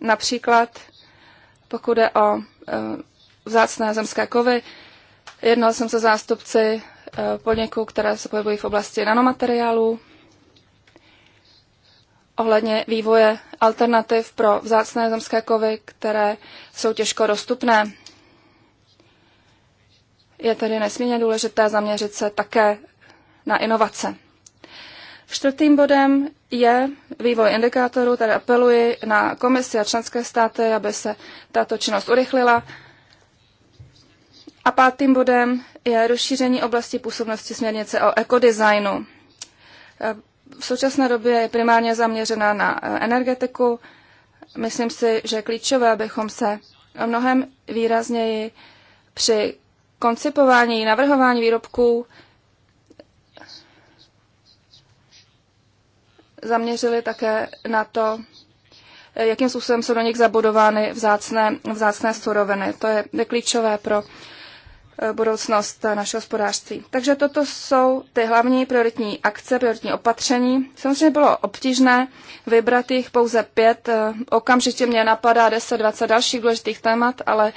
Například pokud je o e, vzácné zemské kovy, jednal jsem se zástupci e, podniků, které se pohybují v oblasti nanomateriálů, ohledně vývoje alternativ pro vzácné zemské kovy, které jsou těžko dostupné. Je tedy nesmírně důležité zaměřit se také na inovace. Čtvrtým bodem je vývoj indikátorů, tady apeluji na komisi a členské státy, aby se tato činnost urychlila. A pátým bodem je rozšíření oblasti působnosti směrnice o ekodesignu. V současné době je primárně zaměřena na energetiku. Myslím si, že je klíčové, abychom se mnohem výrazněji při koncipování, navrhování výrobků zaměřili také na to, jakým způsobem jsou do nich zabudovány vzácné, vzácné suroviny. To je klíčové pro eh, budoucnost našeho hospodářství. Takže toto jsou ty hlavní prioritní akce, prioritní opatření. Samozřejmě bylo obtížné vybrat jich pouze pět. Eh, okamžitě mě napadá 10-20 dalších důležitých témat, ale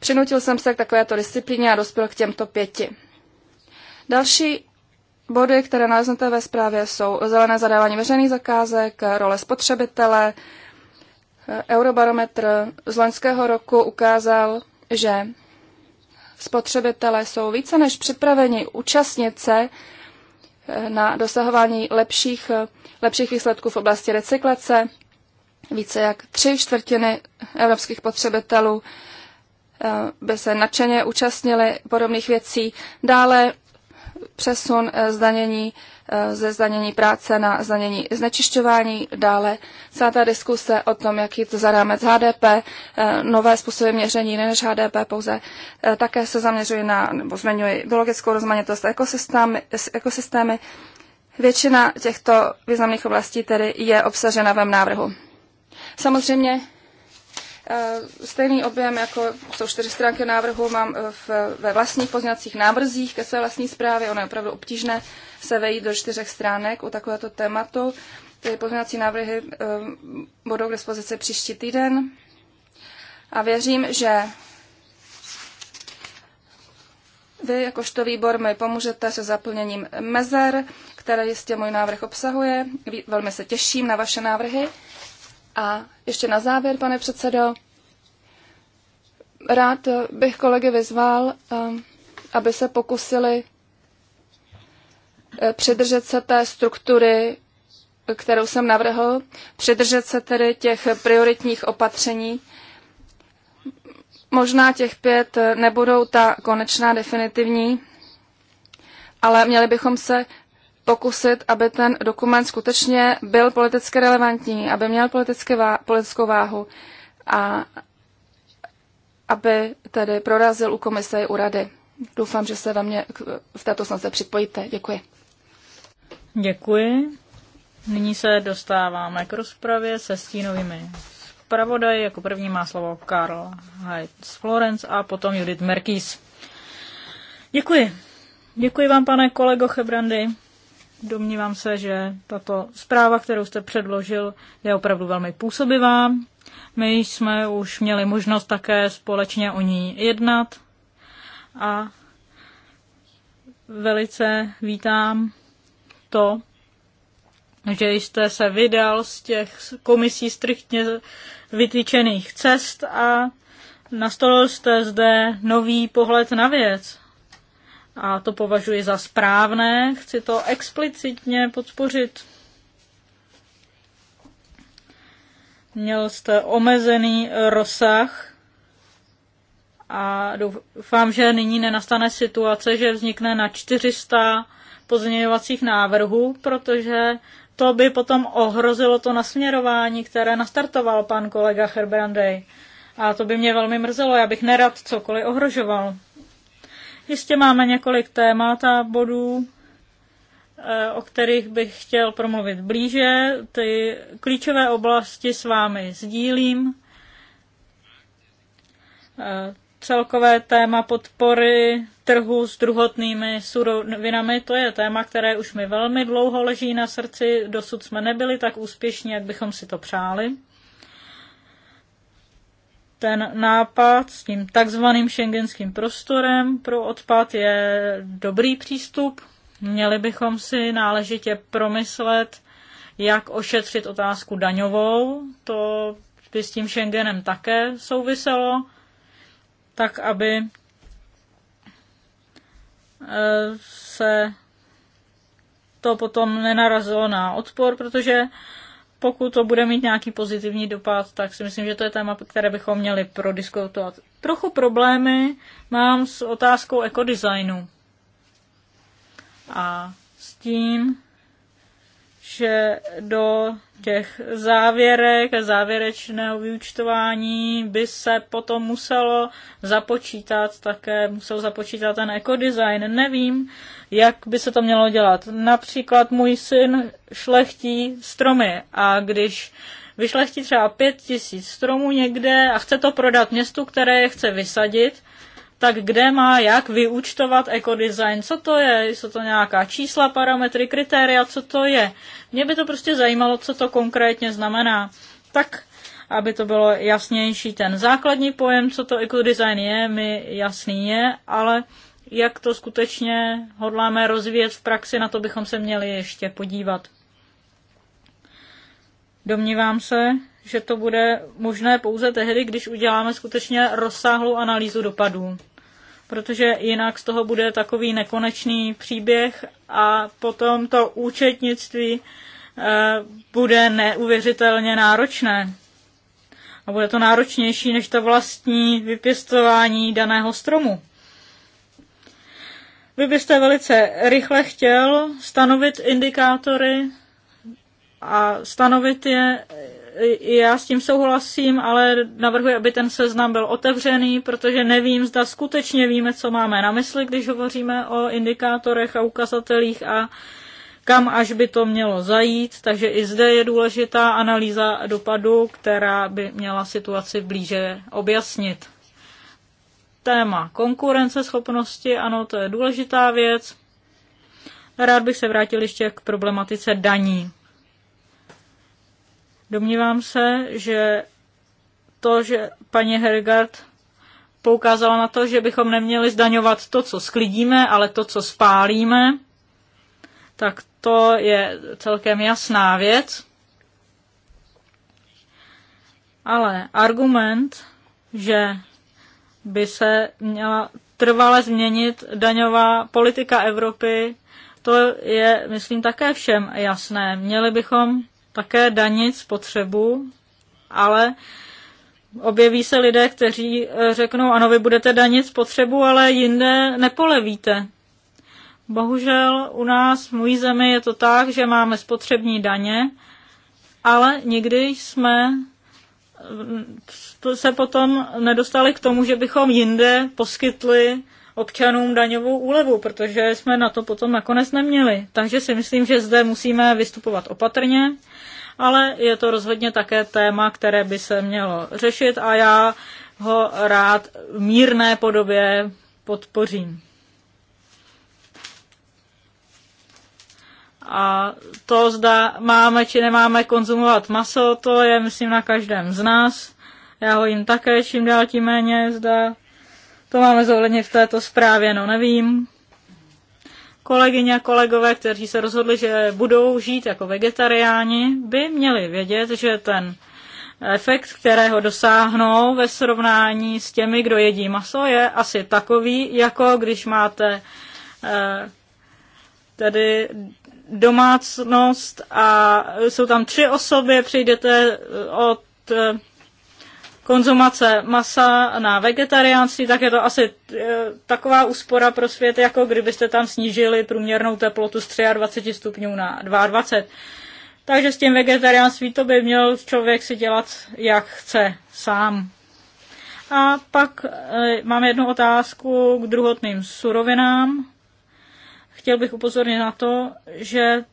přinutil jsem se k takovéto disciplíně a dospěl k těmto pěti. Další Body, které naleznete ve zprávě, jsou zelené zadávání veřejných zakázek, role spotřebitele. Eurobarometr z loňského roku ukázal, že spotřebitelé jsou více než připraveni účastnit se na dosahování lepších, lepších výsledků v oblasti recyklace. Více jak tři čtvrtiny evropských potřebitelů eh, by se nadšeně účastnili podobných věcí. Dále přesun eh, zdanění eh, ze zdanění práce na zdanění znečišťování, dále celá ta diskuse o tom, jaký to za rámec HDP, eh, nové způsoby měření, než HDP pouze, také se zaměřují na, nebo zmiňují biologickou rozmanitost ekosystémy, ekosystémy. Většina těchto významných oblastí tedy je obsažena ve návrhu. Samozřejmě Eh, stejný objem, jako jsou čtyři stránky návrhu, mám eh, v, ve vlastních pozněcích návrzích ke své vlastní zprávě. Ono je opravdu obtížné se vejít do čtyřech stránek u takovéto tématu. Ty pozměňovací návrhy eh, budou k dispozici příští týden. A věřím, že vy jakožto výbor mi pomůžete se zaplněním mezer, které jistě můj návrh obsahuje. Velmi se těším na vaše návrhy. A ještě na závěr, pane předsedo, rád bych kolegy vyzval, um, aby se pokusili eh, přidržet se té struktury, kterou jsem navrhl, přidržet se tedy těch prioritních opatření. Možná těch pět eh, nebudou ta konečná definitivní, ale měli bychom se pokusit, aby ten dokument skutečně byl politicky relevantní, aby měl politické vá- politickou váhu a aby tedy prorazil u komise i u rady. Doufám, že se ve mně v této snaze připojíte. Děkuji. Děkuji. Nyní se dostáváme k rozpravě se stínovými zpravodaji. Jako první má slovo Karl Heitz Florence a potom Judith Merkis. Děkuji. Děkuji vám, pane kolego Hebrandy, Domnívám se, že tato zpráva, kterou jste předložil, je opravdu velmi působivá. My jsme už měli možnost také společně o ní jednat a velice vítám to, že jste se vydal z těch komisí striktně vytýčených cest a nastolil jste zde nový pohled na věc a to považuji za správné, chci to explicitně podpořit. Měl jste omezený rozsah a doufám, že nyní nenastane situace, že vznikne na 400 pozměňovacích návrhů, protože to by potom ohrozilo to nasměrování, které nastartoval pan kolega Herbrandej. A to by mě velmi mrzelo, já bych nerad cokoliv ohrožoval. Jistě máme několik témat a bodů, eh, o kterých bych chtěl promluvit blíže. Ty klíčové oblasti s vámi sdílím. Eh, celkové téma podpory trhu s druhotnými surovinami, to je téma, které už mi velmi dlouho leží na srdci. Dosud jsme nebyli tak úspěšní, jak bychom si to přáli ten nápad s tím takzvaným šengenským prostorem pro odpad je dobrý přístup. Měli bychom si náležitě promyslet, jak ošetřit otázku daňovou. To by s tím Schengenem také souviselo, tak aby eh, se to potom nenarazilo na odpor, protože pokud to bude mít nějaký pozitivní dopad, tak si myslím, že to je téma, které bychom měli prodiskutovat. Trochu problémy mám s otázkou ekodesignu a s tím, že do těch závěrek a závěrečného vyučtování by se potom muselo započítat také, musel započítat ten ekodesign. Nevím, jak by se to mělo dělat. Například můj syn šlechtí stromy a když vyšlechtí třeba pět tisíc stromů někde a chce to prodat městu, které je chce vysadit, tak kde má jak vyúčtovat ekodesign, co to je, jsou to nějaká čísla, parametry, kritéria, co to je. Mě by to prostě zajímalo, co to konkrétně znamená. Tak, aby to bylo jasnější, ten základní pojem, co to ekodesign je, mi jasný je, ale jak to skutečně hodláme rozvíjet v praxi, na to bychom se měli ještě podívat. Domnívám se, že to bude možné pouze tehdy, když uděláme skutečně rozsáhlou analýzu dopadů. Protože jinak z toho bude takový nekonečný příběh a potom to účetnictví eh, bude neuvěřitelně náročné. A bude to náročnější než to vlastní vypěstování daného stromu. Vy byste velice rychle chtěl stanovit indikátory a stanovit je já s tím souhlasím, ale navrhuji, aby ten seznam byl otevřený, protože nevím, zda skutečně víme, co máme na mysli, když hovoříme o indikátorech a ukazatelích a kam až by to mělo zajít, takže i zde je důležitá analýza dopadu, která by měla situaci blíže objasnit. Téma konkurenceschopnosti, ano, to je důležitá věc. Rád bych se vrátil ještě k problematice daní. Domnívám se, že to, že paní Hergard poukázala na to, že bychom neměli zdaňovat to, co sklidíme, ale to, co spálíme, tak to je celkem jasná věc. Ale argument, že by se měla trvale změnit daňová politika Evropy, to je, myslím, také všem jasné. Měli bychom také danit spotřebu, ale objeví se lidé, kteří eh, řeknou, ano, vy budete danit spotřebu, ale jinde nepolevíte. Bohužel u nás v mojí zemi je to tak, že máme spotřební daně, ale nikdy jsme eh, se potom nedostali k tomu, že bychom jinde poskytli občanům daňovou úlevu, protože jsme na to potom nakonec neměli. Takže si myslím, že zde musíme vystupovat opatrně, ale je to rozhodně také téma, které by se mělo řešit a já ho rád v mírné podobě podpořím. A to, zda máme či nemáme konzumovat maso, to je, myslím, na každém z nás. Já ho jim také čím dál tím méně, zda to máme zohledně v této zprávě, no nevím. Kolegyně a kolegové, kteří se rozhodli, že budou žít jako vegetariáni, by měli vědět, že ten efekt, kterého dosáhnou ve srovnání s těmi, kdo jedí maso, je asi takový, jako když máte eh, tedy domácnost a jsou tam tři osoby, přijdete od eh, konzumace masa na vegetariánství, tak je to asi e, taková úspora pro svět, jako kdybyste tam snížili průměrnou teplotu z 23 stupňů na 22. Takže s tím vegetariánství to by měl člověk si dělat, jak chce sám. A pak e, mám jednu otázku k druhotným surovinám. Chtěl bych upozornit na to, že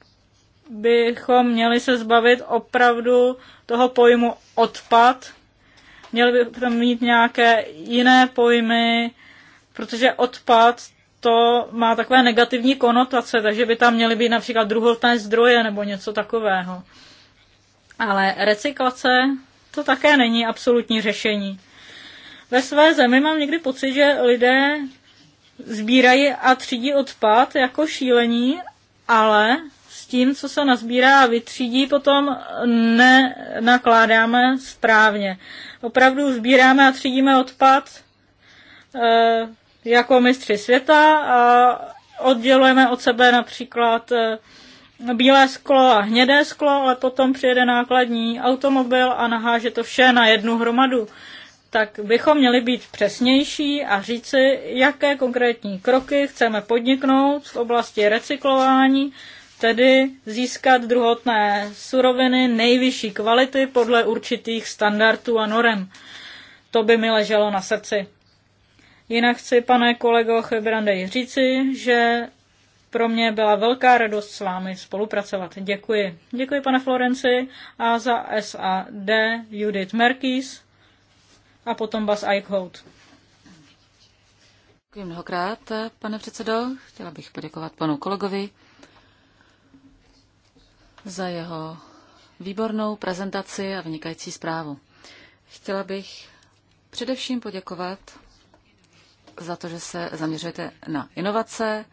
bychom měli se zbavit opravdu toho pojmu odpad, Měli by tam mít nějaké jiné pojmy, protože odpad to má takové negativní konotace, takže by tam měly být například druhotné zdroje nebo něco takového. Ale recyklace to také není absolutní řešení. Ve své zemi mám někdy pocit, že lidé sbírají a třídí odpad jako šílení, ale tím, co se nazbírá a vytřídí, potom nenakládáme správně. Opravdu sbíráme a třídíme odpad e, jako mistři světa a oddělujeme od sebe například e, bílé sklo a hnědé sklo, ale potom přijede nákladní automobil a naháže to vše na jednu hromadu. Tak bychom měli být přesnější a říci, jaké konkrétní kroky chceme podniknout v oblasti recyklování, tedy získat druhotné suroviny nejvyšší kvality podle určitých standardů a norem. To by mi leželo na srdci. Jinak chci, pane kolego Chebrandej, říci, že pro mě byla velká radost s vámi spolupracovat. Děkuji. Děkuji, pane Florenci, a za SAD Judith Merkis a potom Bas Eichhout. Děkuji mnohokrát, pane předsedo. Chtěla bych poděkovat panu kolegovi za jeho výbornou prezentaci a vynikající zprávu. Chtěla bych především poděkovat za to, že se zaměřujete na inovace.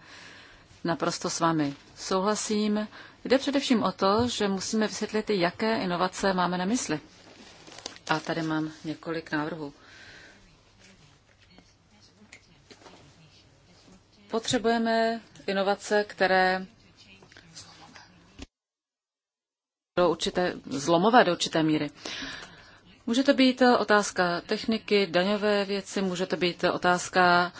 Naprosto s vámi souhlasím. Jde především o to, že musíme vysvětlit, jaké inovace máme na mysli. A tady mám několik návrhů. Potřebujeme inovace, které do určité, zlomové do určité míry. Může to být otázka techniky, daňové věci, může to být otázka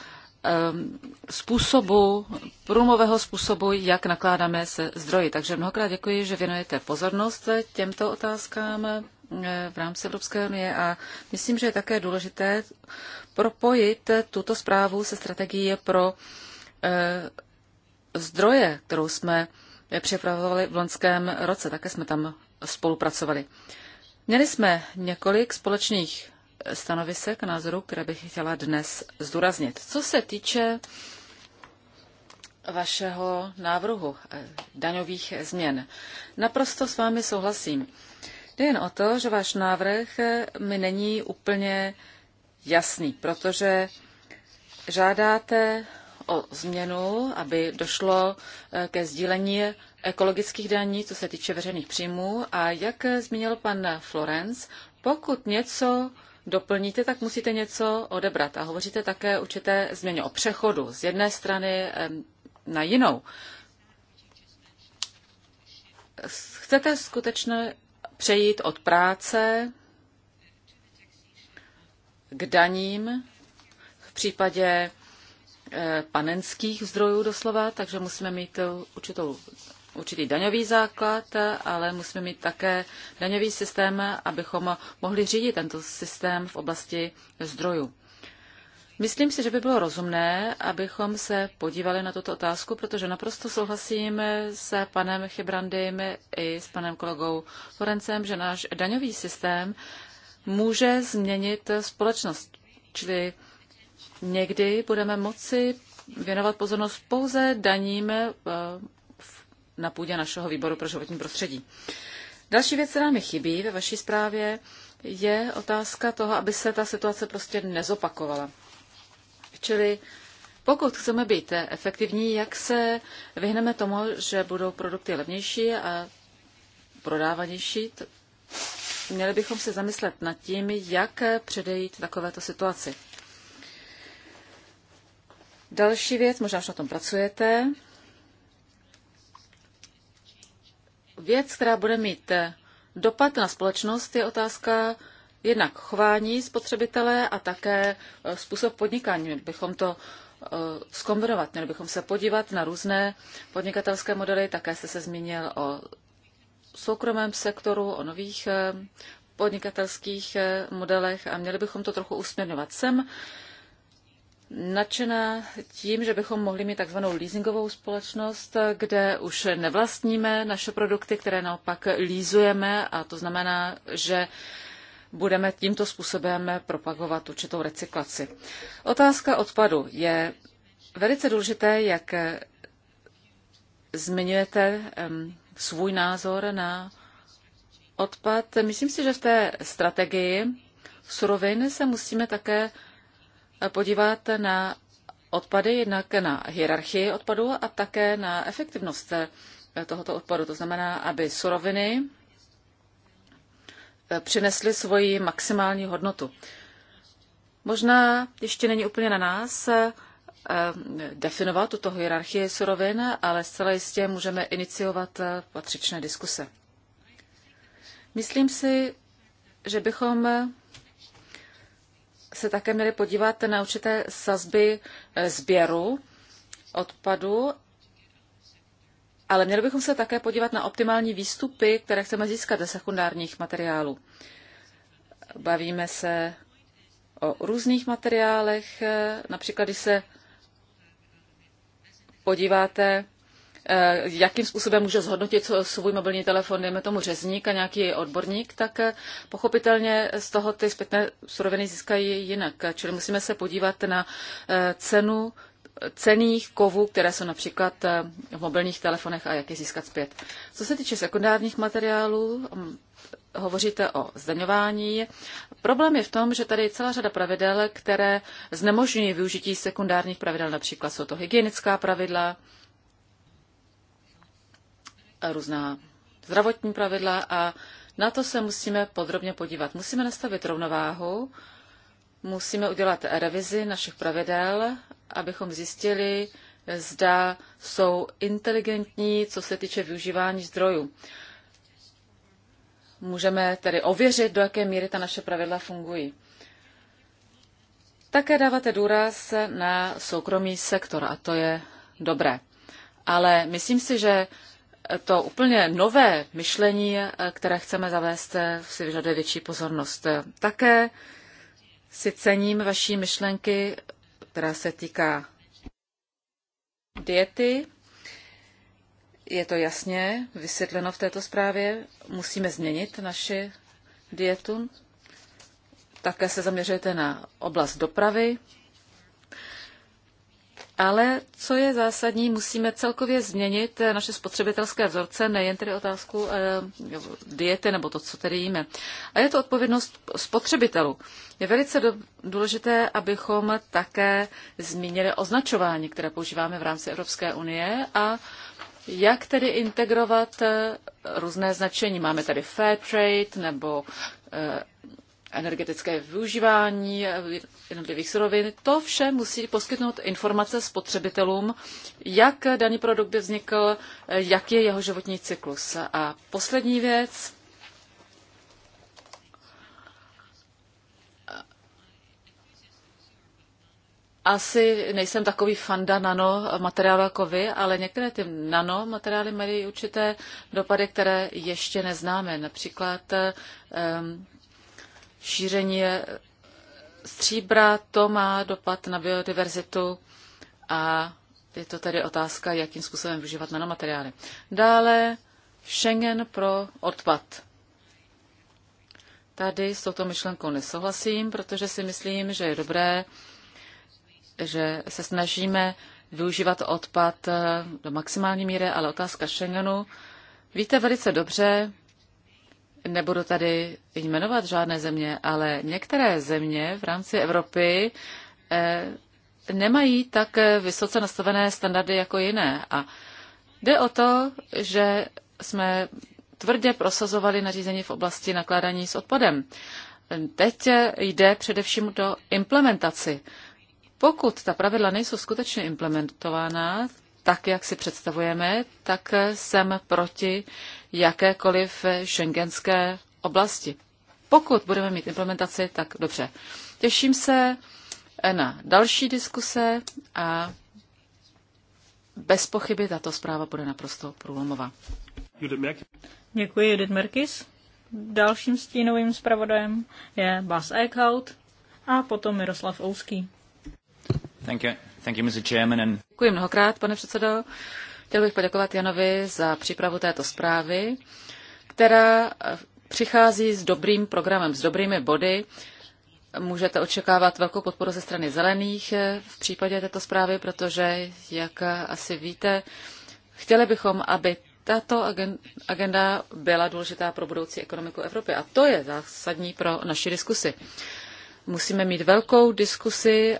ehm, způsobu, průmového způsobu, jak nakládáme se zdroji. Takže mnohokrát děkuji, že věnujete pozornost těmto otázkám eh, v rámci Evropské unie a myslím, že je také důležité propojit tuto zprávu se strategií pro eh, zdroje, kterou jsme připravovali v loňském roce. Také jsme tam spolupracovali. Měli jsme několik společných eh, stanovisek a názorů, které bych chtěla dnes zdůraznit. Co se týče vašeho návrhu eh, daňových změn, naprosto s vámi souhlasím. Jde jen o to, že váš návrh eh, mi není úplně jasný, protože žádáte o změnu, aby došlo eh, ke sdílení ekologických daní, co se týče veřejných příjmů. A jak zmínil pan Florence, pokud něco doplníte, tak musíte něco odebrat. A hovoříte také určité změně o přechodu z jedné strany na jinou. Chcete skutečně přejít od práce k daním v případě Eh, panenských zdrojů doslova, takže musíme mít eh, určitou, určitý daňový základ, eh, ale musíme mít také daňový systém, abychom mohli řídit tento systém v oblasti zdrojů. Myslím si, že by bylo rozumné, abychom se podívali na tuto otázku, protože naprosto souhlasím s panem Chybrandym i s panem kolegou Forencem, že náš daňový systém může změnit společnost. Čili někdy budeme moci věnovat pozornost pouze daním eh, na půdě našeho výboru pro životní prostředí. Další věc, která mi chybí ve vaší zprávě, je otázka toho, aby se ta situace prostě nezopakovala. Čili pokud chceme být efektivní, jak se vyhneme tomu, že budou produkty levnější a prodávanější, měli bychom se zamyslet nad tím, jak předejít takovéto situaci. Další věc, možná už na tom pracujete, věc, která bude mít eh, dopad na společnost, je otázka jednak chování spotřebitele a také eh, způsob podnikání. Měli bychom to eh, zkombinovat, měli bychom se podívat na různé podnikatelské modely, také jste se zmínil o soukromém sektoru, o nových podnikatelských modelech a měli bychom to trochu usměrňovat sem nadšená tím, že bychom mohli mít takzvanou leasingovou společnost, kde už nevlastníme naše produkty, které naopak lízujeme a to znamená, že budeme tímto způsobem propagovat určitou recyklaci. Otázka odpadu je velice důležité, jak zmiňujete svůj názor na odpad. Myslím si, že v té strategii surovin se musíme také podívat na odpady, jednak na hierarchii odpadu a také na efektivnost eh, tohoto odpadu. To znamená, aby suroviny eh, přinesly svoji maximální hodnotu. Možná ještě není úplně na nás eh, definovat tuto hierarchii surovin, ale zcela jistě můžeme iniciovat patřičné diskuse. Myslím si, že bychom se také měli podívat na určité sazby eh, sběru odpadu, ale měli bychom se také podívat na optimální výstupy, které chceme získat ze sekundárních materiálů. Bavíme se o různých materiálech, eh, například když se podíváte Eh, jakým způsobem může zhodnotit svůj mobilní telefon, dejme tomu řezník a nějaký odborník, tak eh, pochopitelně z toho ty zpětné suroviny získají jinak. Čili musíme se podívat na eh, cenu cených kovů, které jsou například v mobilních telefonech a jak je získat zpět. Co se týče sekundárních materiálů, mm, hovoříte o zdaňování. Problém je v tom, že tady je celá řada pravidel, které znemožňují využití sekundárních pravidel, například jsou to hygienická pravidla, různá zdravotní pravidla a na to se musíme podrobně podívat. Musíme nastavit rovnováhu, musíme udělat revizi našich pravidel, abychom zjistili, zda jsou inteligentní, co se týče využívání zdrojů. Můžeme tedy ověřit, do jaké míry ta naše pravidla fungují. Také dáváte důraz na soukromý sektor a to je dobré. Ale myslím si, že to úplně nové myšlení, které chceme zavést, si vyžaduje větší pozornost. Také si cením vaší myšlenky, která se týká diety. Je to jasně vysvětleno v této zprávě. Musíme změnit naši dietu. Také se zaměřujete na oblast dopravy. Ale co je zásadní, musíme celkově změnit eh, naše spotřebitelské vzorce, nejen tedy otázku eh, diety nebo to, co tedy jíme. A je to odpovědnost spotřebitelů. Je velice do, důležité, abychom také zmínili označování, které používáme v rámci Evropské unie a jak tedy integrovat eh, různé značení. Máme tady fair trade nebo eh, energetické využívání jednotlivých surovin. To vše musí poskytnout informace spotřebitelům, jak daný produkt by vznikl, jak je jeho životní cyklus. A poslední věc. Asi nejsem takový fanda nanomateriálu jako vy, ale některé ty nanomateriály mají určité dopady, které ještě neznáme. Například um, šíření stříbra, to má dopad na biodiverzitu a je to tedy otázka, jakým způsobem využívat nanomateriály. Dále Schengen pro odpad. Tady s touto myšlenkou nesouhlasím, protože si myslím, že je dobré, že se snažíme využívat odpad do maximální míry, ale otázka Schengenu. Víte velice dobře, Nebudu tady jmenovat žádné země, ale některé země v rámci Evropy eh, nemají tak vysoce nastavené standardy jako jiné. A jde o to, že jsme tvrdě prosazovali nařízení v oblasti nakládání s odpadem. Teď jde především do implementaci. Pokud ta pravidla nejsou skutečně implementována, tak, jak si představujeme, tak jsem proti jakékoliv šengenské oblasti. Pokud budeme mít implementaci, tak dobře. Těším se na další diskuse a bez pochyby tato zpráva bude naprosto průlomová. Děkuji, Judith Merkis. Dalším stínovým zpravodajem je Bas Eichhout a potom Miroslav Ouský. Thank you. Děkuji mnohokrát, pane předsedo. Chtěl bych poděkovat Janovi za přípravu této zprávy, která eh, přichází s dobrým programem, s dobrými body. Můžete očekávat velkou podporu ze strany zelených eh, v případě této zprávy, protože, jak asi víte, chtěli bychom, aby tato agenda byla důležitá pro budoucí ekonomiku Evropy. A to je zásadní pro naši diskusi musíme mít velkou diskusi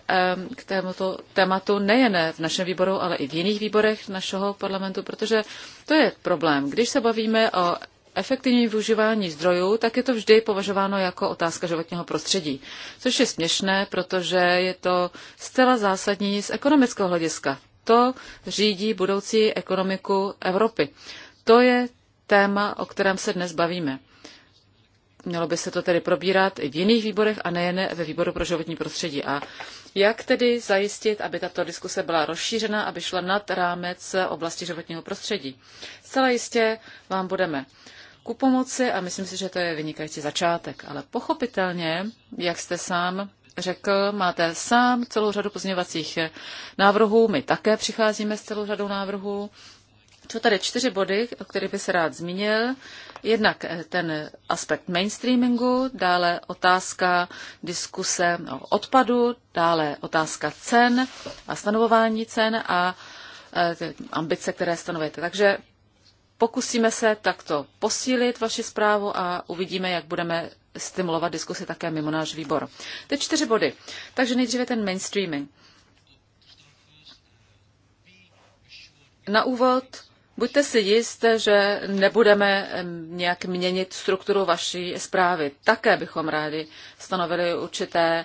k tomuto tématu nejen v našem výboru, ale i v jiných výborech našeho parlamentu, protože to je problém. Když se bavíme o efektivním využívání zdrojů, tak je to vždy považováno jako otázka životního prostředí, což je směšné, protože je to zcela zásadní z ekonomického hlediska. To řídí budoucí ekonomiku Evropy. To je téma, o kterém se dnes bavíme. Mělo by se to tedy probírat i v jiných výborech a nejen ve výboru pro životní prostředí. A jak tedy zajistit, aby tato diskuse byla rozšířena, aby šla nad rámec oblasti životního prostředí? Zcela jistě vám budeme ku pomoci a myslím si, že to je vynikající začátek. Ale pochopitelně, jak jste sám řekl, máte sám celou řadu pozměňovacích návrhů, my také přicházíme s celou řadou návrhů. Jsou tady čtyři body, o kterých bych se rád zmínil. Jednak eh, ten aspekt mainstreamingu, dále otázka diskuse o odpadu, dále otázka cen a stanovování cen a eh, ambice, které stanovujete. Takže pokusíme se takto posílit vaši zprávu a uvidíme, jak budeme stimulovat diskusy také mimo náš výbor. Ty čtyři body. Takže nejdříve ten mainstreaming. Na úvod Buďte si jist, že nebudeme nějak měnit strukturu vaší zprávy. Také bychom rádi stanovili určité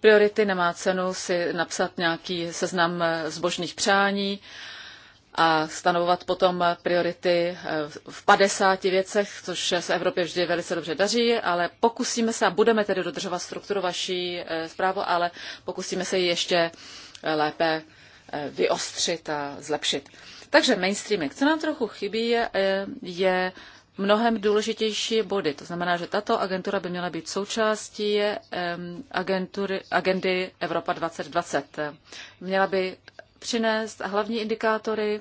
priority. Nemá cenu si napsat nějaký seznam eh, zbožných přání a stanovovat potom priority eh, v 50 věcech, což se Evropě vždy velice dobře daří, ale pokusíme se a budeme tedy dodržovat strukturu vaší eh, zprávu, ale pokusíme se ji ještě lépe vyostřit a zlepšit. Takže mainstreaming. Co nám trochu chybí, eh, je mnohem důležitější body. To znamená, že tato agentura by měla být součástí eh, agentury, agendy Evropa 2020. Měla by přinést hlavní indikátory,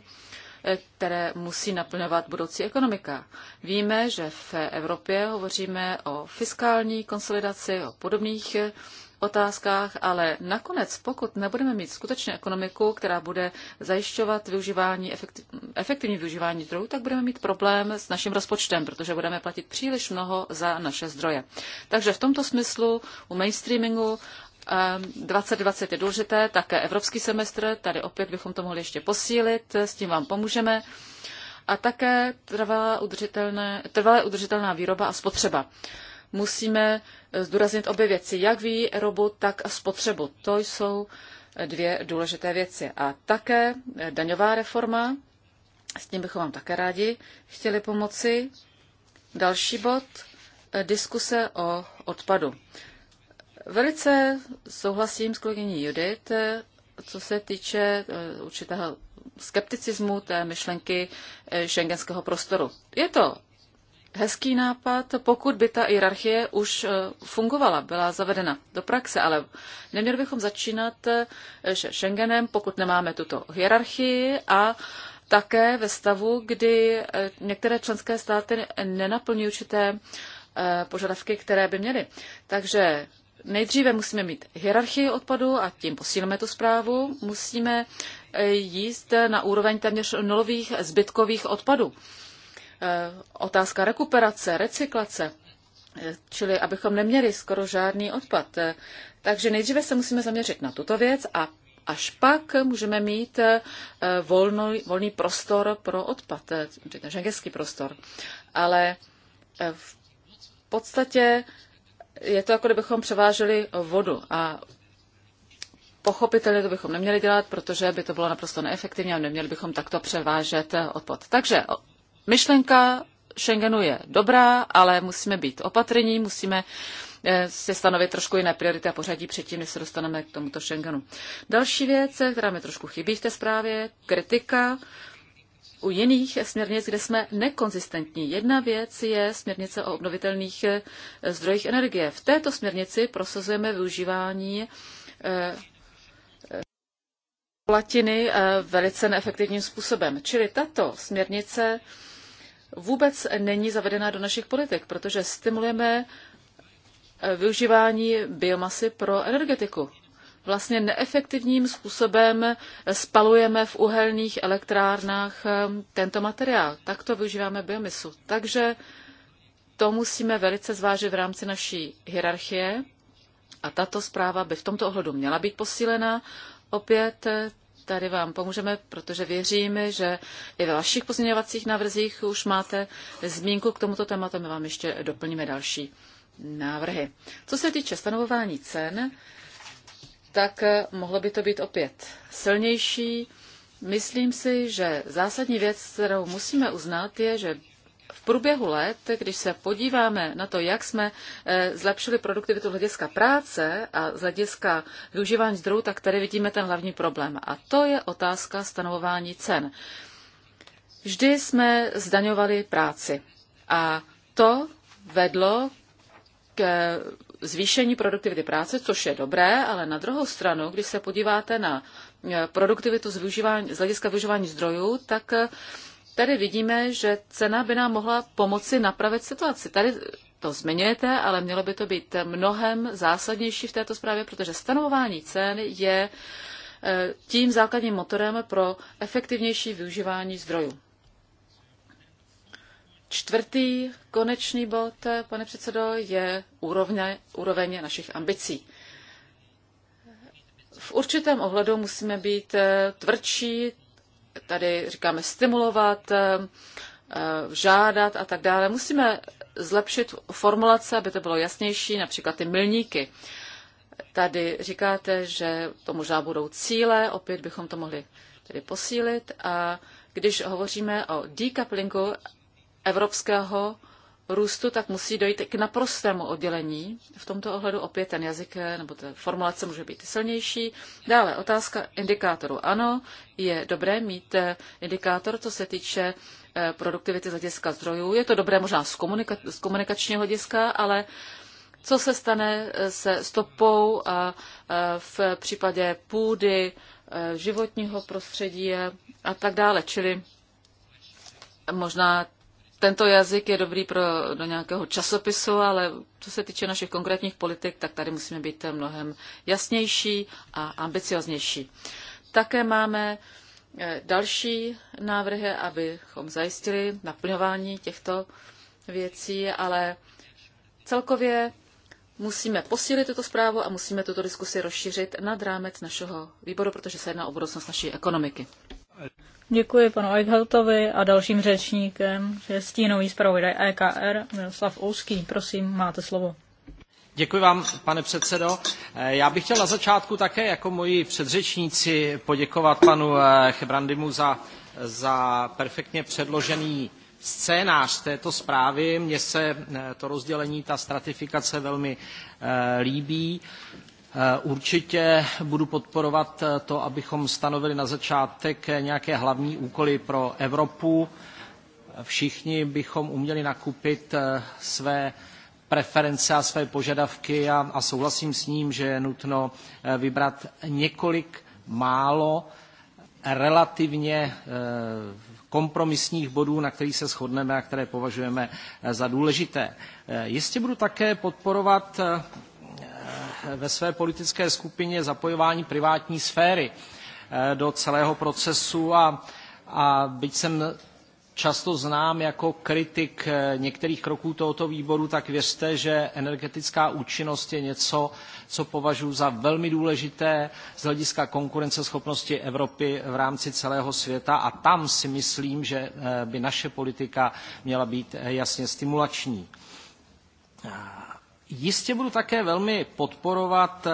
eh, které musí naplňovat budoucí ekonomika. Víme, že v Evropě hovoříme o fiskální konsolidaci, o podobných otázkách, ale nakonec, pokud nebudeme mít skutečně ekonomiku, která bude zajišťovat využívání, efektivní využívání zdrojů, tak budeme mít problém s naším rozpočtem, protože budeme platit příliš mnoho za naše zdroje. Takže v tomto smyslu u mainstreamingu 2020 ehm, je důležité, také evropský semestr, tady opět bychom to mohli ještě posílit, s tím vám pomůžeme. A také trvalá trvalé udržitelná výroba a spotřeba musíme eh, zdůraznit obě věci, jak výrobu, tak spotřebu. To jsou eh, dvě důležité věci. A také eh, daňová reforma, s tím bychom vám také rádi chtěli pomoci. Další bod, diskuse o odpadu. Velice souhlasím s kolegyní Judith, co se týče určitého skepticismu té myšlenky šengenského prostoru. Je to hezký nápad, pokud by ta hierarchie už eh, fungovala, byla zavedena do praxe, ale neměli bychom začínat eh, Schengenem, pokud nemáme tuto hierarchii a také ve stavu, kdy eh, některé členské státy nenaplňují určité požadavky, které by měly. Takže nejdříve musíme mít hierarchii odpadu a tím posílíme tu zprávu. Musíme jíst na úroveň téměř nulových zbytkových odpadů. Eh, otázka rekuperace, recyklace, eh, čili abychom neměli skoro žádný odpad. Eh, takže nejdříve se musíme zaměřit na tuto věc a až pak můžeme mít volno, volný prostor pro odpad, ten ženský prostor. Ale v podstatě je to, jako kdybychom převáželi vodu a Pochopitelně to bychom neměli dělat, protože by to bylo naprosto neefektivní a neměli bychom takto převážet odpad. Takže myšlenka Schengenu je dobrá, ale musíme být opatrní, musíme eh, se stanovit trošku jiné priority a pořadí předtím, než se dostaneme k tomuto Schengenu. Další věc, která mi trošku chybí v té zprávě, kritika u jiných směrnic, kde jsme nekonzistentní. Jedna věc je směrnice o obnovitelných eh, zdrojích energie. V této směrnici prosazujeme využívání eh, platiny velice neefektivním způsobem. Čili tato směrnice vůbec není zavedená do našich politik, protože stimulujeme eh, využívání biomasy pro energetiku. Vlastně neefektivním způsobem eh, spalujeme v uhelných elektrárnách eh, tento materiál. Takto využíváme biomisu. Takže to musíme velice zvážit v rámci naší hierarchie a tato zpráva by v tomto ohledu měla být posílena. Opět tady vám pomůžeme, protože věříme, že i ve vašich pozměňovacích návrzích už máte zmínku k tomuto tématu. My vám ještě doplníme další návrhy. Co se týče stanovování cen, tak mohlo by to být opět silnější. Myslím si, že zásadní věc, kterou musíme uznat, je, že v průběhu let, když se podíváme na to, jak jsme eh, zlepšili produktivitu hlediska práce a z hlediska využívání zdrojů, tak tady vidíme ten hlavní problém. A to je otázka stanovování cen. Vždy jsme zdaňovali práci a to vedlo k eh, zvýšení produktivity práce, což je dobré, ale na druhou stranu, když se podíváte na eh, produktivitu z, využívání, z hlediska využívání zdrojů, tak tady vidíme, že cena by nám mohla pomoci napravit situaci. Tady to zmiňujete, ale mělo by to být mnohem zásadnější v této zprávě, protože stanovování cen je eh, tím základním motorem pro efektivnější využívání zdrojů. Čtvrtý konečný bod, eh, pane předsedo, je úrovně, úroveň našich ambicí. V určitém ohledu musíme být eh, tvrdší, tady říkáme stimulovat, eh, eh, žádat a tak dále. Musíme zlepšit formulace, aby to bylo jasnější, například ty milníky. Tady říkáte, že to možná budou cíle, opět bychom to mohli tedy posílit. A když hovoříme o decouplingu evropského růstu, tak musí dojít k naprostému oddělení. V tomto ohledu opět ten jazyk eh, nebo ta formulace může být silnější. Dále otázka indikátoru. Ano, je dobré mít eh, indikátor, co se týče eh, produktivity z hlediska zdrojů. Je to dobré možná z, komunika- z komunikačního hlediska, ale co se stane se stopou a v případě půdy, životního prostředí a tak dále. Čili možná tento jazyk je dobrý pro, do nějakého časopisu, ale co se týče našich konkrétních politik, tak tady musíme být mnohem jasnější a ambicioznější. Také máme eh, další návrhy, abychom zajistili naplňování těchto věcí, ale celkově musíme posílit tuto zprávu a musíme tuto diskusi rozšířit nad rámec našeho výboru, protože se jedná o budoucnost naší ekonomiky. Děkuji panu Eichhaltovi a dalším řečníkem je stínový zpravodaj EKR Miroslav Ouský. Prosím, máte slovo. Děkuji vám, pane předsedo. Já bych chtěl na začátku také jako moji předřečníci poděkovat panu eh, Chebrandimu za, za perfektně předložený scénář této zprávy. Mně se eh, to rozdělení, ta stratifikace velmi eh, líbí. Eh, určitě budu podporovat eh, to, abychom stanovili na začátek eh, nějaké hlavní úkoly pro Evropu. Všichni bychom uměli nakupit své preference a své požadavky a, a souhlasím s ním, že je nutno vybrat několik málo relativně kompromisních bodů, na kterých se shodneme a které považujeme za důležité. Jistě budu také podporovat ve své politické skupině zapojování privátní sféry eh, do celého procesu a, a byť jsem často znám jako kritik eh, některých kroků tohoto výboru, tak věřte, že energetická účinnost je něco, co považuji za velmi důležité z hlediska konkurenceschopnosti Evropy v rámci celého světa a tam si myslím, že eh, by naše politika měla být jasně stimulační. Jistě budu také velmi podporovat eh,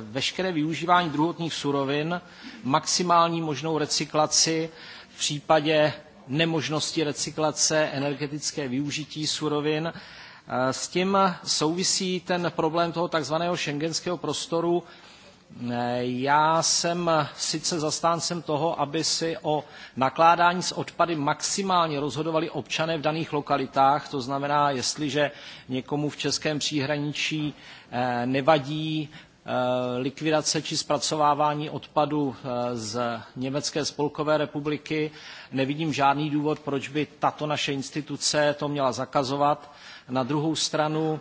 veškeré využívání druhotných surovin, maximální možnou recyklaci v případě nemožnosti recyklace, energetické využití surovin. Eh, s tím souvisí ten problém toho takzvaného šengenského prostoru, Eh, já jsem eh, sice zastáncem toho, aby si o nakládání s odpady maximálně rozhodovali občané v daných lokalitách, to znamená, jestliže někomu v českém příhraničí eh, nevadí likvidace či zpracovávání odpadu z Německé spolkové republiky. Nevidím žádný důvod, proč by tato naše instituce to měla zakazovat. Na druhou stranu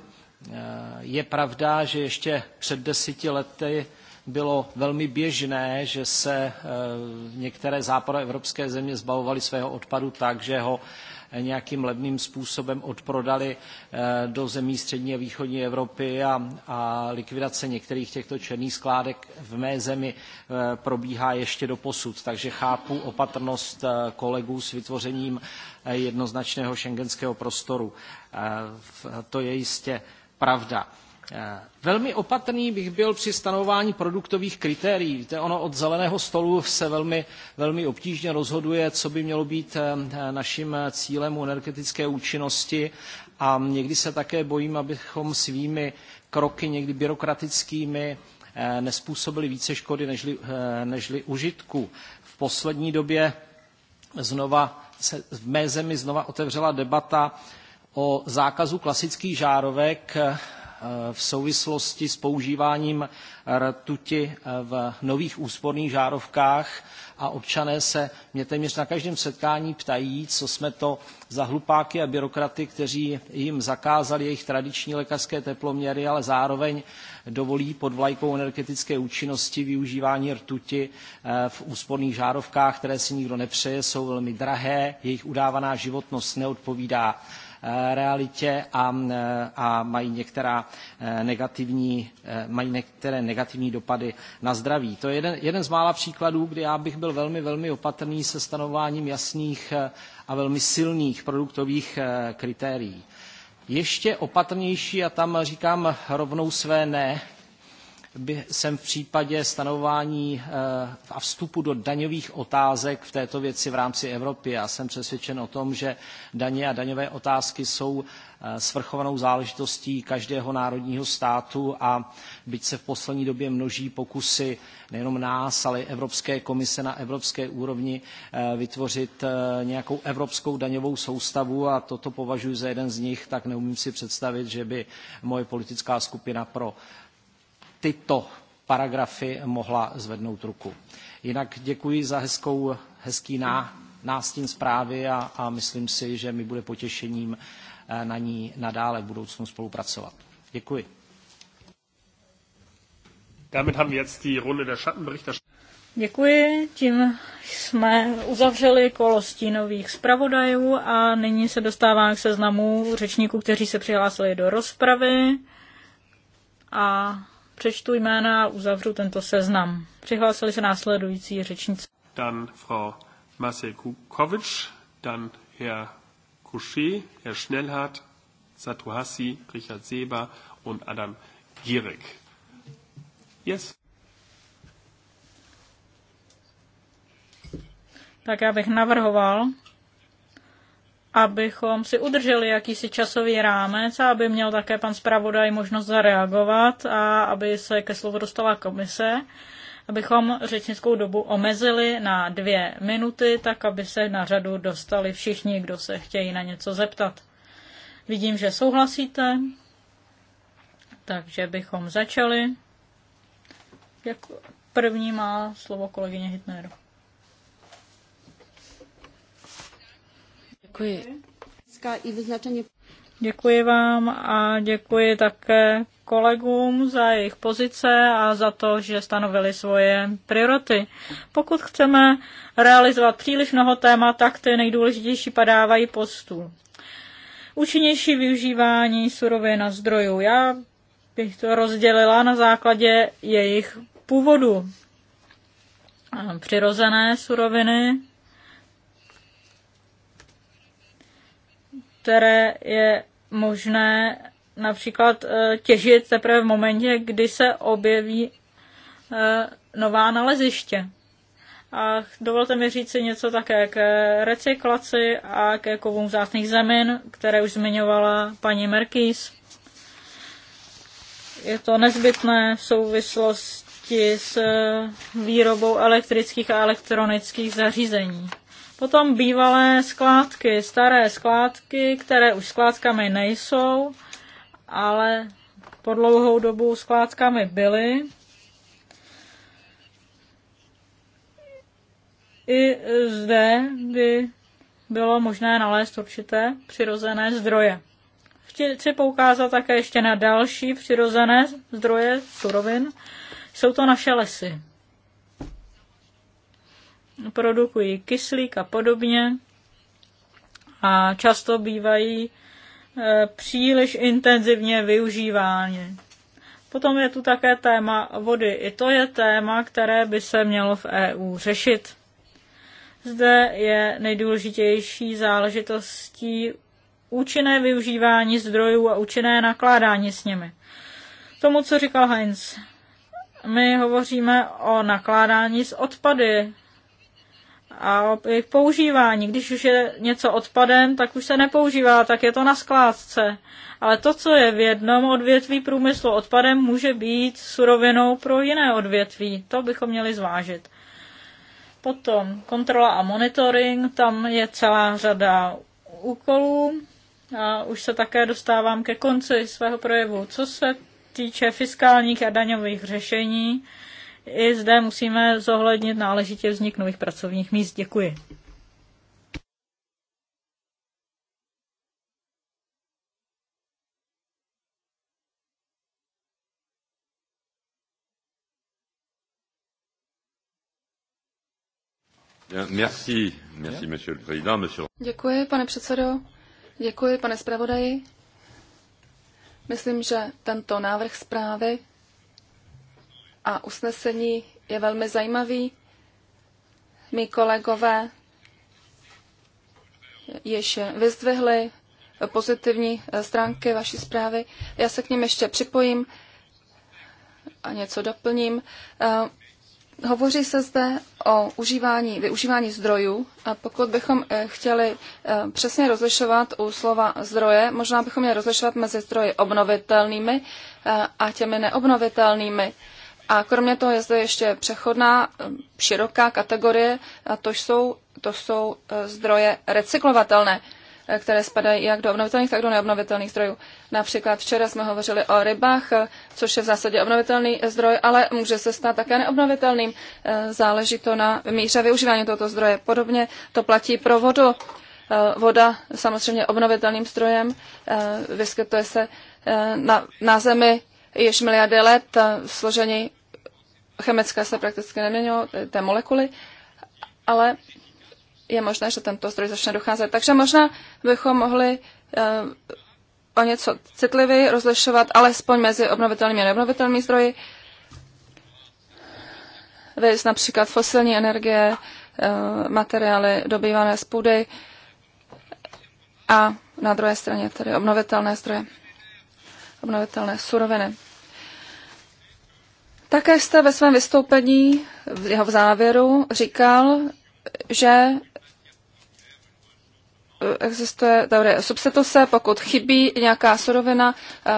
je pravda, že ještě před deseti lety bylo velmi běžné, že se eh, některé západoevropské země zbavovaly svého odpadu tak, že ho eh, nějakým levným způsobem odprodali eh, do zemí střední a východní Evropy a, a likvidace některých těchto černých skládek v mé zemi probíhá ještě do posud. Takže chápu opatrnost kolegů s vytvořením jednoznačného šengenského prostoru. To je jistě pravda. Eh, velmi opatrný bych byl při stanování produktových kritérií. Víte, ono od zeleného stolu se velmi, velmi obtížně rozhoduje, co by mělo být eh, naším cílem u energetické účinnosti a někdy se také bojím, abychom svými kroky, někdy byrokratickými, eh, nespůsobili více škody nežli, nežli užitku. V poslední době znova se v mé zemi znova otevřela debata o zákazu klasických žárovek Eh, v souvislosti s používáním rtuti eh, v nových úsporných žárovkách a občané se mě téměř na každém setkání ptají, co jsme to za hlupáky a byrokraty, kteří jim zakázali jejich tradiční lékařské teploměry, ale zároveň dovolí pod vlajkou energetické účinnosti využívání rtuti eh, v úsporných žárovkách, které si nikdo nepřeje, jsou velmi drahé, jejich udávaná životnost neodpovídá Eh, realitě a, eh, a mají, některá eh, negativní, mají některé negativní dopady na zdraví. To je jeden, jeden z mála příkladů, kdy já bych byl velmi, velmi opatrný se stanováním jasných a velmi silných produktových kritérií. Ještě opatrnější, a tam říkám rovnou své ne, by jsem v případě stanovování eh, a vstupu do daňových otázek v této věci v rámci Evropy. Já jsem přesvědčen o tom, že daně a daňové otázky jsou eh, svrchovanou záležitostí každého národního státu a byť se v poslední době množí pokusy nejenom nás, ale i Evropské komise na evropské úrovni eh, vytvořit nějakou evropskou daňovou soustavu a toto považuji za jeden z nich, tak neumím si představit, že by moje politická skupina pro tyto paragrafy mohla zvednout ruku. Jinak děkuji za hezkou, hezký ná, nástín zprávy a, a myslím si, že mi bude potěšením eh, na ní nadále v budoucnu spolupracovat. Děkuji. Damit haben wir jetzt die Runde der Děkuji, tím jsme uzavřeli kolo stínových zpravodajů a nyní se dostává k seznamu řečníků, kteří se přihlásili do rozpravy. A přečtu jména a uzavřu tento seznam. Přihlásili se následující řečníci. Dan Frau Masekukovic, dan Herr Kuschi, Herr Schnellhardt, Satuhasi, Richard Seba und Adam Gierig. Yes. Tak já bych navrhoval, abychom si udrželi jakýsi časový rámec a aby měl také pan zpravodaj možnost zareagovat a aby se ke slovu dostala komise, abychom řečnickou dobu omezili na dvě minuty, tak aby se na řadu dostali všichni, kdo se chtějí na něco zeptat. Vidím, že souhlasíte, takže bychom začali. Jako první má slovo kolegyně Hitner. Děkuji. I Děkuji vám a děkuji také kolegům za jejich pozice a za to, že stanovili svoje priority. Pokud chceme realizovat příliš mnoho témat, tak ty nejdůležitější padávají pod stůl. Účinnější využívání surovin a zdrojů. Já bych to rozdělila na základě jejich původu. Přirozené suroviny které je možné například eh, těžit teprve v momentě, kdy se objeví eh, nová naleziště. A dovolte mi říct si něco také k recyklaci a ke kovům vzácných zemin, které už zmiňovala paní Merkýs. Je to nezbytné v souvislosti s eh, výrobou elektrických a elektronických zařízení. Potom bývalé skládky, staré skládky, které už skládkami nejsou, ale po dlouhou dobu skládkami byly. I zde by bylo možné nalézt určité přirozené zdroje. Chci poukázat také ještě na další přirozené zdroje surovin. Jsou to naše lesy produkují kyslík a podobně a často bývají e, příliš intenzivně využívány. Potom je tu také téma vody. I to je téma, které by se mělo v EU řešit. Zde je nejdůležitější záležitostí účinné využívání zdrojů a účinné nakládání s nimi. Tomu, co říkal Heinz, my hovoříme o nakládání s odpady a jejich používání. Když už je něco odpadem, tak už se nepoužívá, tak je to na skládce. Ale to, co je v jednom odvětví průmyslu odpadem, může být surovinou pro jiné odvětví. To bychom měli zvážit. Potom kontrola a monitoring, tam je celá řada úkolů. A už se také dostávám ke konci svého projevu. Co se týče fiskálních a daňových řešení, i zde musíme zohlednit náležitě vznik nových pracovních míst. Děkuji. Děkuji, pane předsedo. Děkuji, pane zpravodaji. Myslím, že tento návrh zprávy a usnesení je velmi zajímavý. Mí kolegové již vyzdvihli pozitivní eh, stránky vaší zprávy. Já se k ním ještě připojím a něco doplním. Eh, hovoří se zde o užívání, využívání zdrojů a pokud bychom eh, chtěli přesně rozlišovat u slova zdroje, možná bychom měli rozlišovat mezi zdroji obnovitelnými a těmi neobnovitelnými. A kromě toho je zde ještě přechodná eh, široká kategorie, a to jsou, to jsou eh, zdroje recyklovatelné, eh, které spadají jak do obnovitelných, tak do neobnovitelných zdrojů. Například včera jsme hovořili o rybách, což je v zásadě obnovitelný zdroj, ale může se stát také neobnovitelným. Záleží to na míře využívání tohoto zdroje. Podobně to platí pro vodu. Voda samozřejmě obnovitelným zdrojem vyskytuje se na, na zemi již miliardy let složení chemické se prakticky neměnilo, eh, té molekuly, ale je možné, že tento zdroj začne docházet. Takže možná bychom mohli eh, o něco citlivěji rozlišovat, alespoň mezi obnovitelnými a neobnovitelnými zdroji. Věc například fosilní energie, eh, materiály dobývané z půdy a na druhé straně tedy obnovitelné zdroje, obnovitelné suroviny. Také jste ve svém vystoupení, v jeho závěru, říkal, že eh, existuje teorie substituce, pokud chybí nějaká surovina, eh,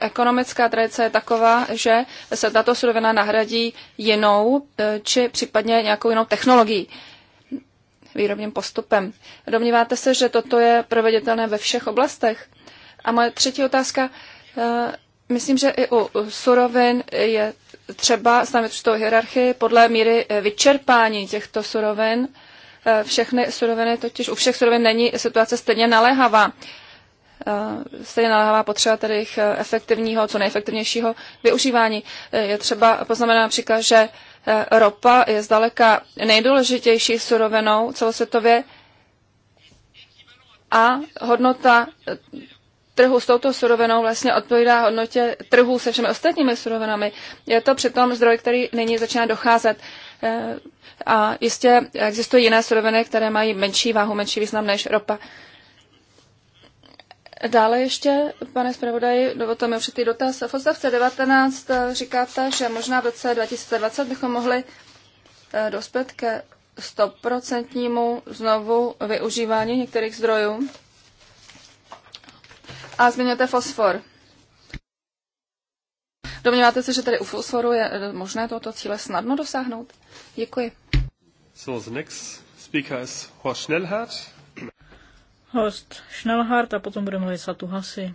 ekonomická tradice je taková, že se tato surovina nahradí jinou, eh, či případně nějakou jinou technologií výrobním postupem. Domníváte se, že toto je proveditelné ve všech oblastech? A moje třetí otázka. Myslím, že i u surovin je třeba stanovit určitou hierarchii podle míry eh, vyčerpání těchto surovin. Eh, všechny suroviny, totiž u všech surovin není situace stejně naléhavá. Eh, stejně naléhavá potřeba tedy jejich efektivního, co nejefektivnějšího využívání. Je třeba poznamenat například, že ropa je zdaleka nejdůležitější surovinou celosvětově a hodnota trhu s touto surovinou vlastně odpovídá hodnotě trhu se všemi ostatními surovinami. Je to přitom zdroj, který nyní začíná docházet. Eh, a jistě existují jiné suroviny, které mají menší váhu, menší význam než ropa. Dále ještě, pane zpravodaji, dovolte mi určitý dotaz. V odstavce 19 eh, říkáte, že možná v roce 2020 bychom mohli eh, dospět ke stoprocentnímu znovu využívání některých zdrojů a zmiňujete fosfor. Domníváte se, že tady u fosforu je eh, možné tohoto cíle snadno dosáhnout? Děkuji. So, the next speaker is Horst Schnellhardt. Horst Schnellhardt a potom bude mluvit Satu Hasi.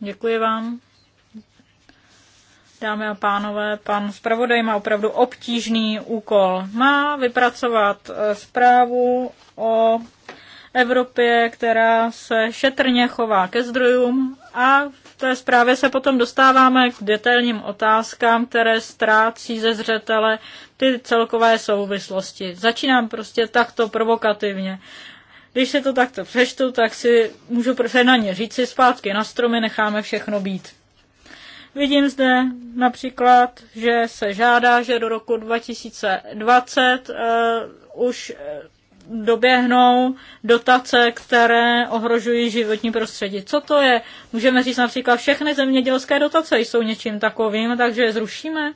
Děkuji vám. Dámy a pánové, pan zpravodaj má opravdu obtížný úkol. Má vypracovat eh, zprávu o Evropě, která se šetrně chová ke zdrojům a v té zprávě se potom dostáváme k detailním otázkám, které ztrácí ze zřetele ty celkové souvislosti. Začínám prostě takto provokativně. Když se to takto přeštu, tak si můžu prostě na ně říct si zpátky na stromy, necháme všechno být. Vidím zde například, že se žádá, že do roku 2020 uh, už eh, doběhnou dotace, které ohrožují životní prostředí. Co to je? Můžeme říct například, všechny zemědělské dotace jsou něčím takovým, takže je zrušíme.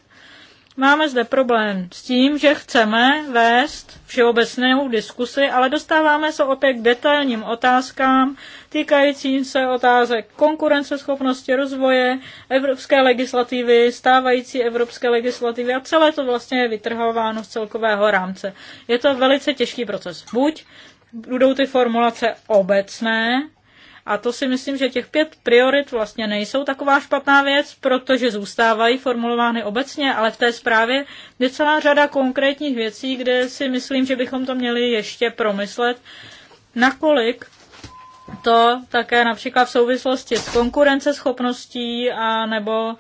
Máme zde problém s tím, že chceme vést všeobecnou diskusi, ale dostáváme se opět k detailním otázkám týkajícím se otázek konkurenceschopnosti, rozvoje, evropské legislativy, stávající evropské legislativy a celé to vlastně je vytrhováno z celkového rámce. Je to velice těžký proces. Buď budou ty formulace obecné, a to si myslím, že těch pět priorit vlastně nejsou taková špatná věc, protože zůstávají formulovány obecně, ale v té zprávě je celá řada konkrétních věcí, kde si myslím, že bychom to měli ještě promyslet, nakolik to také například v souvislosti s konkurenceschopností a nebo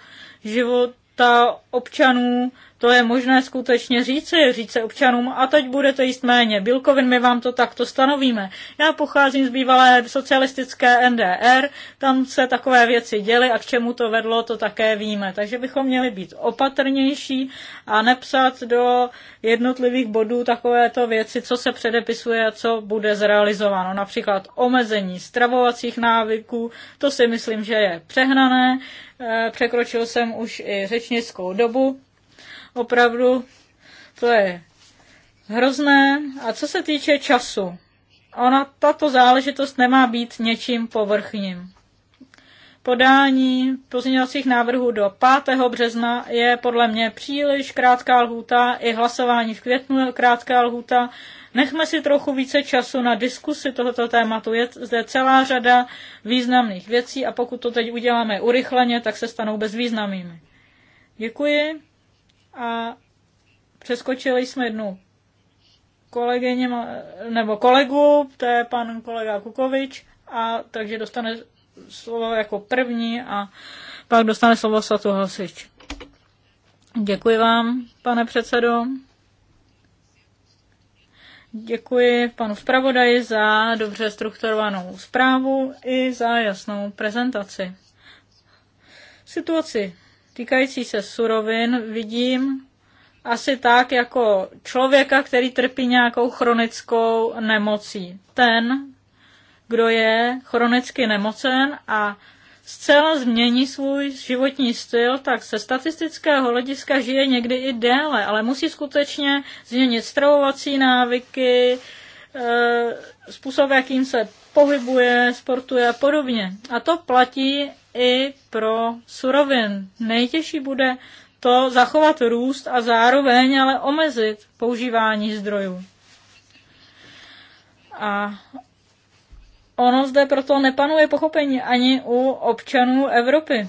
života občanů to je možné skutečně říci, říci občanům, a teď budete jíst méně bílkovin, my vám to takto stanovíme. Já pocházím z bývalé socialistické NDR, tam se takové věci děly a k čemu to vedlo, to také víme. Takže bychom měli být opatrnější a nepsat do jednotlivých bodů takovéto věci, co se předepisuje a co bude zrealizováno. Například omezení stravovacích návyků, to si myslím, že je přehnané. Eh, překročil jsem už i řečnickou dobu, Opravdu to je hrozné. A co se týče času, ona tato záležitost nemá být něčím povrchním. Podání pozměňovacích návrhů do 5. března je podle mě příliš krátká lhůta, i hlasování v květnu je krátká lhůta. Nechme si trochu více času na diskusi tohoto tématu. Je zde celá řada významných věcí a pokud to teď uděláme urychleně, tak se stanou bezvýznamnými. Děkuji a přeskočili jsme jednu kolegyně, nebo kolegu, to je pan kolega Kukovič, a takže dostane slovo jako první a pak dostane slovo Satu Hasič. Děkuji vám, pane předsedo. Děkuji panu zpravodaji za dobře strukturovanou zprávu i za jasnou prezentaci. Situaci týkající se surovin vidím asi tak jako člověka, který trpí nějakou chronickou nemocí. Ten, kdo je chronicky nemocen a zcela změní svůj životní styl, tak se statistického hlediska žije někdy i déle, ale musí skutečně změnit stravovací návyky, eh, způsob, jakým se pohybuje, sportuje a podobně. A to platí i pro surovin. Nejtěžší bude to zachovat růst a zároveň ale omezit používání zdrojů. A ono zde proto nepanuje pochopení ani u občanů Evropy.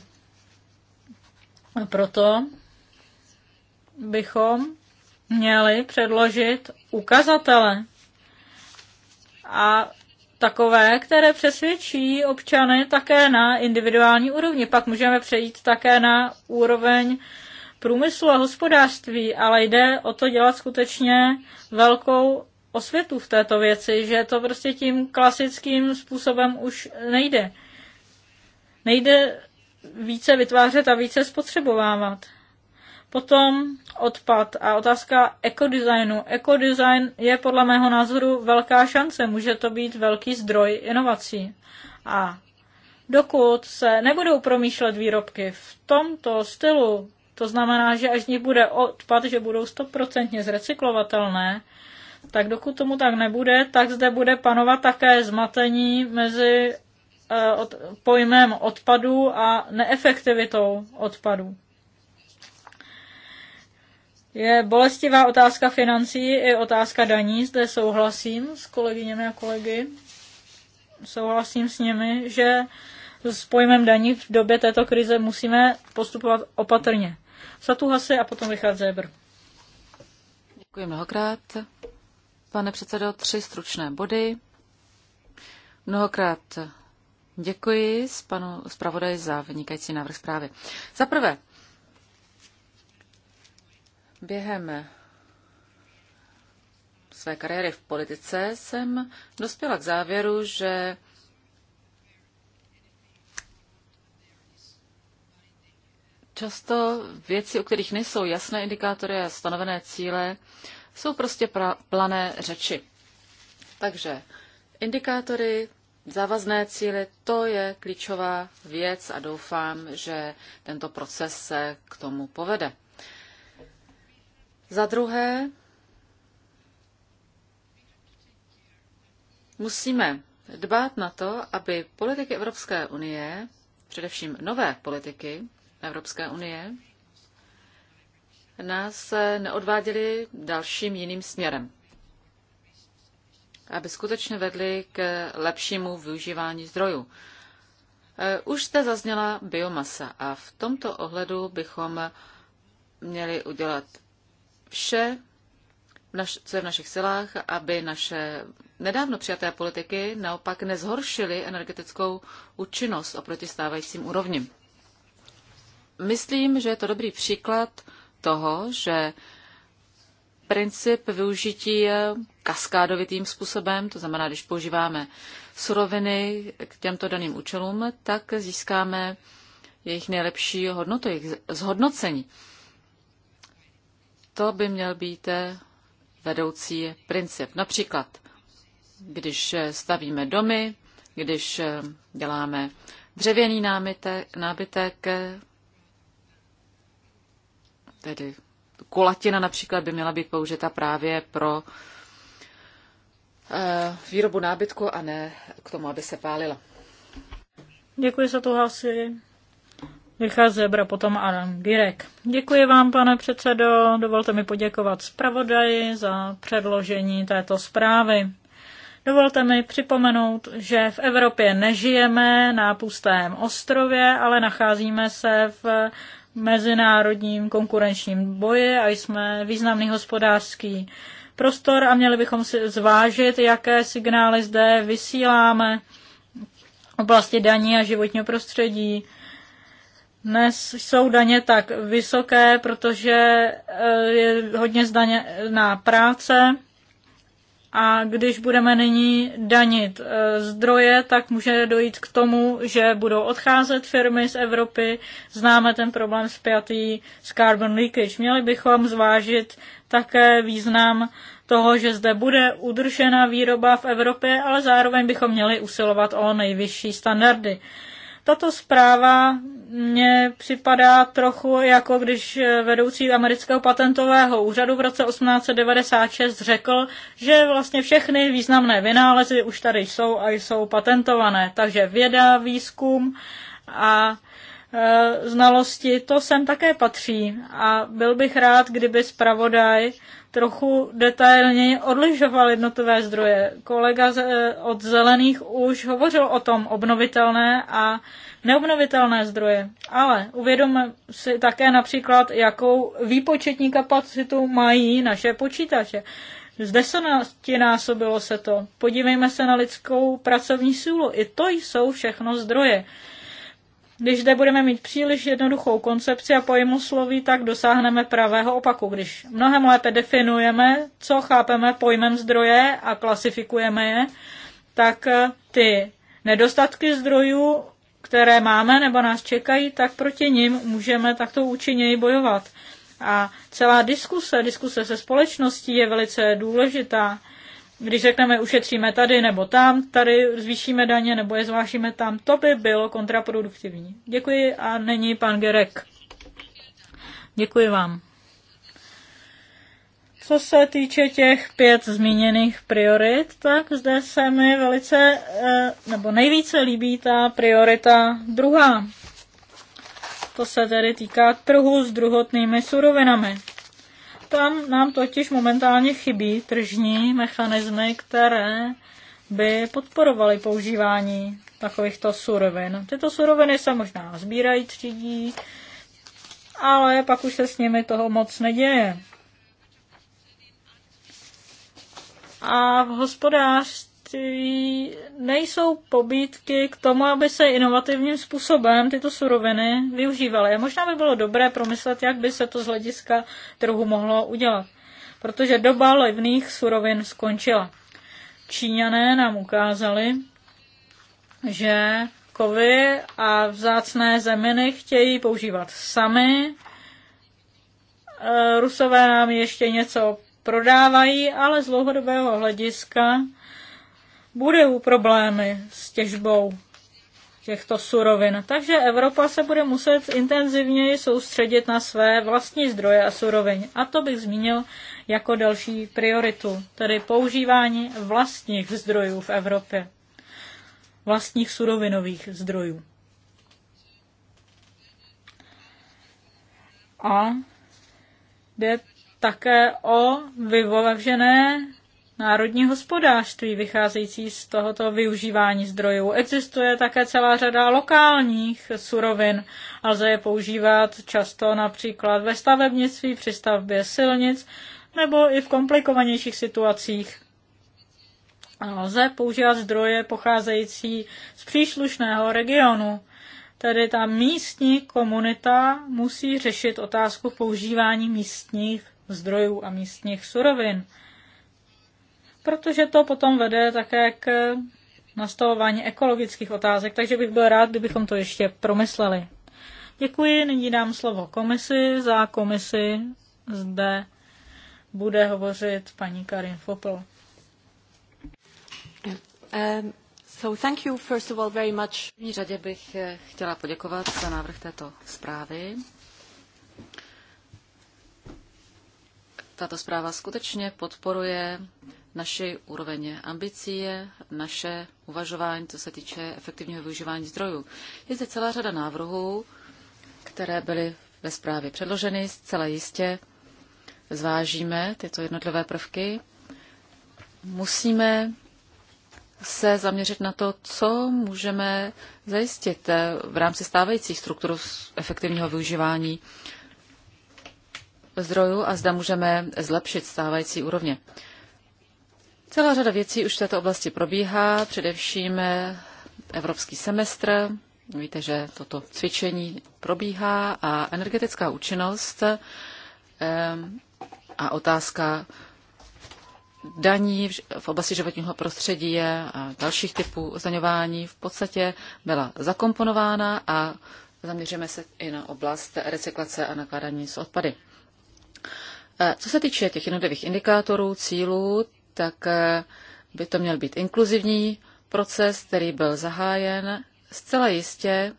A proto bychom měli předložit ukazatele a takové, které přesvědčí občany také na individuální úrovni. Pak můžeme přejít také na úroveň průmyslu a hospodářství, ale jde o to dělat skutečně velkou osvětu v této věci, že to prostě tím klasickým způsobem už nejde. Nejde více vytvářet a více spotřebovávat. Potom odpad a otázka ekodesignu. Ekodesign je podle mého názoru velká šance, může to být velký zdroj inovací. A dokud se nebudou promýšlet výrobky v tomto stylu, to znamená, že až z nich bude odpad, že budou stoprocentně zrecyklovatelné, tak dokud tomu tak nebude, tak zde bude panovat také zmatení mezi eh, pojmem odpadu a neefektivitou odpadu. Je bolestivá otázka financí i otázka daní. Zde souhlasím s kolegyněmi a kolegy. Souhlasím s nimi, že s pojmem daní v době této krize musíme postupovat opatrně. Satu Hasi a potom Richard Zebr. Děkuji mnohokrát. Pane předsedo, tři stručné body. Mnohokrát děkuji s panu zpravodaji za vynikající návrh zprávy. Za prvé, Během své kariéry v politice jsem dospěla k závěru, že často věci, u kterých nejsou jasné indikátory a stanovené cíle, jsou prostě pra- plané řeči. Takže indikátory, závazné cíle, to je klíčová věc a doufám, že tento proces se k tomu povede. Za druhé, musíme dbát na to, aby politiky Evropské unie, především nové politiky Evropské unie, nás neodváděly dalším jiným směrem. Aby skutečně vedly k lepšímu využívání zdrojů. Eh, už jste zazněla biomasa a v tomto ohledu bychom měli udělat vše, co je v našich silách, aby naše nedávno přijaté politiky naopak nezhoršily energetickou účinnost oproti stávajícím úrovním. Myslím, že je to dobrý příklad toho, že princip využití je kaskádovitým způsobem, to znamená, když používáme suroviny k těmto daným účelům, tak získáme jejich nejlepší hodnotu, jejich zhodnocení to by měl být eh, vedoucí princip. Například, když eh, stavíme domy, když eh, děláme dřevěný nábytek, nábytek tedy kulatina například by měla být použita právě pro výrobu nábytku a ne k tomu, aby se pálila. Děkuji za to, Hasi. Richard Zebra, potom Adam Girek. Děkuji vám, pane předsedo. Dovolte mi poděkovat zpravodaji za předložení této zprávy. Dovolte mi připomenout, že v Evropě nežijeme na pustém ostrově, ale nacházíme se v mezinárodním konkurenčním boji a jsme významný hospodářský prostor a měli bychom si zvážit, jaké signály zde vysíláme v oblasti daní a životního prostředí. Dnes jsou daně tak vysoké, protože eh, je hodně zdaně na práce a když budeme nyní danit eh, zdroje, tak může dojít k tomu, že budou odcházet firmy z Evropy. Známe ten problém spjatý s carbon leakage. Měli bychom zvážit také význam toho, že zde bude udržena výroba v Evropě, ale zároveň bychom měli usilovat o nejvyšší standardy. Tato zpráva mně připadá trochu jako když vedoucí amerického patentového úřadu v roce 1896 řekl, že vlastně všechny významné vynálezy už tady jsou a jsou patentované. Takže věda, výzkum a Eh, znalosti, to sem také patří. A byl bych rád, kdyby zpravodaj trochu detailněji odlišoval jednotové zdroje. Kolega eh, od Zelených už hovořil o tom obnovitelné a neobnovitelné zdroje. Ale uvědom si také například, jakou výpočetní kapacitu mají naše počítače. Z desetinásobilo se to. Podívejme se na lidskou pracovní sílu. I to jsou všechno zdroje. Když zde budeme mít příliš jednoduchou koncepci a pojmosloví, tak dosáhneme pravého opaku, když mnohem lépe definujeme, co chápeme pojmem zdroje a klasifikujeme je, tak eh, ty nedostatky zdrojů, které máme nebo nás čekají, tak proti nim můžeme takto účinněji bojovat. A celá diskuse, diskuse se společností je velice důležitá když řekneme ušetříme tady nebo tam, tady zvýšíme daně nebo je zvlášíme tam, to by bylo kontraproduktivní. Děkuji a není pan Gerek. Děkuji vám. Co se týče těch pět zmíněných priorit, tak zde se mi velice, eh, nebo nejvíce líbí ta priorita druhá. To se tedy týká trhu s druhotnými surovinami. Tam nám totiž momentálně chybí tržní mechanismy, které by podporovaly používání takovýchto surovin. Tyto suroviny se možná sbírají, třídí, ale pak už se s nimi toho moc neděje. A v hospodářství odvětví nejsou pobídky k tomu, aby se inovativním způsobem tyto suroviny využívaly. Možná by bylo dobré promyslet, jak by se to z hlediska trhu mohlo udělat, protože doba levných surovin skončila. Číňané nám ukázali, že kovy a vzácné zeminy chtějí používat sami. Eh, Rusové nám ještě něco prodávají, ale z dlouhodobého hlediska budou problémy s těžbou těchto surovin. Takže Evropa se bude muset intenzivněji soustředit na své vlastní zdroje a suroviny, A to bych zmínil jako další prioritu, tedy používání vlastních zdrojů v Evropě. Vlastních surovinových zdrojů. A jde také o vyvožené národní hospodářství vycházející z tohoto využívání zdrojů. Existuje také celá řada lokálních surovin a lze je používat často například ve stavebnictví, při stavbě silnic nebo i v komplikovanějších situacích. A lze používat zdroje pocházející z příslušného regionu. Tedy ta místní komunita musí řešit otázku používání místních zdrojů a místních surovin protože to potom vede také k nastavování ekologických otázek, takže bych byl rád, kdybychom to ještě promysleli. Děkuji, nyní dám slovo komisi. Za komisi zde bude hovořit paní Karin Fopl. Um, so thank you first of all very much. V první řadě bych eh, chtěla poděkovat za návrh této zprávy. Tato zpráva skutečně podporuje naši úroveň ambicí, naše uvažování, co se týče efektivního využívání zdrojů. Je zde celá řada návrhů, které byly ve zprávě předloženy. Zcela jistě zvážíme tyto jednotlivé prvky. Musíme se zaměřit na to, co můžeme zajistit v rámci stávajících struktur efektivního využívání zdrojů a zda můžeme zlepšit stávající úrovně. Celá řada věcí už v této oblasti probíhá, především eh, evropský semestr. Víte, že toto cvičení probíhá a energetická účinnost eh, a otázka daní v oblasti životního prostředí a dalších typů zdaňování v podstatě byla zakomponována a zaměříme se i na oblast recyklace a nakládání s odpady. Eh, co se týče těch jednotlivých indikátorů, cílů, tak eh, by to měl být inkluzivní proces, který byl zahájen. Zcela jistě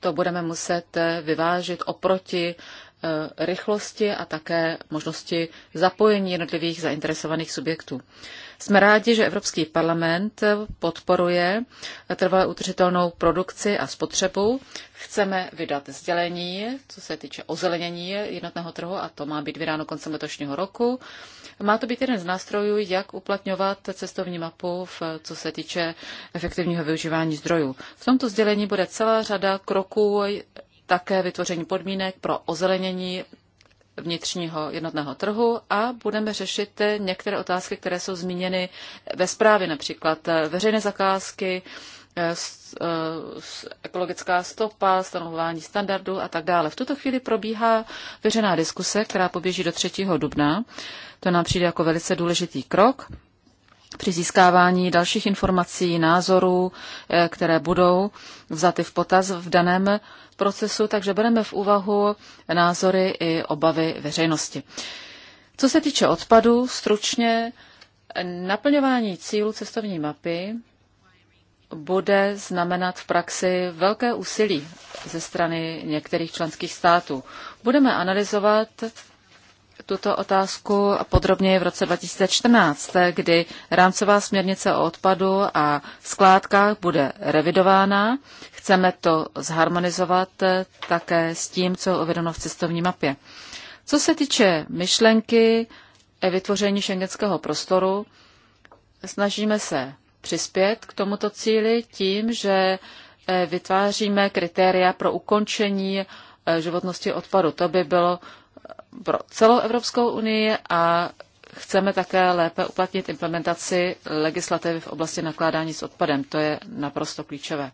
to budeme muset eh, vyvážit oproti eh, rychlosti a také možnosti zapojení jednotlivých zainteresovaných subjektů. Jsme rádi, že Evropský parlament podporuje trvalé udržitelnou produkci a spotřebu. Chceme vydat sdělení, co se týče ozelenění jednotného trhu, a to má být vydáno koncem letošního roku. Má to být jeden z nástrojů, jak uplatňovat cestovní mapu, v, co se týče efektivního využívání zdrojů. V tomto sdělení bude celá řada kroků, také vytvoření podmínek pro ozelenění vnitřního jednotného trhu a budeme řešit některé otázky, které jsou zmíněny ve zprávě, například eh, veřejné zakázky, eh, eh, ekologická stopa, stanovování standardů a tak dále. V tuto chvíli probíhá veřejná diskuse, která poběží do 3. dubna. To nám přijde jako velice důležitý krok při získávání dalších informací, názorů, které budou vzaty v potaz v daném procesu, takže bereme v úvahu názory i obavy veřejnosti. Co se týče odpadu, stručně naplňování cílů cestovní mapy bude znamenat v praxi velké úsilí ze strany některých členských států. Budeme analyzovat tuto otázku podrobněji v roce 2014, kdy rámcová směrnice o odpadu a skládkách bude revidována. Chceme to zharmonizovat eh, také s tím, co je uvedeno v cestovní mapě. Co se týče myšlenky e, vytvoření šengenského prostoru, snažíme se přispět k tomuto cíli tím, že eh, vytváříme kritéria pro ukončení eh, životnosti odpadu. To by bylo pro celou Evropskou unii a chceme také lépe uplatnit implementaci legislativy v oblasti nakládání s odpadem. To je naprosto klíčové.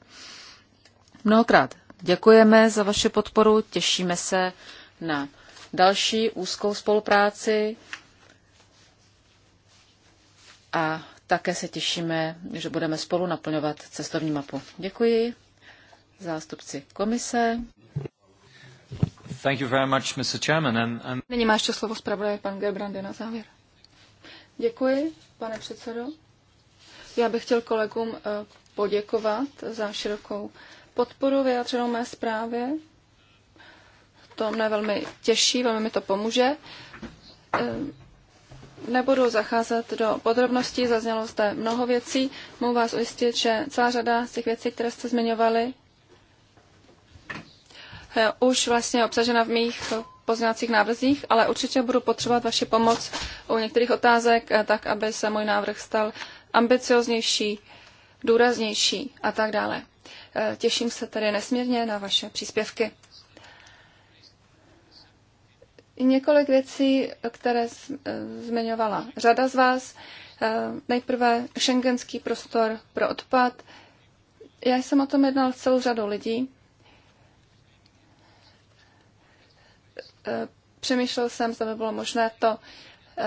Mnohokrát děkujeme za vaši podporu, těšíme se na další úzkou spolupráci a také se těšíme, že budeme spolu naplňovat cestovní mapu. Děkuji zástupci komise. Thank you very much, Mr. Chairman. And, and... Nyní má ještě slovo zpravodaj pan Gerbrandy na závěr. Děkuji, pane předsedo. Já bych chtěl kolegům eh, poděkovat za širokou podporu vyjádřenou mé zprávě. To mne velmi těší, velmi mi to pomůže. Ehm, nebudu zacházet do podrobností, zaznělo zde mnoho věcí. Mohu vás ujistit, že celá řada z těch věcí, které jste zmiňovali, je už vlastně obsažena v mých pozměňovacích návrzích, ale určitě budu potřebovat vaši pomoc u některých otázek, eh, tak aby se můj návrh stal ambicioznější, důraznější a tak dále. Eh, těším se tedy nesmírně na vaše příspěvky. Několik věcí, které eh, zmiňovala řada z vás. Eh, nejprve šengenský prostor pro odpad. Já jsem o tom jednal celou řadou lidí. Přemýšlel jsem, zda by bylo možné to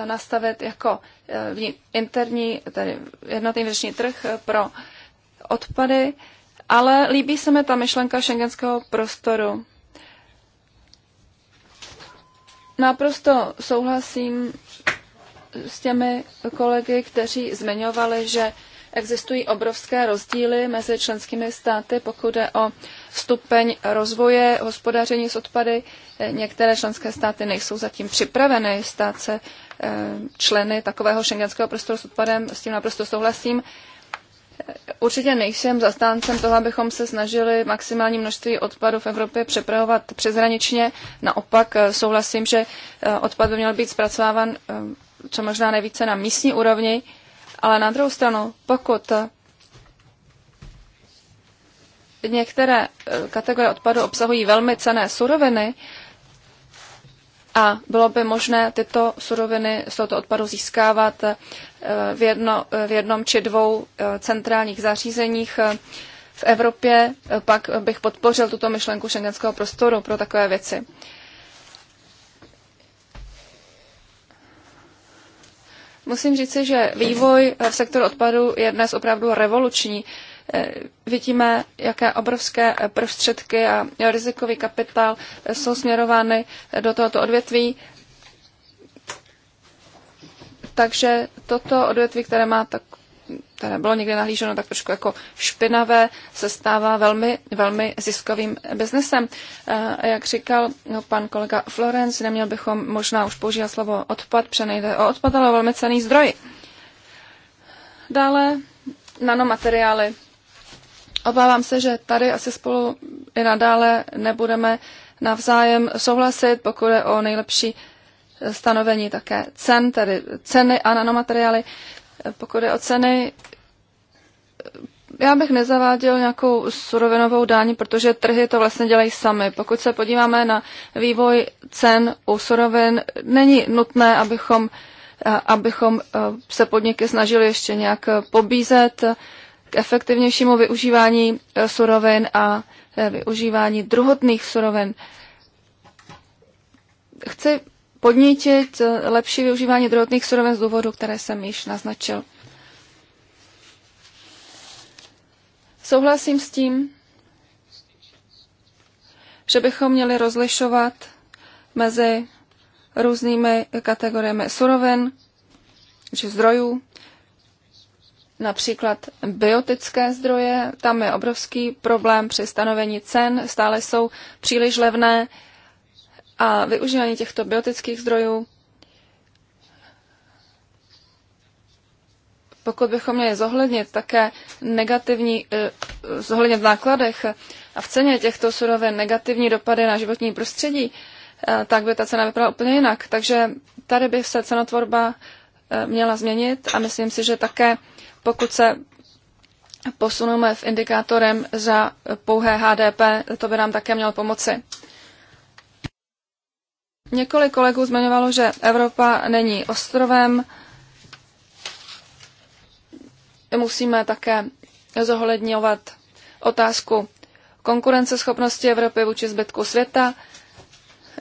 nastavit jako interní, tedy jednotný vnitřní trh pro odpady ale líbí se mi ta myšlenka šengenského prostoru. Naprosto souhlasím s těmi kolegy, kteří zmiňovali, že existují obrovské rozdíly mezi členskými státy, pokud jde o stupeň rozvoje hospodaření s odpady. Některé členské státy nejsou zatím připraveny stát se eh, členy takového šengenského prostoru s odpadem, s tím naprosto souhlasím. Určitě nejsem zastáncem toho, abychom se snažili maximální množství odpadu v Evropě přepravovat přeshraničně. Naopak eh, souhlasím, že eh, odpad by měl být zpracováván eh, co možná nejvíce na místní úrovni, ale na druhou stranu, pokud některé kategorie odpadu obsahují velmi cené suroviny, a bylo by možné tyto suroviny z tohoto odpadu získávat eh, v, jedno, eh, v jednom či dvou eh, centrálních zařízeních v Evropě, pak bych podpořil tuto myšlenku šengenského prostoru pro takové věci. Musím říci, že vývoj v sektoru odpadu je dnes opravdu revoluční. Eh, vidíme, jaké obrovské eh, prostředky a rizikový kapitál eh, jsou směrovány do tohoto odvětví. Takže toto odvětví, které má tak které bylo někde nahlíženo tak trošku jako špinavé, se stává velmi, velmi ziskovým biznesem. Jak říkal no, pan kolega Florence, neměl bychom možná už používat slovo odpad, přenejde o odpad, ale o velmi cený zdroj. Dále nanomateriály. Obávám se, že tady asi spolu i nadále nebudeme navzájem souhlasit, pokud je o nejlepší eh, stanovení také cen, tedy ceny a nanomateriály. Eh, pokud je o ceny, eh, já bych nezaváděl nějakou surovinovou daň, protože trhy to vlastně dělají sami. Pokud se podíváme na vývoj cen u surovin, není nutné, abychom, abychom se podniky snažili ještě nějak pobízet efektivnějšímu využívání e, surovin a e, využívání druhotných surovin. Chci podnítit e, lepší využívání druhotných surovin z důvodu, které jsem již naznačil. Souhlasím s tím, že bychom měli rozlišovat mezi různými kategoriemi surovin či zdrojů například biotické zdroje, tam je obrovský problém při stanovení cen, stále jsou příliš levné a využívání těchto biotických zdrojů, pokud bychom měli zohlednit také negativní, eh, zohlednit v nákladech a v ceně těchto surovin negativní dopady na životní prostředí, eh, tak by ta cena vypadala úplně jinak. Takže tady by se cenotvorba eh, měla změnit a myslím si, že také pokud se posuneme v indikátorem za pouhé HDP, to by nám také mělo pomoci. Několik kolegů zmiňovalo, že Evropa není ostrovem. Musíme také zohledňovat otázku konkurenceschopnosti Evropy vůči zbytku světa.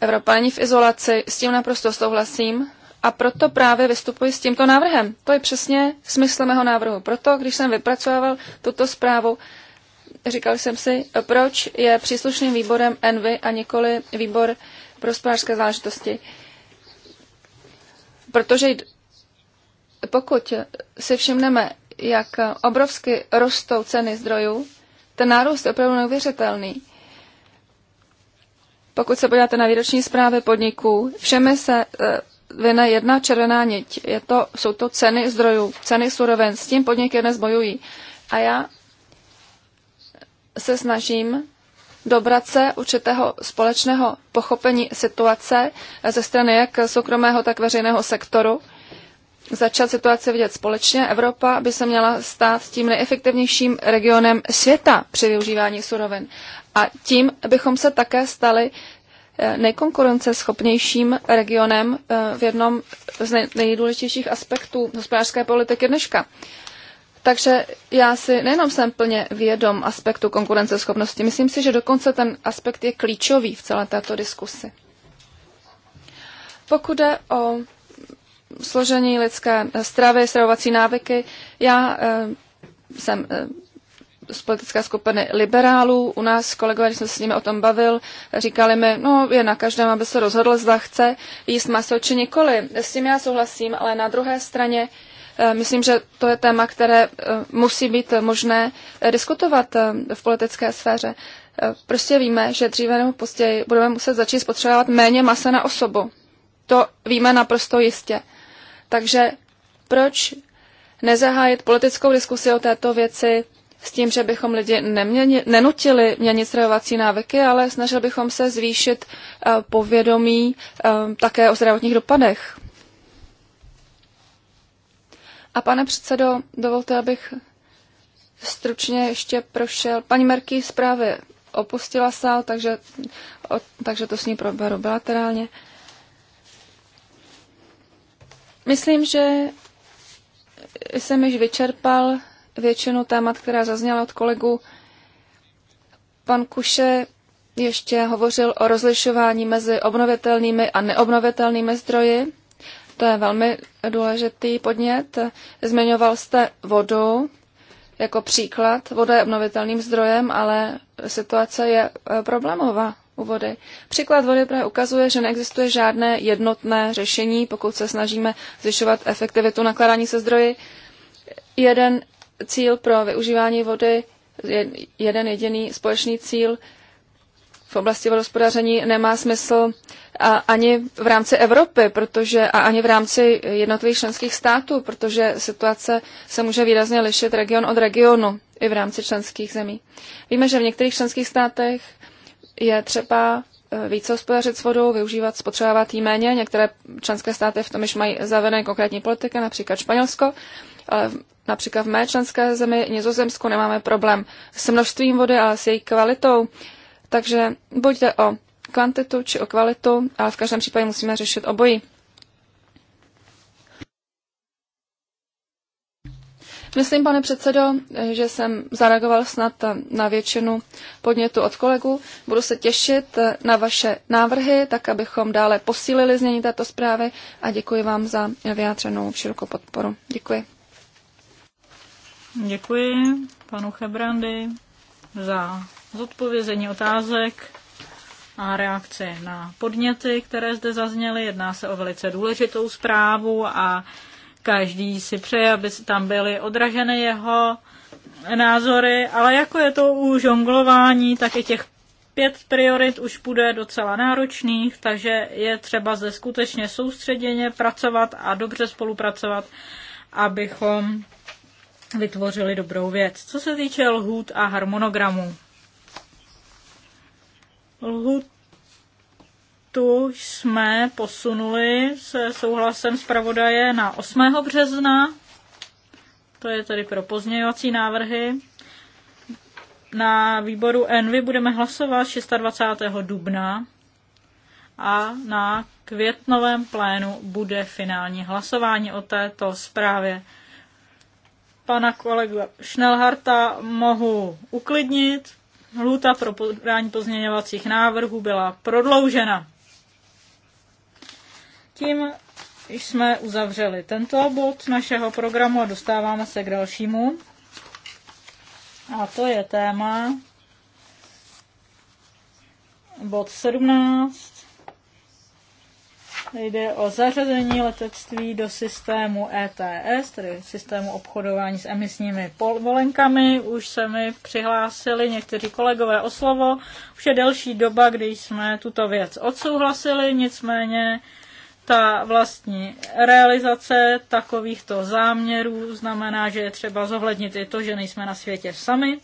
Evropa není v izolaci, s tím naprosto souhlasím. A proto právě vystupuji s tímto návrhem. To je přesně smysl mého návrhu. Proto, když jsem vypracovával tuto zprávu, říkal jsem si, proč je příslušným výborem Envy a nikoli výbor pro hospodářské záležitosti. Protože pokud si všimneme, jak obrovsky rostou ceny zdrojů, ten nárůst je opravdu neuvěřitelný. Pokud se podíváte na výroční zprávy podniků, všemi se eh, vyne jedna červená niť. Je to, jsou to ceny zdrojů, ceny surovin. S tím podniky dnes bojují. A já se snažím dobrat se určitého společného pochopení situace ze strany jak soukromého, tak veřejného sektoru. Začat situaci vidět společně. Evropa by se měla stát tím nejefektivnějším regionem světa při využívání surovin. A tím bychom se také stali nejkonkurenceschopnějším regionem eh, v jednom z nejdůležitějších aspektů hospodářské politiky dneška. Takže já si nejenom jsem plně vědom aspektu konkurenceschopnosti, myslím si, že dokonce ten aspekt je klíčový v celé této diskusi. Pokud jde o složení lidské stravy, stravovací návyky, já eh, jsem eh, z politické skupiny liberálů. U nás kolegové, když jsem se s nimi o tom bavil, říkali mi, no je na každém, aby se rozhodl, zda chce jíst maso či nikoli. S tím já souhlasím, ale na druhé straně eh, myslím, že to je téma, které eh, musí být možné eh, diskutovat v politické sféře. Prostě víme, že dříve nebo později budeme muset začít spotřebovat méně masa na osobu. To víme naprosto jistě. Takže proč nezahájit politickou diskusi o této věci s tím, že bychom lidi neměni, nenutili měnit stravovací návyky, ale snažili bychom se zvýšit eh, povědomí eh, také o zdravotních dopadech. A pane předsedo, dovolte, abych stručně ještě prošel. Paní Merky zprávy opustila sál, takže, o, takže to s ní proberu bilaterálně. Myslím, že jsem již vyčerpal většinu témat, která zazněla od kolegů. Pan Kuše ještě hovořil o rozlišování mezi obnovitelnými a neobnovitelnými zdroji. To je velmi důležitý podnět. Zmiňoval jste vodu jako příklad. Voda je obnovitelným zdrojem, ale situace je eh, problémová u vody. Příklad vody právě ukazuje, že neexistuje žádné jednotné řešení, pokud se snažíme zvyšovat efektivitu nakládání se zdroji. Jeden cíl pro využívání vody, jeden jediný společný cíl v oblasti vodospodaření nemá smysl a ani v rámci Evropy, protože a ani v rámci jednotlivých členských států, protože situace se může výrazně lišit region od regionu i v rámci členských zemí. Víme, že v některých členských státech je třeba eh, více hospodařit s vodou, využívat, spotřebovat ji méně. Některé členské státy v tom již mají zavedené konkrétní politiky, například Španělsko, ale Například v mé členské zemi Nizozemsku nemáme problém s množstvím vody, ale s její kvalitou. Takže buď jde o kvantitu či o kvalitu, ale v každém případě musíme řešit obojí. Myslím, pane předsedo, že jsem zareagoval snad na většinu podnětu od kolegů. Budu se těšit na vaše návrhy, tak abychom dále posílili znění této zprávy a děkuji vám za vyjádřenou širokou podporu. Děkuji. Děkuji panu Hebrandy za zodpovězení otázek a reakci na podněty, které zde zazněly. Jedná se o velice důležitou zprávu a každý si přeje, aby tam byly odraženy jeho názory, ale jako je to u žonglování, tak i těch pět priorit už bude docela náročných, takže je třeba zde skutečně soustředěně pracovat a dobře spolupracovat, abychom vytvořili dobrou věc. Co se týče lhůt a harmonogramu. tu jsme posunuli se souhlasem zpravodaje na 8. března. To je tedy pro pozměňovací návrhy. Na výboru Envy budeme hlasovat 26. dubna a na květnovém plénu bude finální hlasování o této zprávě pana kolegu Schnellharta mohu uklidnit. Lhůta pro podání pozměňovacích návrhů byla prodloužena. Tím jsme uzavřeli tento bod našeho programu a dostáváme se k dalšímu. A to je téma bod 17 jde o zařazení letectví do systému ETS, tedy systému obchodování s emisními povolenkami. Už se mi přihlásili někteří kolegové o slovo. Už je delší doba, kdy jsme tuto věc odsouhlasili, nicméně ta vlastní realizace takovýchto záměrů znamená, že je třeba zohlednit i to, že nejsme na světě sami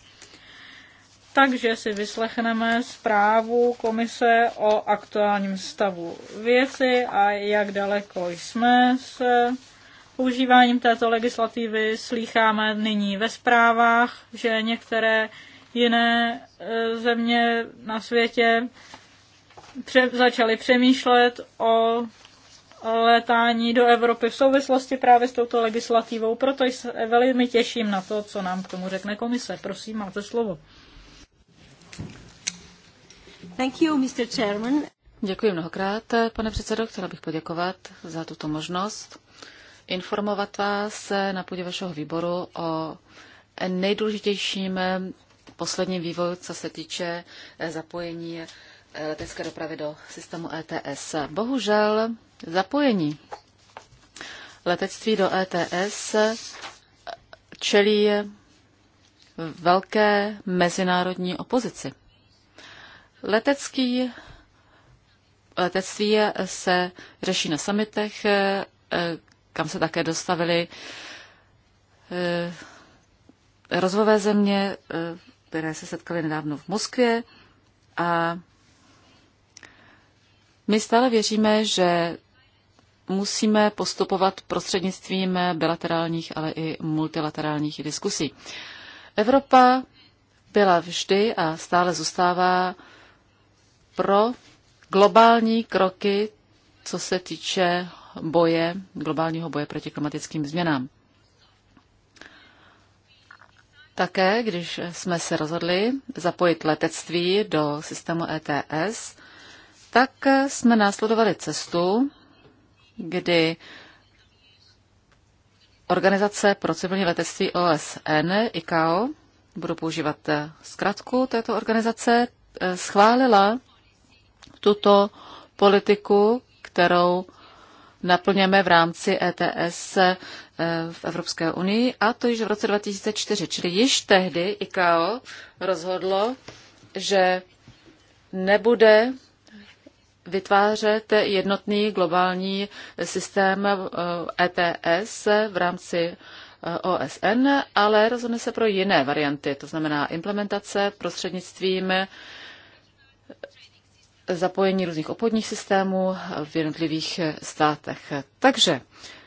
takže si vyslechneme zprávu komise o aktuálním stavu věci a jak daleko jsme s používáním této legislativy. Slýcháme nyní ve zprávách, že některé jiné e, země na světě pře- začaly přemýšlet o letání do Evropy v souvislosti právě s touto legislativou, proto se velmi těším na to, co nám k tomu řekne komise. Prosím, máte slovo. Děkuji mnohokrát, pane předsedo. Chtěla bych poděkovat za tuto možnost informovat vás na půdě vašeho výboru o nejdůležitějším posledním vývoji, co se týče zapojení letecké dopravy do systému ETS. Bohužel zapojení letectví do ETS čelí velké mezinárodní opozici. Letecký, letectví se řeší na samitech, eh, kam se také dostavili eh, rozvojové země, eh, které se setkaly nedávno v Moskvě a my stále věříme, že musíme postupovat prostřednictvím bilaterálních, ale i multilaterálních diskusí. Evropa byla vždy a stále zůstává pro globální kroky, co se týče boje, globálního boje proti klimatickým změnám. Také, když jsme se rozhodli zapojit letectví do systému ETS, tak jsme následovali cestu, kdy Organizace pro civilní letectví OSN, ICAO, budu používat eh, zkratku této organizace, eh, schválila tuto politiku, kterou naplňujeme v rámci ETS eh, v Evropské unii a to již v roce 2004. Čili již tehdy ICAO rozhodlo, že nebude vytvářet jednotný globální systém ETS eh, e v rámci eh, OSN, ale rozhodne se pro jiné varianty, to znamená implementace prostřednictvím zapojení různých obchodních systémů v jednotlivých státech. Takže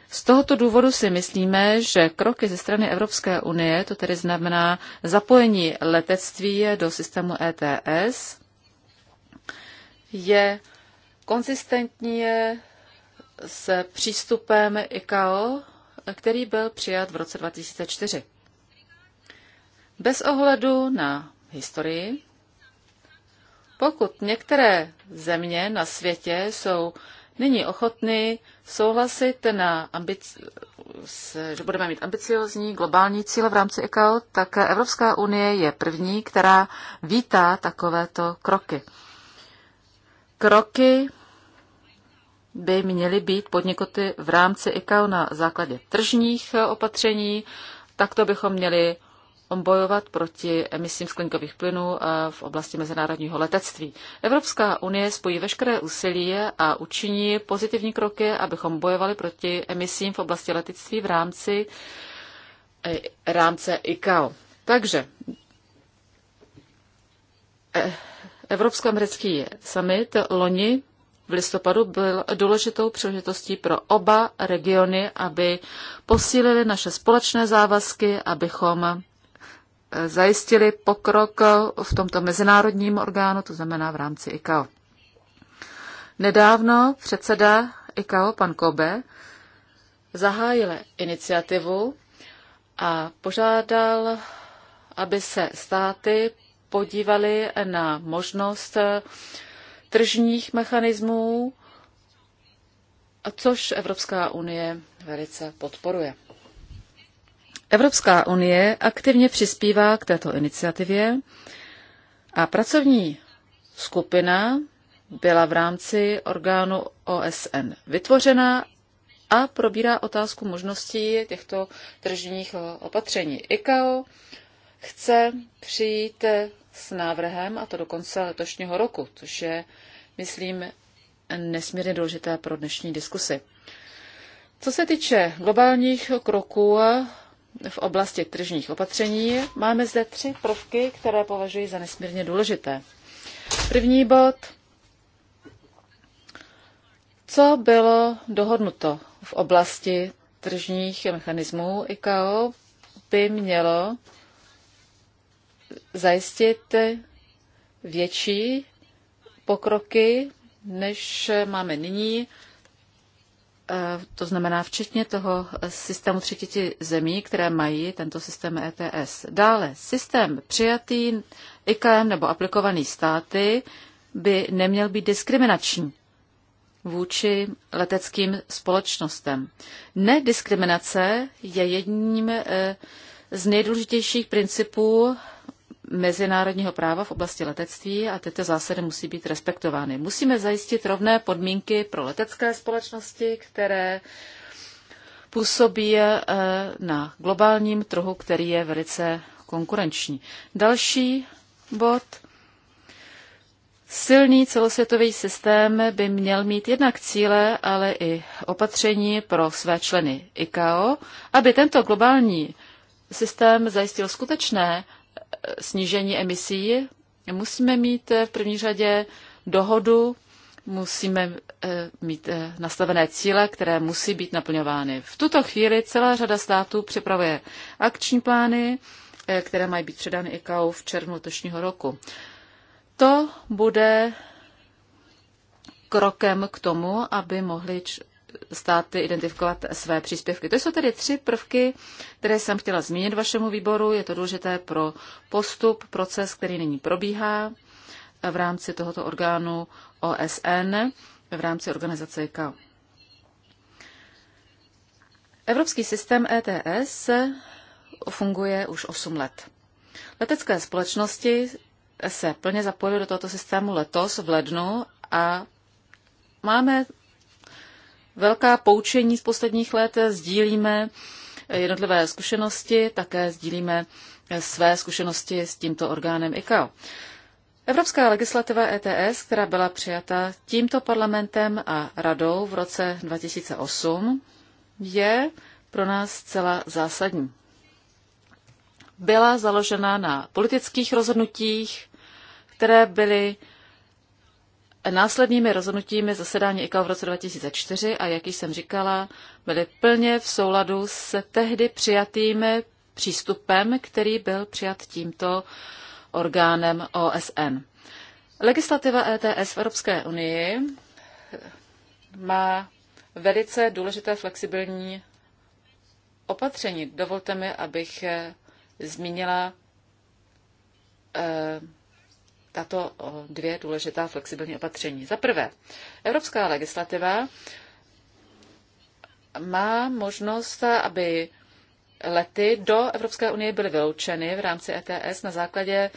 z tohoto důvodu si myslíme, že kroky ze strany Evropské unie, to tedy znamená zapojení letectví do systému ETS, je je s přístupem ICAO, který byl přijat v roce 2004. Bez ohledu na historii, pokud některé země na světě jsou nyní ochotny souhlasit, na ambic- že budeme mít ambiciozní globální cíle v rámci ICAO, tak Evropská unie je první, která vítá takovéto kroky. Kroky by měly být podnikoty v rámci ICAO na základě tržních eh, opatření. Takto bychom měli bojovat proti emisím skleníkových plynů eh, v oblasti mezinárodního letectví. Evropská unie spojí veškeré úsilí a učiní pozitivní kroky, abychom bojovali proti emisím v oblasti letectví v rámci eh, rámce ICAO. Takže Evropsko-americký summit loni v listopadu byl důležitou příležitostí pro oba regiony, aby posílili naše společné závazky, abychom eh, zajistili pokrok v tomto mezinárodním orgánu, to znamená v rámci ICAO. Nedávno předseda ICAO, pan Kobe, zahájil iniciativu a požádal, aby se státy podívali na možnost eh, tržních mechanismů, což Evropská unie velice podporuje. Evropská unie aktivně přispívá k této iniciativě a pracovní skupina byla v rámci orgánu OSN vytvořena a probírá otázku možností těchto tržních opatření. ICAO chce přijít s návrhem, a to do konce letošního roku, což je, myslím, nesmírně důležité pro dnešní diskusy. Co se týče globálních kroků v oblasti tržních opatření, máme zde tři prvky, které považuji za nesmírně důležité. První bod. Co bylo dohodnuto v oblasti tržních mechanismů ICAO by mělo zajistit větší pokroky, než máme nyní, eh, to znamená včetně toho systému třetí zemí, které mají tento systém ETS. Dále systém přijatý IKM nebo aplikovaný státy by neměl být diskriminační vůči leteckým společnostem. Nediskriminace je jedním eh, z nejdůležitějších principů mezinárodního práva v oblasti letectví a tyto zásady musí být respektovány. Musíme zajistit rovné podmínky pro letecké společnosti, které působí eh, na globálním trhu, který je velice konkurenční. Další bod. Silný celosvětový systém by měl mít jednak cíle, ale i opatření pro své členy ICAO, aby tento globální systém zajistil skutečné snížení emisí, musíme mít eh, v první řadě dohodu, musíme eh, mít eh, nastavené cíle, které musí být naplňovány. V tuto chvíli celá řada států připravuje akční plány, které mají být předány ICAO v červnu letošního roku. To bude krokem k tomu, aby mohli státy identifikovat své příspěvky. To jsou tedy tři prvky, které jsem chtěla zmínit vašemu výboru. Je to důležité pro postup, proces, který nyní probíhá v rámci tohoto orgánu OSN, v rámci organizace ICAO. Evropský systém ETS funguje už 8 let. Letecké společnosti se plně zapojily do tohoto systému letos v lednu a máme velká poučení z posledních let, sdílíme jednotlivé zkušenosti, také sdílíme své zkušenosti s tímto orgánem ICAO. Evropská legislativa ETS, která byla přijata tímto parlamentem a radou v roce 2008, je pro nás zcela zásadní. Byla založena na politických rozhodnutích, které byly následnými rozhodnutími zasedání ICAO v roce 2004 a, jak jsem říkala, byly plně v souladu s tehdy přijatým přístupem, který byl přijat tímto orgánem OSN. Legislativa ETS v Evropské unii má velice důležité flexibilní opatření. Dovolte mi, abych zmínila eh, tato dvě důležitá flexibilní opatření. Za prvé, evropská legislativa má možnost, aby lety do Evropské unie byly vyloučeny v rámci ETS na základě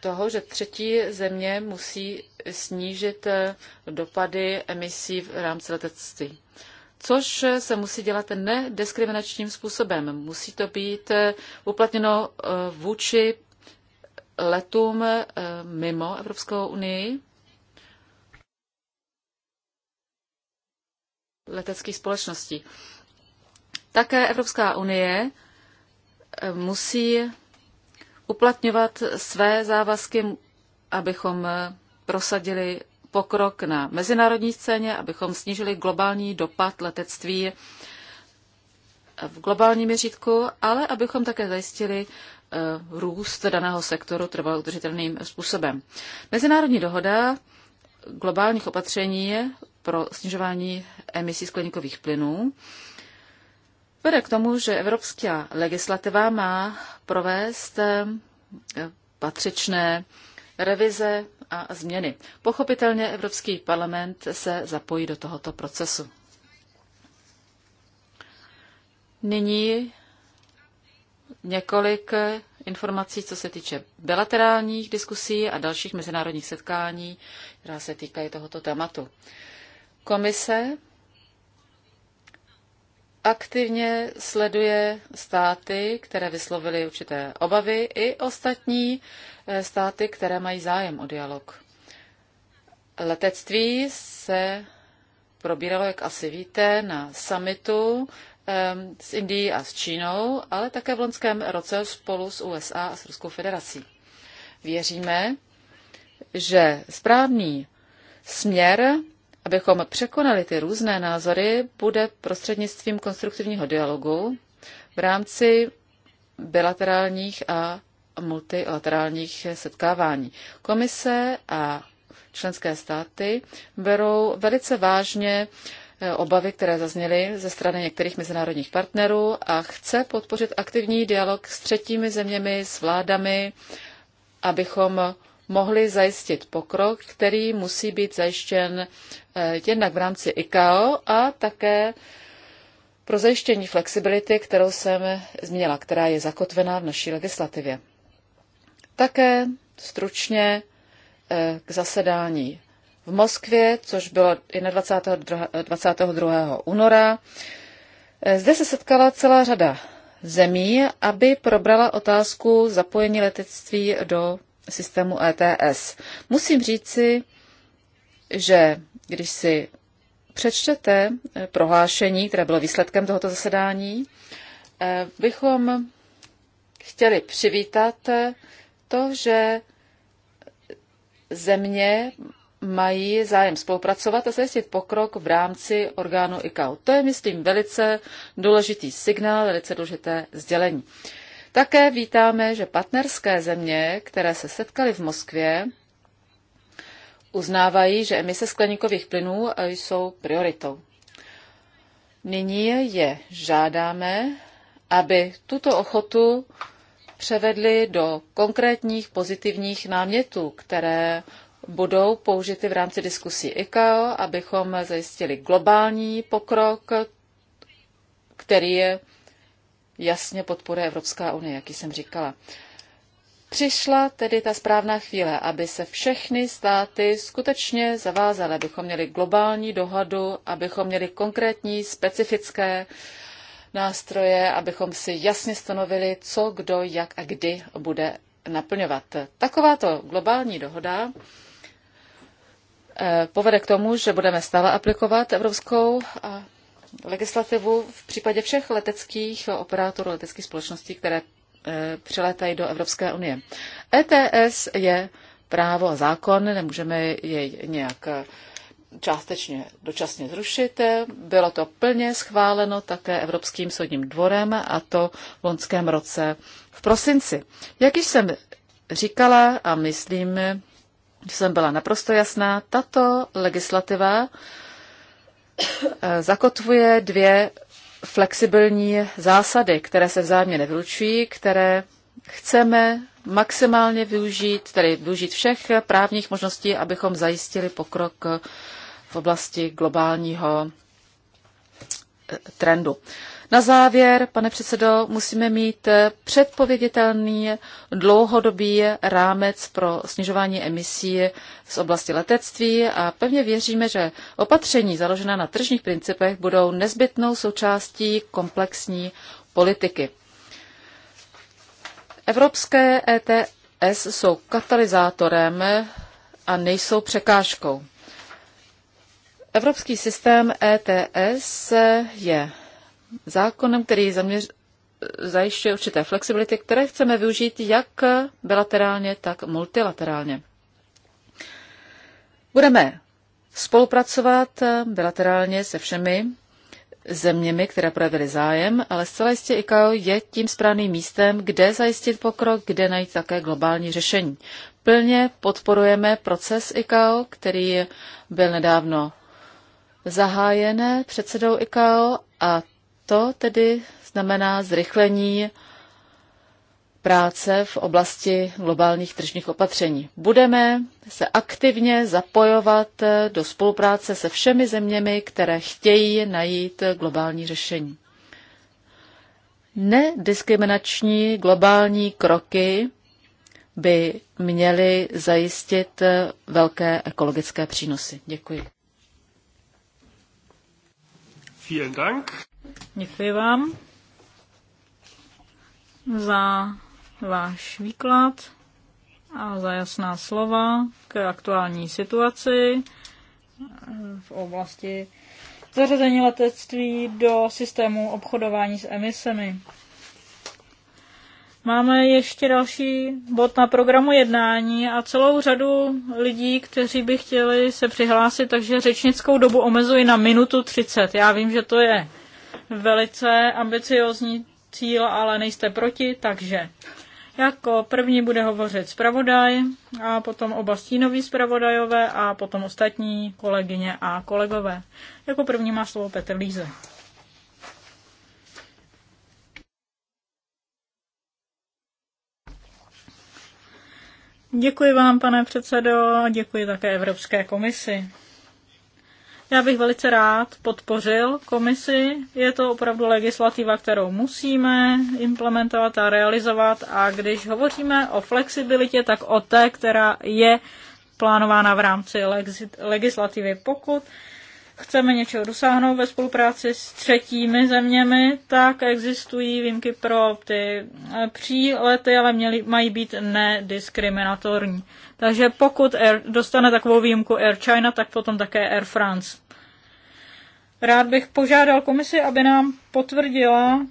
toho, že třetí země musí snížit e, dopady emisí v rámci letectví. Což se musí dělat nediskriminačním způsobem. Musí to být e, uplatněno e, vůči letům eh, mimo Evropskou unii. leteckých společností. Také Evropská unie eh, musí uplatňovat své závazky, abychom eh, prosadili pokrok na mezinárodní scéně, abychom snížili globální dopad letectví v globálním měřítku, ale abychom také zajistili Eh, růst daného sektoru trval udržitelným způsobem. Mezinárodní dohoda globálních opatření pro snižování emisí skleníkových plynů vede k tomu, že evropská legislativa má provést eh, patřičné revize a změny. Pochopitelně Evropský parlament se zapojí do tohoto procesu. Nyní několik eh, informací, co se týče bilaterálních diskusí a dalších mezinárodních setkání, která se týkají tohoto tématu. Komise aktivně sleduje státy, které vyslovily určité obavy, i ostatní eh, státy, které mají zájem o dialog. Letectví se probíralo, jak asi víte, na summitu Ehm, s Indií a s Čínou, ale také v loňském roce spolu s USA a s Ruskou federací. Věříme, že správný směr, abychom překonali ty různé názory, bude prostřednictvím konstruktivního dialogu v rámci bilaterálních a multilaterálních setkávání. Komise a členské státy berou velice vážně obavy, které zazněly ze strany některých mezinárodních partnerů a chce podpořit aktivní dialog s třetími zeměmi, s vládami, abychom mohli zajistit pokrok, který musí být zajištěn eh, jednak v rámci ICAO a také pro zajištění flexibility, kterou jsem zmínila, která je zakotvená v naší legislativě. Také stručně eh, k zasedání v Moskvě, což bylo 21. 22. února. Zde se setkala celá řada zemí, aby probrala otázku zapojení letectví do systému ETS. Musím říci, že když si přečtete eh, prohlášení, které bylo výsledkem tohoto zasedání, eh, bychom chtěli přivítat to, že země mají zájem spolupracovat a zajistit pokrok v rámci orgánu ICAO. To je, myslím, velice důležitý signál, velice důležité sdělení. Také vítáme, že partnerské země, které se setkaly v Moskvě, uznávají, že emise skleníkových plynů jsou prioritou. Nyní je žádáme, aby tuto ochotu převedli do konkrétních pozitivních námětů, které budou použity v rámci diskusí ICAO, abychom zajistili globální pokrok, který je jasně podporuje Evropská unie, jak jsem říkala. Přišla tedy ta správná chvíle, aby se všechny státy skutečně zavázaly, abychom měli globální dohodu, abychom měli konkrétní, specifické nástroje, abychom si jasně stanovili, co, kdo, jak a kdy bude naplňovat. Takováto globální dohoda Eh, povede k tomu, že budeme stále aplikovat evropskou eh, legislativu v případě všech leteckých operátorů, leteckých společností, které eh, přilétají do Evropské unie. ETS je právo a zákon, nemůžeme jej nějak částečně dočasně zrušit. Bylo to plně schváleno také Evropským soudním dvorem a to v loňském roce v prosinci. Jak již jsem říkala a myslím, jsem byla naprosto jasná, tato legislativa eh, zakotvuje dvě flexibilní zásady, které se vzájemně nevylučují, které chceme maximálně využít, tedy využít všech právních možností, abychom zajistili pokrok v oblasti globálního eh, trendu. Na závěr, pane předsedo, musíme mít eh, předpověditelný dlouhodobý rámec pro snižování emisí z oblasti letectví a pevně věříme, že opatření založená na tržních principech budou nezbytnou součástí komplexní politiky. Evropské ETS jsou katalyzátorem a nejsou překážkou. Evropský systém ETS je zákonem, který zaměř, zajišťuje určité flexibility, které chceme využít jak bilaterálně, tak multilaterálně. Budeme spolupracovat bilaterálně se všemi zeměmi, které projevily zájem, ale zcela jistě ICAO je tím správným místem, kde zajistit pokrok, kde najít také globální řešení. Plně podporujeme proces ICAO, který byl nedávno zahájen předsedou ICAO a to tedy znamená zrychlení práce v oblasti globálních tržních opatření. Budeme se aktivně zapojovat do spolupráce se všemi zeměmi, které chtějí najít globální řešení. Nediskriminační globální kroky by měly zajistit velké ekologické přínosy. Děkuji. Vielen Dank. Děkuji vám za váš výklad a za jasná slova k aktuální situaci v oblasti zařazení letectví do systému obchodování s emisemi. Máme ještě další bod na programu jednání a celou řadu lidí, kteří by chtěli se přihlásit, takže řečnickou dobu omezuji na minutu 30. Já vím, že to je velice ambiciozní cíl, ale nejste proti, takže jako první bude hovořit zpravodaj a potom oba stínoví zpravodajové a potom ostatní kolegyně a kolegové. Jako první má slovo Petr Líze. Děkuji vám, pane předsedo, a děkuji také Evropské komisi. Já bych velice rád podpořil komisi. Je to opravdu legislativa, kterou musíme implementovat a realizovat. A když hovoříme o flexibilitě, tak o té, která je plánována v rámci legislativy. Pokud chceme něčeho dosáhnout ve spolupráci s třetími zeměmi, tak existují výjimky pro ty eh, přílety, ale měly, mají být nediskriminatorní. Takže pokud Air, dostane takovou výjimku Air China, tak potom také Air France. Rád bych požádal komisi, aby nám potvrdila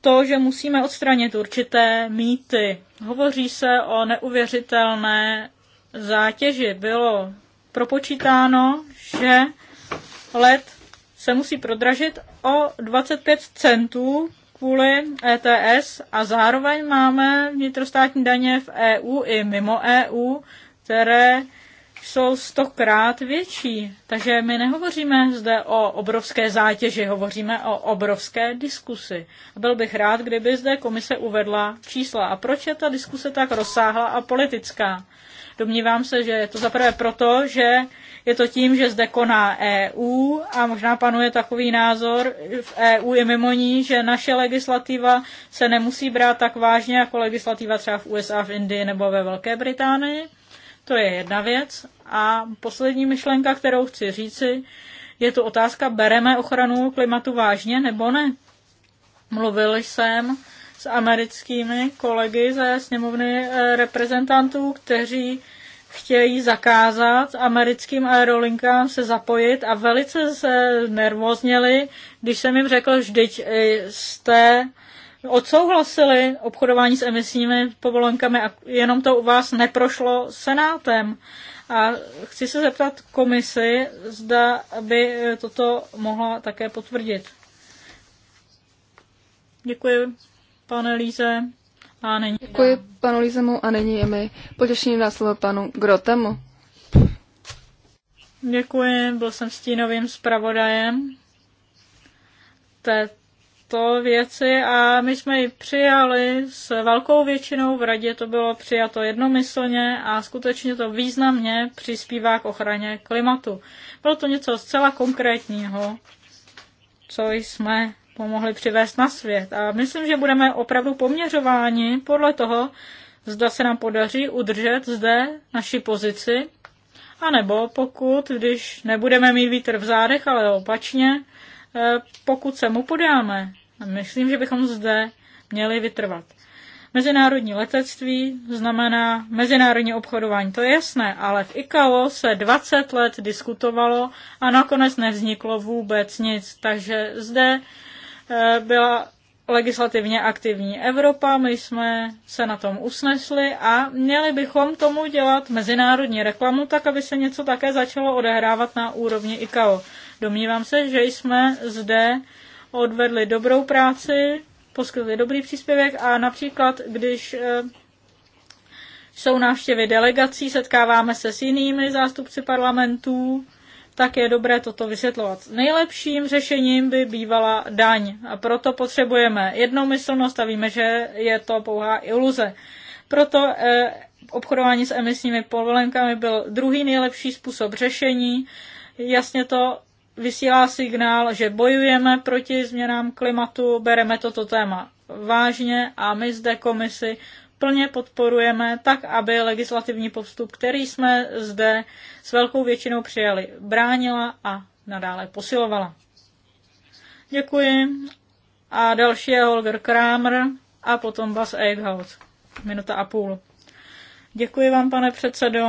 to, že musíme odstranit určité mýty. Hovoří se o neuvěřitelné zátěži. Bylo propočítáno, že let se musí prodražit o 25 centů kvůli ETS a zároveň máme vnitrostátní daně v EU i mimo EU, které jsou stokrát větší. Takže my nehovoříme zde o obrovské zátěži, hovoříme o obrovské diskusi. Byl bych rád, kdyby zde komise uvedla čísla. A proč je ta diskuse tak rozsáhla a politická? Domnívám se, že je to zaprvé proto, že je to tím, že zde koná EU a možná panuje takový názor v EU je mimo ní, že naše legislativa se nemusí brát tak vážně jako legislativa třeba v USA, v Indii nebo ve Velké Británii. To je jedna věc. A poslední myšlenka, kterou chci říci, je to otázka, bereme ochranu klimatu vážně nebo ne? Mluvil jsem s americkými kolegy ze sněmovny eh, reprezentantů, kteří chtějí zakázat americkým aerolinkám se zapojit a velice se nervozněli, když jsem jim řekl, vždyť eh, jste odsouhlasili obchodování s emisními povolenkami a jenom to u vás neprošlo senátem. A chci se zeptat komisi, zda by eh, toto mohla také potvrdit. Děkuji pane Líze. A není Děkuji panu Lízemu a není je mi potěšením na slovo panu Grotemu. Děkuji, byl jsem stínovým zpravodajem této věci a my jsme ji přijali s velkou většinou, v radě to bylo přijato jednomyslně a skutečně to významně přispívá k ochraně klimatu. Bylo to něco zcela konkrétního, co jsme pomohli přivést na svět. A myslím, že budeme opravdu poměřováni podle toho, zda se nám podaří udržet zde naši pozici, anebo pokud, když nebudeme mít vítr v zádech, ale opačně, eh, pokud se mu podáme. Myslím, že bychom zde měli vytrvat. Mezinárodní letectví znamená mezinárodní obchodování, to je jasné, ale v ICAO se 20 let diskutovalo a nakonec nevzniklo vůbec nic, takže zde Eh, byla legislativně aktivní Evropa, my jsme se na tom usnesli a měli bychom tomu dělat mezinárodní reklamu, tak aby se něco také začalo odehrávat na úrovni ICAO. Domnívám se, že jsme zde odvedli dobrou práci, poskytli dobrý příspěvek a například, když eh, jsou návštěvy delegací, setkáváme se s jinými zástupci parlamentů, tak je dobré toto vysvětlovat. Nejlepším řešením by bývala daň a proto potřebujeme jednomyslnost a víme, že je to pouhá iluze. Proto eh, obchodování s emisními povolenkami byl druhý nejlepší způsob řešení. Jasně to vysílá signál, že bojujeme proti změnám klimatu, bereme toto téma vážně a my zde komisi plně podporujeme, tak aby legislativní postup, který jsme zde s velkou většinou přijali, bránila a nadále posilovala. Děkuji. A další je Holger Kramer a potom Bas Eichhout. Minuta a půl. Děkuji vám, pane předsedo.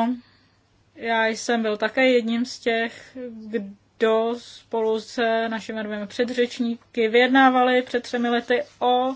Já jsem byl také jedním z těch, kdo spolu se našimi dvěmi předřečníky vyjednávali před třemi lety o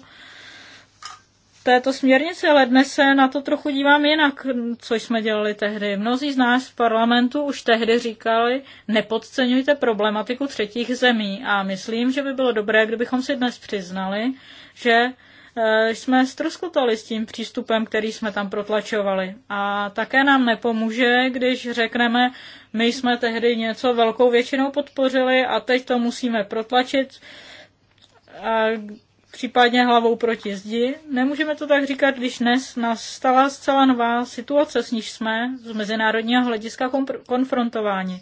této směrnici, ale dnes se na to trochu dívám jinak, co jsme dělali tehdy. Mnozí z nás v parlamentu už tehdy říkali, nepodceňujte problematiku třetích zemí a myslím, že by bylo dobré, kdybychom si dnes přiznali, že e, jsme ztroskotali s tím přístupem, který jsme tam protlačovali. A také nám nepomůže, když řekneme, my jsme tehdy něco velkou většinou podpořili a teď to musíme protlačit. A případně hlavou proti zdi. Nemůžeme to tak říkat, když dnes nastala zcela nová situace, s níž jsme z mezinárodního hlediska konfrontováni.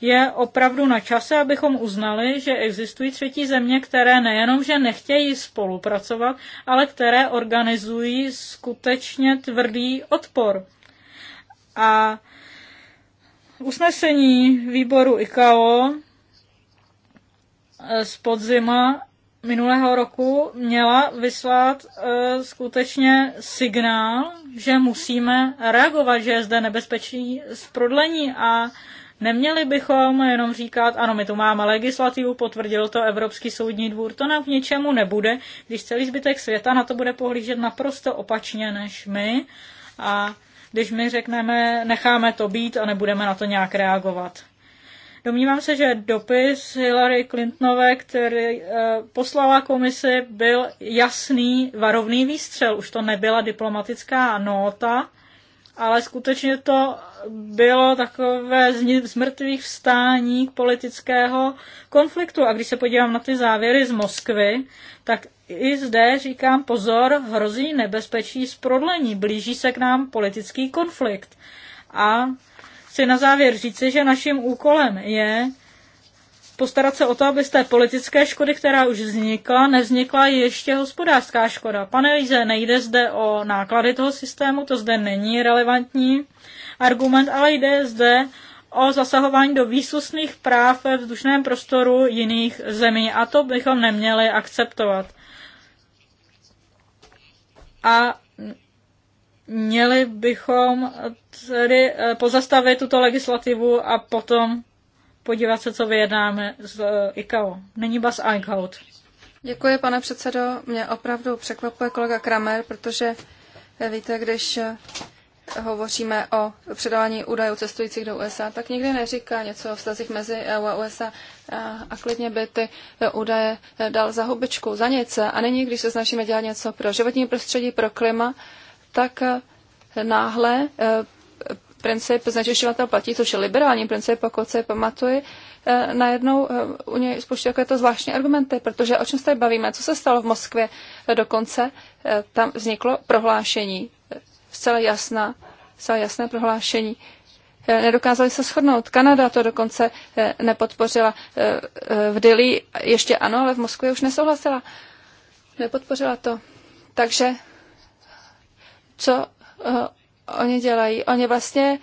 Je opravdu na čase, abychom uznali, že existují třetí země, které nejenom, že nechtějí spolupracovat, ale které organizují skutečně tvrdý odpor. A usnesení výboru ICAO z podzima minulého roku měla vyslat uh, skutečně signál, že musíme reagovat, že je zde nebezpečí z prodlení a neměli bychom jenom říkat, ano, my tu máme legislativu, potvrdil to Evropský soudní dvůr, to nám k něčemu nebude, když celý zbytek světa na to bude pohlížet naprosto opačně než my a když my řekneme, necháme to být a nebudeme na to nějak reagovat. Domnívám se, že dopis Hillary Clintonové, který eh, poslala komisi, byl jasný varovný výstřel. Už to nebyla diplomatická nota, ale skutečně to bylo takové z mrtvých vstání k politického konfliktu. A když se podívám na ty závěry z Moskvy, tak i zde říkám pozor, hrozí nebezpečí z prodlení, blíží se k nám politický konflikt. A chci na závěr říci, že naším úkolem je postarat se o to, aby z té politické škody, která už vznikla, nevznikla ještě hospodářská škoda. Pane Líze, nejde zde o náklady toho systému, to zde není relevantní argument, ale jde zde o zasahování do výsusných práv ve vzdušném prostoru jiných zemí a to bychom neměli akceptovat. A Měli bychom tedy eh, pozastavit tuto legislativu a potom podívat se, co vyjednáme z eh, ICAO. Není Bas Eichhout. Děkuji, pane předsedo. Mě opravdu překvapuje kolega Kramer, protože eh, víte, když hovoříme o předávání údajů cestujících do USA, tak nikdy neříká něco o vztazích mezi EU a USA a klidně by ty údaje dal za hubičku, za nic. A nyní, když se snažíme dělat něco pro životní prostředí, pro klima, tak eh, náhle eh, princip znečišťovatel platí, což je liberální princip, pokud se pamatuje, eh, najednou u něj spouští to zvláštní argumenty, protože o čem se tady bavíme, co se stalo v Moskvě dokonce, tam vzniklo prohlášení, zcela jasná, zcela jasné prohlášení, nedokázali se shodnout. Kanada to dokonce nepodpořila. V Dili ještě ano, ale v Moskvě už nesouhlasila. Nepodpořila to. Takže co uh, oni dělají. Oni vlastně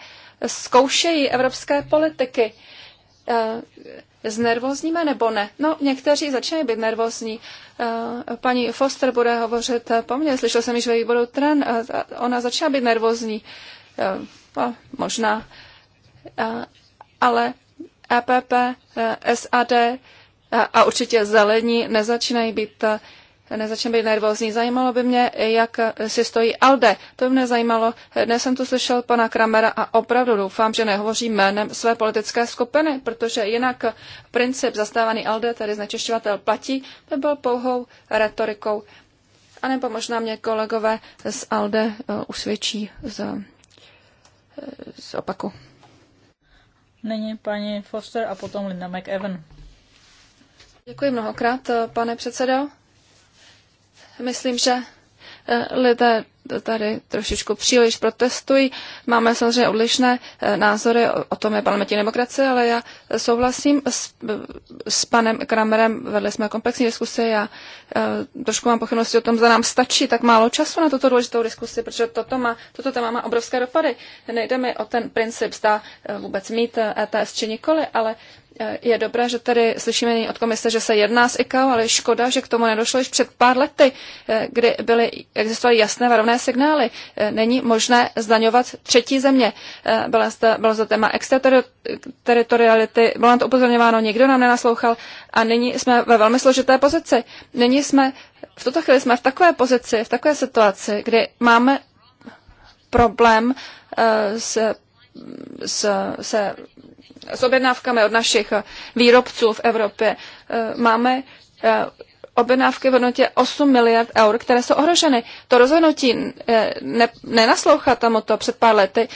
zkoušejí evropské politiky. Uh, eh, znervozníme nebo ne? No, někteří začínají být nervózní. Uh, paní Foster bude hovořit po mně, slyšel jsem již ve výboru tren, uh, ona začíná být nervózní. Uh, no, možná. Uh, ale EPP, uh, SAD, a určitě zelení nezačínají být nezačne být nervózní. Zajímalo by mě, jak si stojí Alde. To by mě zajímalo. Dnes jsem tu slyšel pana Kramera a opravdu doufám, že nehovoří jménem své politické skupiny, protože jinak princip zastávaný Alde, tedy znečišťovatel platí, by byl pouhou retorikou. A nebo možná mě kolegové z Alde eh, usvědčí z, eh, z opaku. Nyní paní Foster a potom Linda McEwen. Děkuji mnohokrát, eh, pane předsedo. Myslím, že eh, lidé tady trošičku příliš protestují. Máme samozřejmě odlišné eh, názory o tom, je parlamentní demokracie, ale já souhlasím s, s panem Kramerem, vedli jsme komplexní diskusi, já eh, trošku mám pochybnosti o tom, zda nám stačí tak málo času na tuto důležitou diskusi, protože toto, má, toto téma má obrovské dopady. Nejde mi o ten princip, zda vůbec mít ETS e či nikoli, ale je dobré, že tady slyšíme nyní od komise, že se jedná s ICAO, ale škoda, že k tomu nedošlo již před pár lety, eh, kdy byly, existovaly jasné varovné signály. Eh, Není možné zdaňovat třetí země. Eh, Byla zde, bylo zde téma extrateritoriality, bylo nám to upozorňováno, nikdo nám nenaslouchal a nyní jsme ve velmi složité pozici. Nyní jsme, v tuto chvíli jsme v takové pozici, v takové situaci, kdy máme problém s, s, se s objednávkami od našich eh, výrobců v Evropě. Eh, máme eh, objednávky v hodnotě 8 miliard eur, které jsou ohroženy. To rozhodnutí ne, nenaslouchat to před pár lety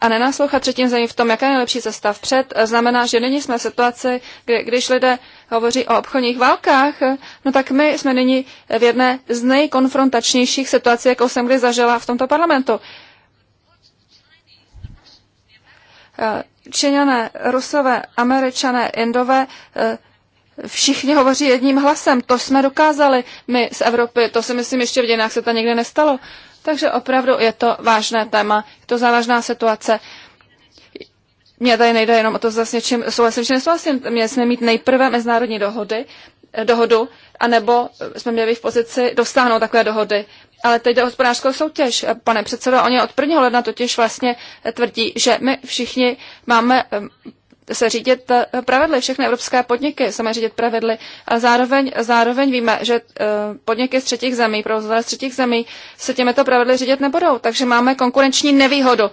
a nenaslouchat třetím zemím v tom, jaká je nejlepší cesta vpřed, znamená, že nyní jsme v situaci, kdy, když lidé hovoří o obchodních válkách, no tak my jsme nyní v jedné z nejkonfrontačnějších situací, jakou jsem kdy zažila v tomto parlamentu Číňané, Rusové, Američané, Indové, eh, všichni hovoří jedním hlasem. To jsme dokázali my z Evropy, to si myslím ještě v dějinách se to nikdy nestalo. Takže opravdu je to vážné téma, je to závažná situace. Mně tady nejde jenom o to, zase, něčím souhlasím, či nesouhlasím. Měli jsme mít nejprve mezinárodní dohody, eh, dohodu, anebo jsme měli v pozici dostáhnout takové dohody. Ale teď jde o hospodářskou soutěž. Pane předsedo, oni od 1. ledna totiž vlastně tvrdí, že my všichni máme se řídit eh, pravidly, všechny evropské podniky se mají řídit pravidly. A zároveň, zároveň víme, že eh, podniky z třetích zemí, provozovatelé z třetích zemí se těmito pravidly řídit nebudou, takže máme konkurenční nevýhodu.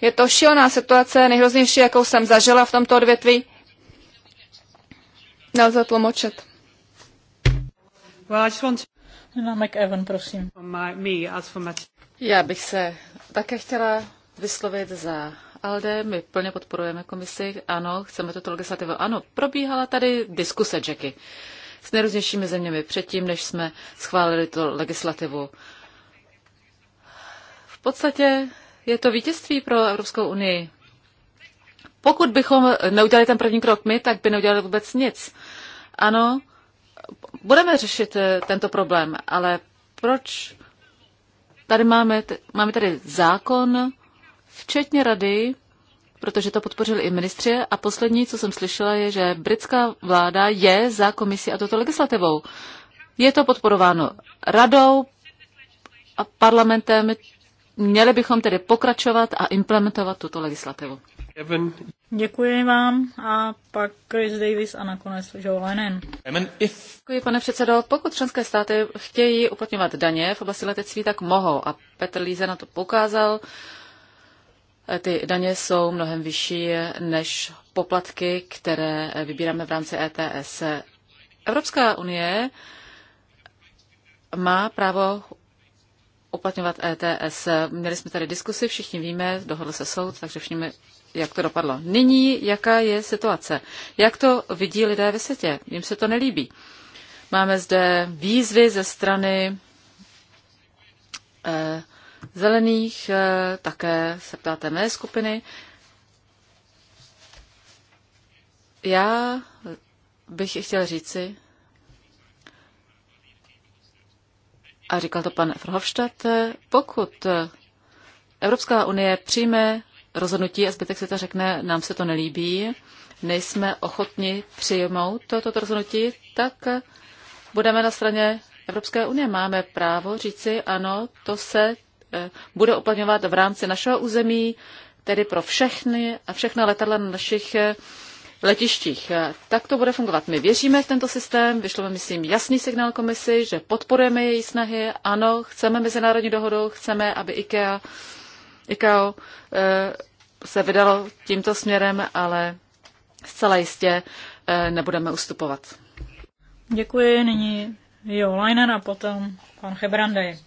Je to šílená situace, nejhroznější, jakou jsem zažila v tomto odvětví. Nelze tlumočit. Well, Milá McEwan, prosím. Já bych se také chtěla vyslovit za ALDE. My plně podporujeme komisi. Ano, chceme tuto legislativu. Ano, probíhala tady diskuse, Jackie, s nejrůznějšími zeměmi předtím, než jsme schválili tu legislativu. V podstatě je to vítězství pro Evropskou unii. Pokud bychom neudělali ten první krok my, tak by neudělali vůbec nic. Ano, budeme řešit eh, tento problém, ale proč tady máme, máme tady zákon, včetně rady, protože to podpořili i ministři a poslední, co jsem slyšela, je, že britská vláda je za komisí a toto legislativou. Je to podporováno radou a parlamentem, Měli bychom tedy pokračovat a implementovat tuto legislativu. Evan. Děkuji vám a pak Chris Davis a nakonec Joe Lennon. If... Děkuji, pane předsedo. Pokud členské státy chtějí uplatňovat daně v oblasti letectví, tak mohou. A Petr Líze na to poukázal. E, ty daně jsou mnohem vyšší než poplatky, které e, vybíráme v rámci ETS. Evropská unie má právo uplatňovat ETS. Měli jsme tady diskusi, všichni víme, dohodl se soud, takže všichni jak to dopadlo. Nyní, jaká je situace? Jak to vidí lidé ve světě? Jim se to nelíbí. Máme zde výzvy ze strany eh, zelených, eh, také se ptáte mé skupiny. Já bych chtěl říci, a říkal to pan Verhofstadt, pokud Evropská unie přijme rozhodnutí a zbytek světa řekne, nám se to nelíbí, nejsme ochotni přijmout toto to rozhodnutí, tak budeme na straně Evropské unie. Máme právo říci, ano, to se eh, bude uplatňovat v rámci našeho území, tedy pro všechny a všechna letadla na našich eh, letištích. Eh, tak to bude fungovat. My věříme v tento systém, vyšleme, myslím, jasný signál komisi, že podporujeme její snahy. Ano, chceme mezinárodní dohodu, chceme, aby IKEA, IKEA eh, se vydalo tímto směrem, ale zcela jistě eh, nebudeme ustupovat. Děkuji, nyní Jo Leinen a potom pan Hebrandej.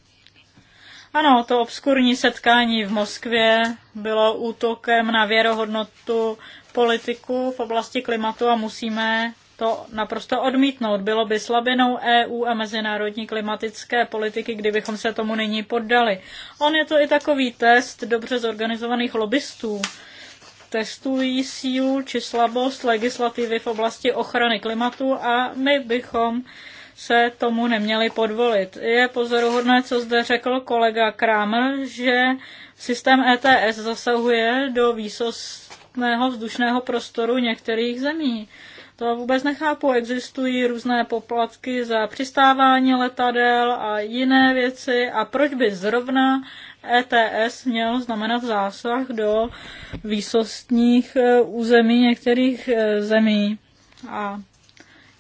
Ano, to obskurní setkání v Moskvě bylo útokem na věrohodnotu politiku v oblasti klimatu a musíme to naprosto odmítnout. Bylo by slabinou EU a mezinárodní klimatické politiky, kdybychom se tomu nyní poddali. On je to i takový test dobře zorganizovaných lobbystů. Testují sílu či slabost legislativy v oblasti ochrany klimatu a my bychom se tomu neměli podvolit. Je pozoruhodné, co zde řekl kolega Kramer, že systém ETS zasahuje do výsost mého vzdušného prostoru některých zemí. To vůbec nechápu. Existují různé poplatky za přistávání letadel a jiné věci. A proč by zrovna ETS měl znamenat zásah do výsostních e, území některých e, zemí a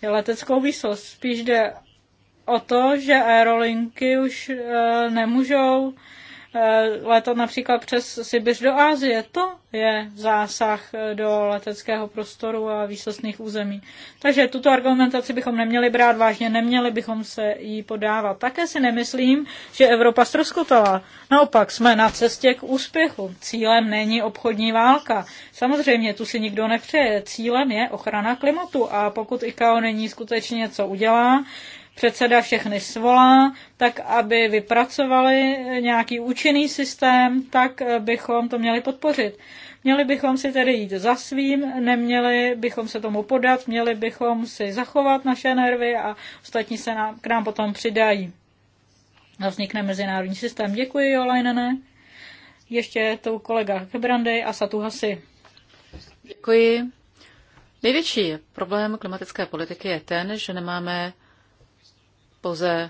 leteckou výsost? Spíš jde o to, že aerolinky už e, nemůžou Eh, letat například přes Sibiř do Ázie. To je zásah eh, do leteckého prostoru a výsostných území. Takže tuto argumentaci bychom neměli brát vážně, neměli bychom se jí podávat. Také si nemyslím, že Evropa ztroskotala. Naopak, jsme na cestě k úspěchu. Cílem není obchodní válka. Samozřejmě, tu si nikdo nepřeje. Cílem je ochrana klimatu a pokud ICAO není skutečně něco udělá, předseda všechny svolá, tak aby vypracovali nějaký účinný systém, tak eh, bychom to měli podpořit. Měli bychom si tedy jít za svým, neměli bychom se tomu podat, měli bychom si zachovat naše nervy a ostatní se nám, k nám potom přidají. A vznikne mezinárodní systém. Děkuji, Olajnene. Ještě to kolega Hebrandy a Satuhasi. Děkuji. Největší problém klimatické politiky je ten, že nemáme poze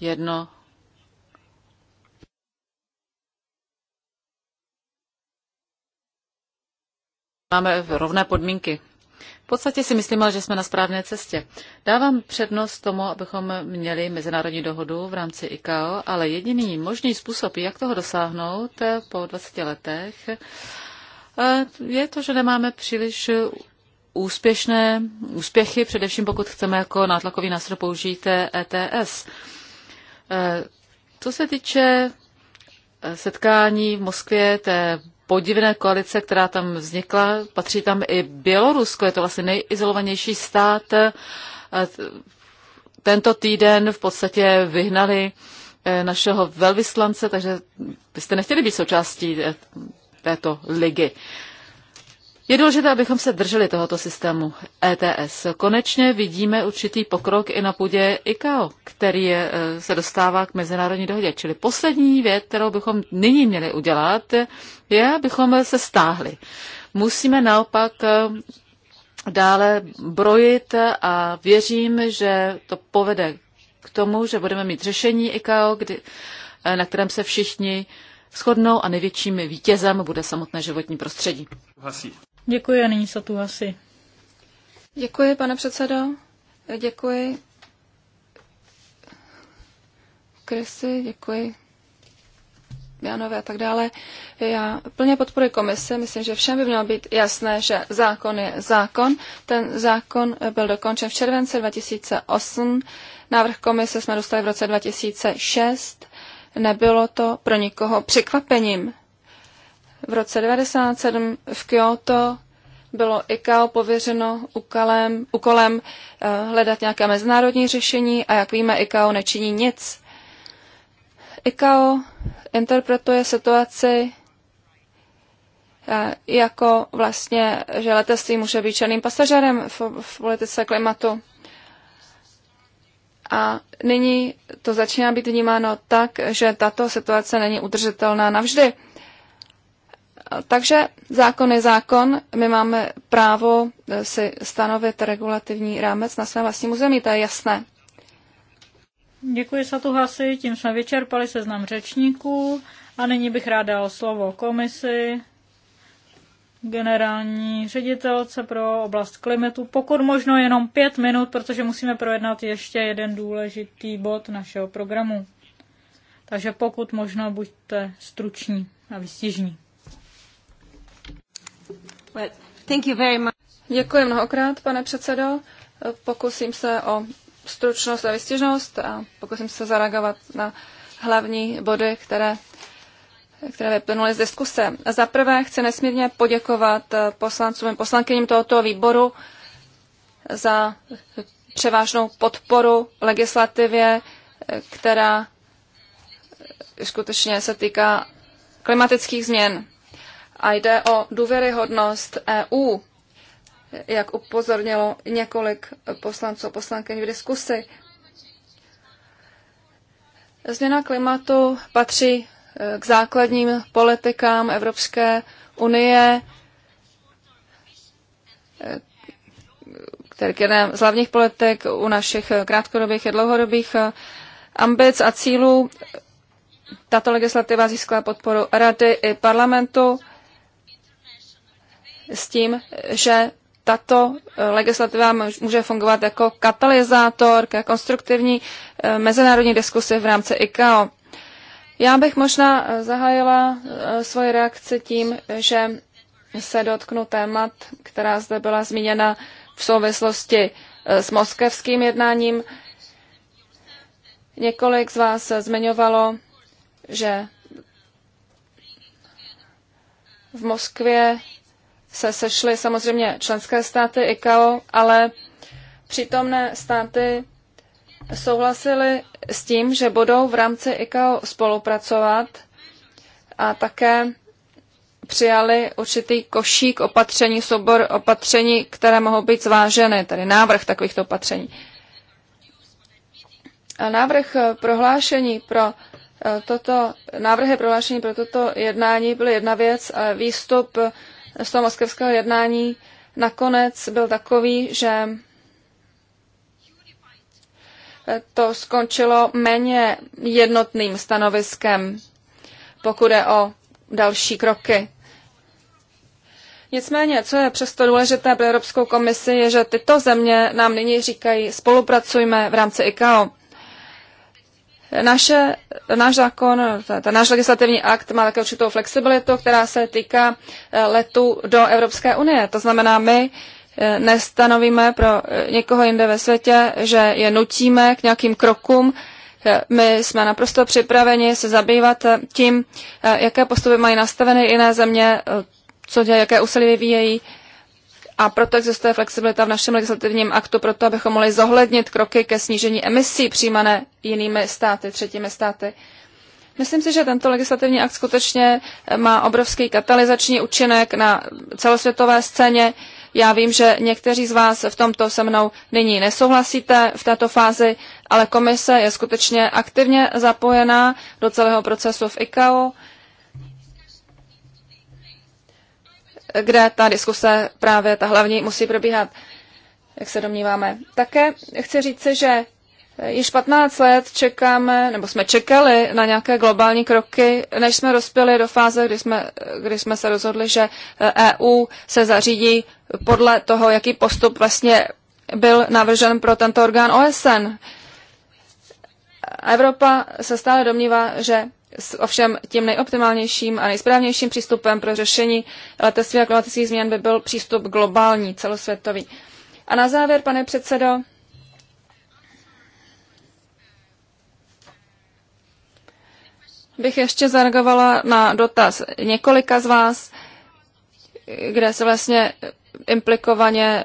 jedno máme rovné podmínky. V podstatě si myslím, že jsme na správné cestě. Dávám přednost tomu, abychom měli mezinárodní dohodu v rámci ICAO, ale jediný možný způsob, jak toho dosáhnout po 20 letech, eh, je to, že nemáme příliš úspěšné úspěchy, především pokud chceme jako nátlakový nástroj použít ETS. Eh, co se týče eh, setkání v Moskvě té podivné koalice, která tam vznikla, patří tam i Bělorusko, je to vlastně nejizolovanější stát. Eh, tento týden v podstatě vyhnali našeho velvyslance, takže byste nechtěli být součástí této ligy. Je důležité, abychom se drželi tohoto systému ETS. Konečně vidíme určitý pokrok i na půdě ICAO, který je, e, se dostává k mezinárodní dohodě. Čili poslední věc, kterou bychom nyní měli udělat, je, abychom se stáhli. Musíme naopak e, dále brojit a věřím, že to povede k tomu, že budeme mít řešení ICAO, kdy, e, na kterém se všichni shodnou a největším vítězem bude samotné životní prostředí. Hasi. Děkuji a nyní se tu asi. Děkuji, pane předsedo. Děkuji. Krysy, děkuji. Janové a tak dále. Já plně podporuji komise, myslím, že všem by mělo být jasné, že zákon je zákon. Ten zákon byl dokončen v červenci 2008, návrh komise jsme dostali v roce 2006. Nebylo to pro nikoho překvapením. V roce 1997 v Kyoto bylo ICAO pověřeno úkolem, úkolem eh, hledat nějaké mezinárodní řešení a jak víme, ICAO nečiní nic. ICAO interpretuje situaci eh, jako vlastně, že letectví může být černým pasažerem v, v politice klimatu. A nyní to začíná být vnímáno tak, že tato situace není udržitelná navždy. Takže zákon je zákon, my máme právo eh, si stanovit regulativní rámec na svém vlastním území, to je jasné. Děkuji Satu Hasi, tím jsme vyčerpali seznam řečníků a nyní bych rád dal slovo komisi, generální ředitelce pro oblast klimatu, pokud možno jenom pět minut, protože musíme projednat ještě jeden důležitý bod našeho programu. Takže pokud možno buďte struční a vystižní. Děkuji mnohokrát, pane předsedo. Pokusím se o stručnost a vystěžnost a pokusím se zareagovat na hlavní body, které, které vyplynuly z diskuse. Za prvé chci nesmírně poděkovat poslancům a poslankyním tohoto výboru za převážnou podporu legislativě, která skutečně se týká klimatických změn a jde o důvěryhodnost EU, jak upozornilo několik poslanců a poslankyň v diskusi. Změna klimatu patří eh, k základním politikám Evropské unie, eh, který je jeden z hlavních politik u našich eh, krátkodobých a dlouhodobých ambic a cílů. Tato legislativa získala podporu Rady i parlamentu s tím, že tato eh, legislativa může fungovat jako katalyzátor ke konstruktivní eh, mezinárodní diskusi v rámci ICAO. Já bych možná eh, zahájila svoji reakci tím, že se dotknu témat, která zde byla zmíněna v souvislosti s moskevským jednáním. Několik z vás zmiňovalo, že v Moskvě se sešly samozřejmě členské státy ICAO, ale přítomné státy souhlasily s tím, že budou v rámci ICAO spolupracovat a také přijali určitý košík opatření, soubor opatření, které mohou být zváženy, tedy návrh takovýchto opatření. A návrh prohlášení pro eh, toto, návrhy prohlášení pro toto jednání byly jedna věc, ale výstup z toho moskevského jednání nakonec byl takový, že to skončilo méně jednotným stanoviskem, pokud je o další kroky. Nicméně, co je přesto důležité pro Evropskou komisi, je, že tyto země nám nyní říkají, spolupracujme v rámci ICAO. Naše, náš zákon, ta náš legislativní akt má také určitou flexibilitu, která se týká eh, letu do Evropské unie. To znamená, my eh, nestanovíme pro eh, někoho jinde ve světě, že je nutíme k nějakým krokům. My jsme naprosto připraveni se zabývat tím, jaké postupy mají nastaveny jiné země, co dělají, jaké úsilí vyvíjejí a proto existuje flexibilita v našem legislativním aktu, proto abychom mohli zohlednit kroky ke snížení emisí přijímané jinými státy, třetími státy. Myslím si, že tento legislativní akt skutečně eh, má obrovský katalyzační účinek na celosvětové scéně. Já vím, že někteří z vás v tomto se mnou nyní nesouhlasíte v této fázi, ale komise je skutečně aktivně zapojená do celého procesu v ICAO kde ta diskuse právě ta hlavní musí probíhat, jak se domníváme. Také chci říci, že již 15 let čekáme, nebo jsme čekali na nějaké globální kroky, než jsme rozpěli do fáze, kdy jsme, kdy jsme se rozhodli, že EU se zařídí podle toho, jaký postup vlastně byl navržen pro tento orgán OSN. Evropa se stále domnívá, že Ovšem tím nejoptimálnějším a nejsprávnějším přístupem pro řešení letectví a klimatických změn by byl přístup globální, celosvětový. A na závěr, pane předsedo, bych ještě zareagovala na dotaz několika z vás, kde se vlastně implikovaně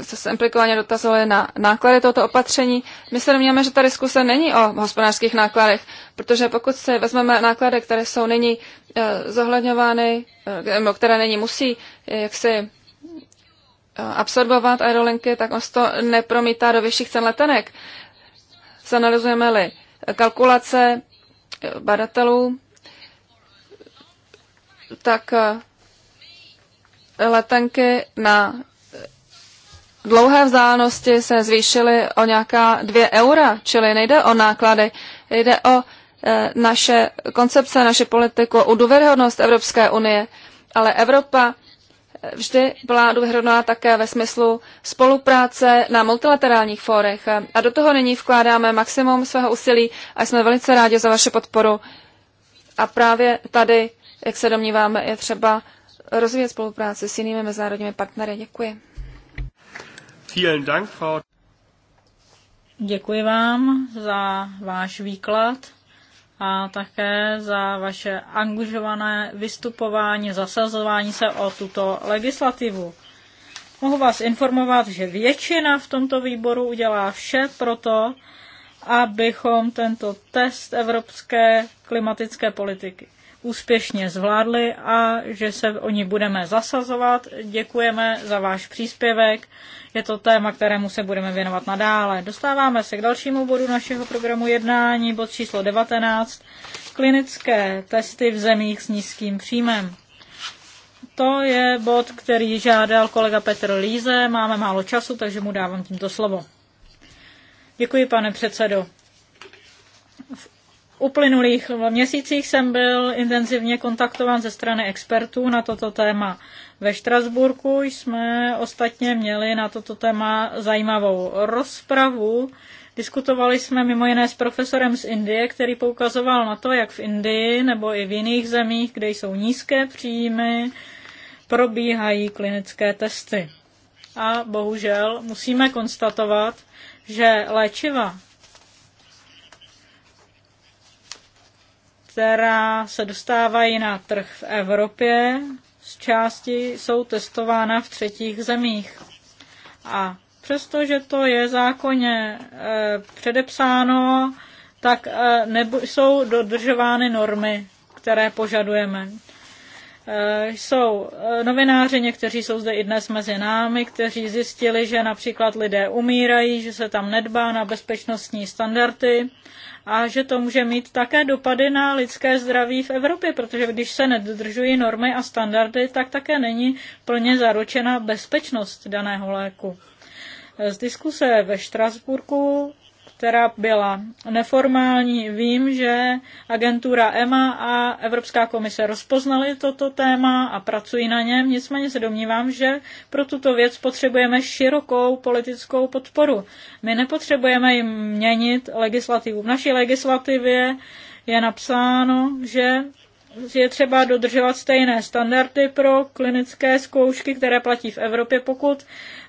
jste se implikovaně dotazovali na náklady tohoto opatření. My se domníváme, že ta diskuse není o hospodářských nákladech, protože pokud si vezmeme náklady, které jsou nyní eh, zohledňovány, eh, nebo které není musí, eh, jak si absorbovat aerolinky, tak on to nepromítá do vyšších cen letenek. Zanalizujeme-li kalkulace badatelů, tak letenky na dlouhé vzdálenosti se zvýšily o nějaká dvě eura, čili nejde o náklady, jde o eh, naše koncepce, naše politiku, o důvěryhodnost Evropské unie, ale Evropa eh, vždy byla důvěryhodná také ve smyslu spolupráce na multilaterálních fórech. A do toho nyní vkládáme maximum svého úsilí a jsme velice rádi za vaši podporu. A právě tady, jak se domníváme, je třeba rozvíjet spolupráci s jinými mezinárodními partnery. Děkuji. Vielen Dank, Frau. Děkuji vám za váš výklad a také za vaše angažované vystupování, zasazování se o tuto legislativu. Mohu vás informovat, že většina v tomto výboru udělá vše pro to, abychom tento test evropské klimatické politiky úspěšně zvládli a že se o ní budeme zasazovat. Děkujeme za váš příspěvek. Je to téma, kterému se budeme věnovat nadále. Dostáváme se k dalšímu bodu našeho programu jednání, bod číslo 19. Klinické testy v zemích s nízkým příjmem. To je bod, který žádal kolega Petr Líze. Máme málo času, takže mu dávám tímto slovo. Děkuji, pane předsedo uplynulých měsících jsem byl intenzivně kontaktován ze strany expertů na toto téma. Ve Štrasburku jsme ostatně měli na toto téma zajímavou rozpravu. Diskutovali jsme mimo jiné s profesorem z Indie, který poukazoval na to, jak v Indii nebo i v jiných zemích, kde jsou nízké příjmy, probíhají klinické testy. A bohužel musíme konstatovat, že léčiva, která se dostávají na trh v Evropě, z části jsou testována v třetích zemích. A přestože to je zákonně e, eh, předepsáno, tak e, eh, nebo, jsou dodržovány normy, které požadujeme. Eh, jsou eh, novináři, někteří jsou zde i dnes mezi námi, kteří zjistili, že například lidé umírají, že se tam nedbá na bezpečnostní standardy a že to může mít také dopady na lidské zdraví v Evropě, protože když se nedodržují normy a standardy, tak také není plně zaručena bezpečnost daného léku. Eh, z diskuse ve Štrasburku která byla neformální. Vím, že agentura EMA a Evropská komise rozpoznali toto téma a pracují na něm, nicméně se domnívám, že pro tuto věc potřebujeme širokou politickou podporu. My nepotřebujeme jim měnit legislativu. V naší legislativě je napsáno, že je třeba dodržovat stejné standardy pro klinické zkoušky, které platí v Evropě, pokud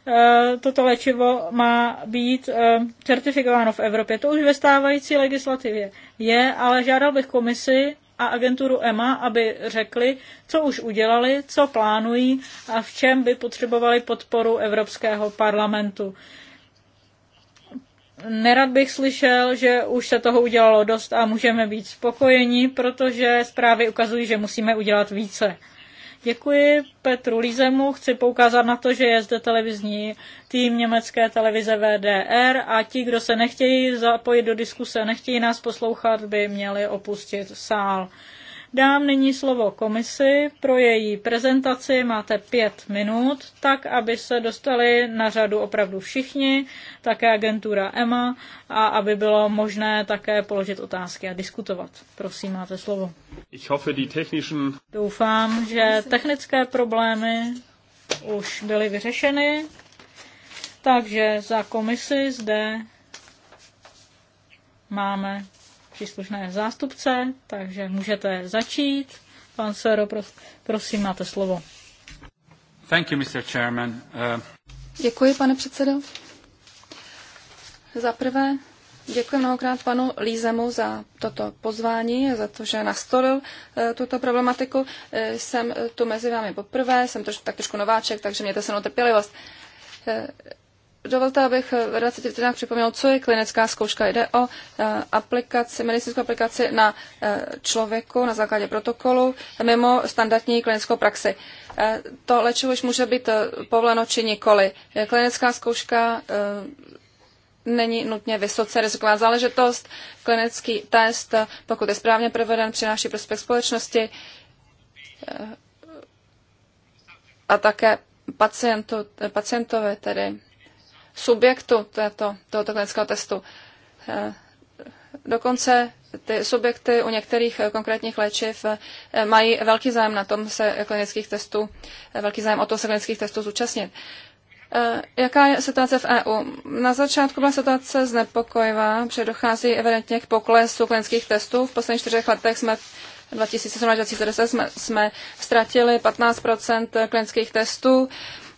Eh, toto léčivo má být eh, certifikováno v Evropě. To už ve stávající legislativě je, ale žádal bych komisi a agenturu EMA, aby řekli, co už udělali, co plánují a v čem by potřebovali podporu Evropského parlamentu. Nerad bych slyšel, že už se toho udělalo dost a můžeme být spokojeni, protože zprávy ukazují, že musíme udělat více. Děkuji Petru Lízemu. Chci poukázat na to, že je zde televizní tým německé televize VDR a ti, kdo se nechtějí zapojit do diskuse, nechtějí nás poslouchat, by měli opustit sál. Dám nyní slovo komisi pro její prezentaci. Máte pět minut, tak aby se dostali na řadu opravdu všichni, také agentura EMA, a aby bylo možné také položit otázky a diskutovat. Prosím, máte slovo. Ich hoffe, die technischen... Doufám, že technické problémy už byly vyřešeny, takže za komisi zde máme příslušné zástupce, takže můžete začít. Pan Sero, prosím, máte slovo. Thank you, Mr. Chairman. Uh... Děkuji, pane předsedo. Za prvé děkuji mnohokrát panu Lízemu za toto pozvání, za to, že nastolil eh, tuto problematiku. Eh, jsem tu mezi vámi poprvé, jsem troš, tak trošku nováček, takže mějte se mnou trpělivost. Eh, Dovolte, abych v 20 vteřinách připomněl, co je klinická zkouška. Jde o eh, aplikaci, medicínskou aplikaci na eh, člověku na základě protokolu mimo standardní klinickou praxi. Eh, to léčivo už může být povoleno či nikoli. Klinická zkouška není nutně vysoce riziková záležitost. Klinický test, pokud je správně proveden, přináší prospěch společnosti a také pacientu, pacientovi tedy subjektu této, tohoto klinického testu. Eh, dokonce ty subjekty u některých eh, konkrétních léčiv eh, mají velký zájem na tom se klinických testů, velký zájem o to se klinických testů zúčastnit. Jaká je situace v EU? Na začátku byla situace znepokojivá, protože dochází evidentně k poklesu klinických testů. V posledních čtyřech letech jsme 2017-2010 jsme, jsme ztratili 15 klinických testů.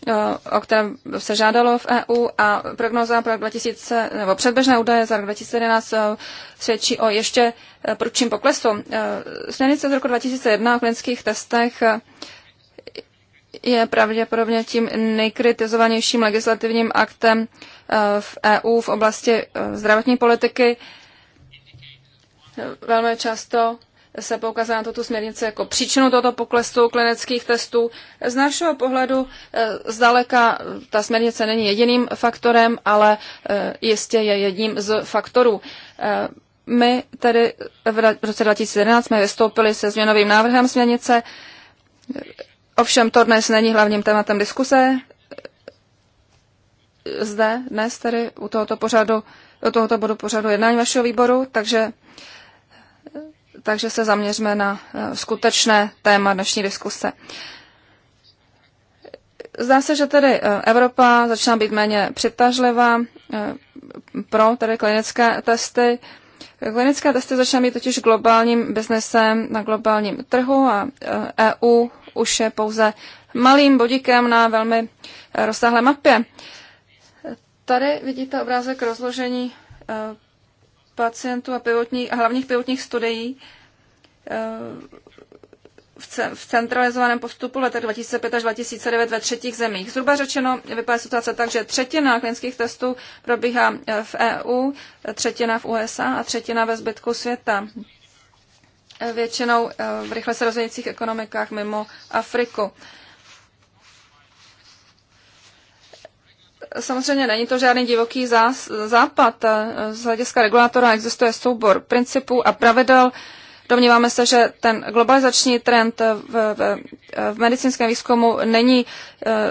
Eh, o které se žádalo v EU a prognoza pro 2000, nebo předběžné údaje za rok 2011 eh, svědčí o ještě eh, prudším poklesu. Směrnice z roku 2001 o klinických testech je pravděpodobně tím nejkritizovanějším legislativním aktem v EU v oblasti zdravotní politiky. Velmi často se poukazuje na tuto směrnici jako příčinu tohoto poklesu klinických testů. Z našeho pohledu eh, zdaleka eh, ta směrnice není jediným faktorem, ale eh, jistě je jedním z faktorů. My tedy v roce 2011 jsme vystoupili se změnovým návrhem směrnice. Ovšem to dnes není hlavním tématem diskuse. Zde dnes tedy u tohoto, pořadu, u tohoto bodu pořadu jednání vašeho výboru, takže uh, takže se zaměřme na eh, skutečné téma dnešní diskuse. Zdá se, že tedy eh, Evropa začíná být méně přitažlivá eh, pro tedy klinické testy. Klinické testy začínají být totiž globálním biznesem na globálním trhu a EU e už je pouze malým bodíkem na velmi rozsáhlé mapě. Tady vidíte obrázek rozložení pacientů a, pivotní, a hlavních pivotních studií eh, v centralizovaném postupu letech 2005 až 2009 ve třetích zemích. Zhruba řečeno vypadá situace tak, že třetina klinických testů probíhá eh, v EU, třetina v USA a třetina ve zbytku světa. Eh, většinou v rychle se rozvíjejících ekonomikách mimo Afriku. Samozřejmě není to žádný divoký zás, západ. Z hlediska regulátora existuje soubor principů a pravidel, Domníváme se, že ten globalizační trend v, v, v medicínském výzkumu není e,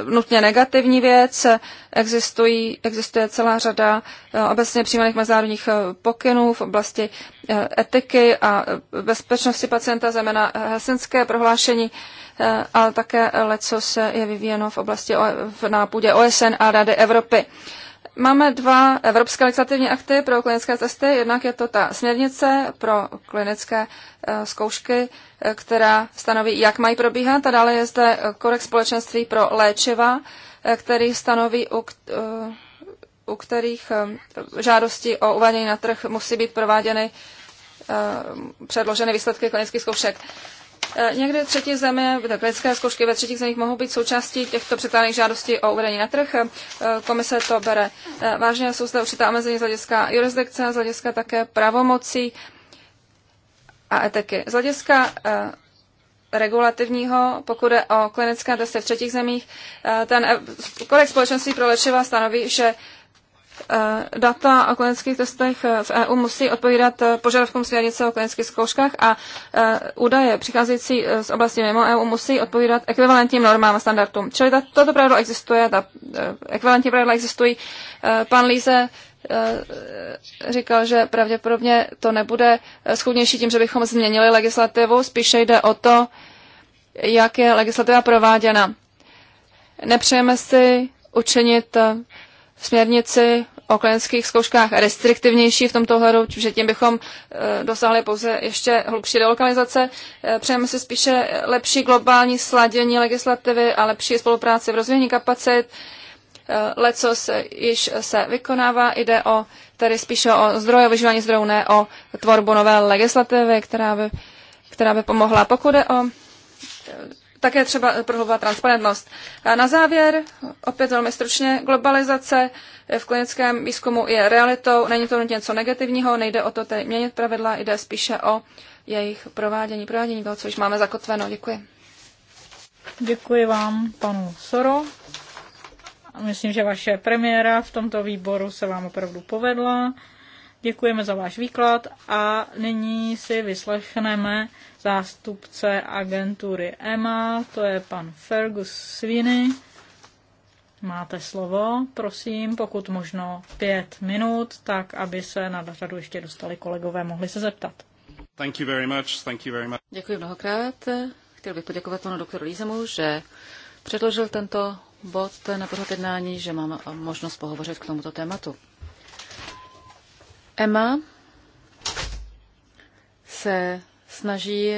nutně negativní věc. Existují, existuje celá řada e, obecně přijímaných mezinárodních e, pokynů v oblasti etiky a bezpečnosti pacienta, zejména helsinské prohlášení ale také leco se je vyvíjeno v oblasti na půdě OSN a Rady Evropy. Máme dva evropské legislativní akty pro klinické testy. Jednak je to ta směrnice pro klinické eh, zkoušky, eh, která stanoví, jak mají probíhat. A dále je zde eh, korek společenství pro léčiva, který stanoví, u, u kterých žádosti o uvádění na trh musí být prováděny předloženy výsledky klinických zkoušek. E, někde třetí země, lidské zkoušky ve třetích zemích mohou být součástí těchto překládaných žádostí o uvedení na trh. E, komise to bere e, vážně, jsou zde určitá omezení z hlediska jurisdikce, z hlediska také pravomocí a etiky. Z hlediska regulativního, pokud je o klinické testy v třetích zemích. Ten kolek společenství pro léčiva stanoví, že Eh, data o klinických testech eh, v EU musí odpovídat eh, požadavkům směrnice o klinických zkouškách a údaje přicházející z oblasti mimo EU musí odpovídat ekvivalentním normám a standardům. Čili ta, toto pravidlo existuje, ta ekvivalentní pravidla existují. Pan Líze říkal, že pravděpodobně to nebude schudnější tím, že bychom změnili legislativu, spíše jde o to, jak je legislativa prováděna. Nepřejeme si učinit směrnici o klinických zkouškách restriktivnější v tomto hledu, že tím bychom e, dosáhli pouze ještě hlubší delokalizace. E, přejeme si spíše lepší globální sladění legislativy a lepší spolupráci v rozvíjení kapacit. se již se vykonává, jde o tedy spíše o zdroje, o vyžívání zdrojů, ne o tvorbu nové legislativy, která by, která by pomohla. Pokud je o také třeba prohlubovat transparentnost. A na závěr, opět velmi stručně, globalizace v klinickém výzkumu je realitou, není to něco negativního, nejde o to tedy měnit pravidla, jde spíše o jejich provádění, provádění toho, co už máme zakotveno. Děkuji. Děkuji vám, panu Soro. Myslím, že vaše premiéra v tomto výboru se vám opravdu povedla. Děkujeme za váš výklad a nyní si vyslechneme zástupce agentury EMA, to je pan Fergus Sviny. Máte slovo, prosím, pokud možno pět minut, tak aby se na řadu ještě dostali kolegové, mohli se zeptat. Thank you very much, thank you very much. Děkuji mnohokrát. Chtěl bych poděkovat panu doktoru Lízemu, že předložil tento bod na pořad jednání, že mám možnost pohovořit k tomuto tématu. EMA se snaží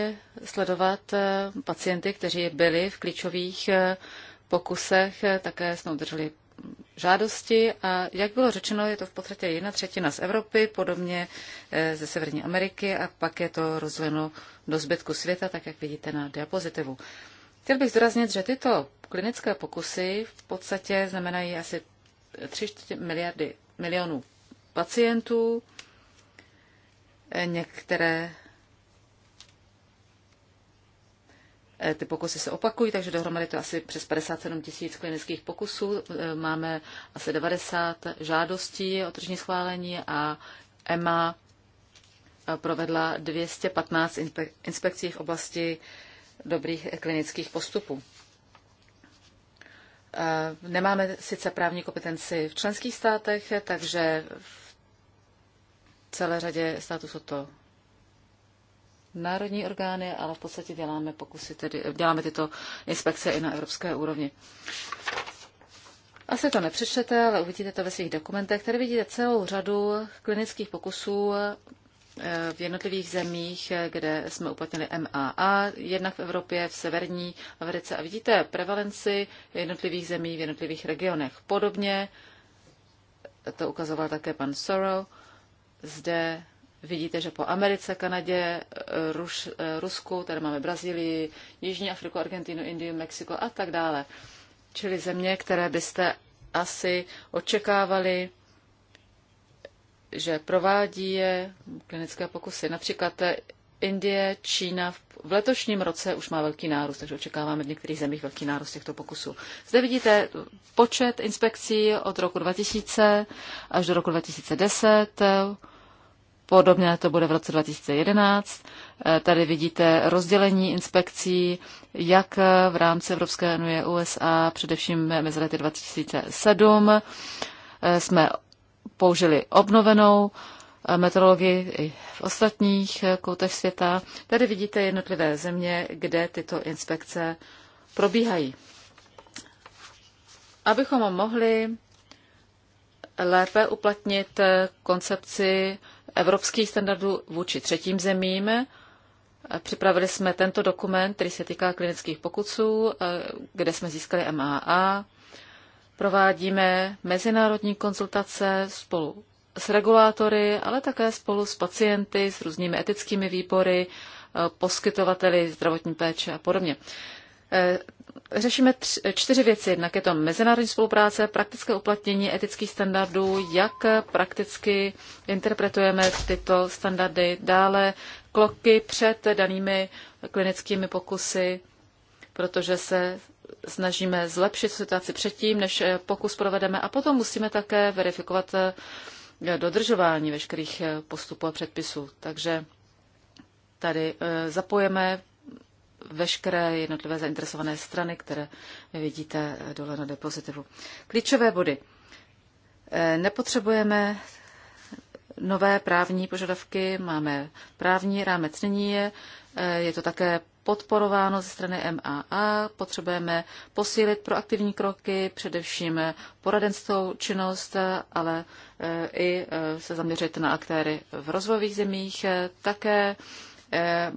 sledovat eh, pacienty, kteří byli v klíčových eh, pokusech, eh, také jsme udrželi žádosti a jak bylo řečeno, je to v podstatě jedna třetina z Evropy, podobně ze Severní Ameriky a pak je to rozděleno do zbytku světa, tak jak vidíte na diapozitivu. Chtěl bych zdůraznit, že tyto klinické pokusy v podstatě znamenají asi 3 miliardy milionů pacientů. Eh, některé eh, Ty pokusy se opakují, takže dohromady to asi přes 57 tisíc klinických pokusů. Eh, máme asi 90 žádostí o tržní schválení a EMA provedla 215 inspekcí v oblasti dobrých klinických postupů. Nemáme sice právní kompetenci v členských státech, takže celé řadě států jsou to národní orgány, ale v podstatě děláme pokusy, tedy děláme tyto inspekce i na evropské úrovni. Asi to nepřečtete, ale uvidíte to ve svých dokumentech. Tady vidíte celou řadu klinických pokusů eh, v jednotlivých zemích, eh, kde jsme uplatnili MAA, jednak v Evropě, v severní Americe. A vidíte prevalenci jednotlivých zemí v jednotlivých regionech. Podobně to ukazoval také pan Sorrow zde vidíte, že po Americe, Kanadě, Ruš, Rusku, tady máme Brazílii, Jižní Afriku, Argentinu, Indii, Mexiko a tak dále. Čili země, které byste asi očekávali, že provádí je klinické pokusy. Například Indie, Čína v letošním roce už má velký nárůst, takže očekáváme v některých zemích velký nárůst těchto pokusů. Zde vidíte počet inspekcí od roku 2000 až do roku 2010. Podobně to bude v roce 2011. Tady vidíte rozdělení inspekcí, jak v rámci Evropské unie USA, především mezi lety 2007. Jsme použili obnovenou i v ostatních eh, koutech světa. Tady vidíte jednotlivé země, kde tyto inspekce probíhají. Abychom mohli lépe uplatnit eh, koncepci evropských standardů vůči třetím zemím, eh, Připravili jsme tento dokument, který se týká klinických pokusů, kde jsme získali MAA. Provádíme mezinárodní konzultace spolu s regulátory, ale také spolu s pacienty, s různými etickými výbory, eh, poskytovateli zdravotní péče a podobně. Eh, řešíme tři, čtyři věci. Jednak je to mezinárodní spolupráce, praktické uplatnění etických standardů, jak prakticky interpretujeme tyto standardy, dále kloky před danými klinickými pokusy, protože se snažíme zlepšit situaci předtím, než eh, pokus provedeme a potom musíme také verifikovat dodržování veškerých eh, postupů a předpisů. Takže tady eh, zapojeme veškeré jednotlivé zainteresované strany, které vidíte eh, dole na depozitivu. Klíčové body. Nepotřebujeme nové právní požadavky, máme právní rámec nyní je, je to také podporováno ze strany MAA. Potřebujeme posílit proaktivní kroky, především poradenskou činnost, ale eh, i eh, se zaměřit na aktéry v rozvojových zemích. Eh, také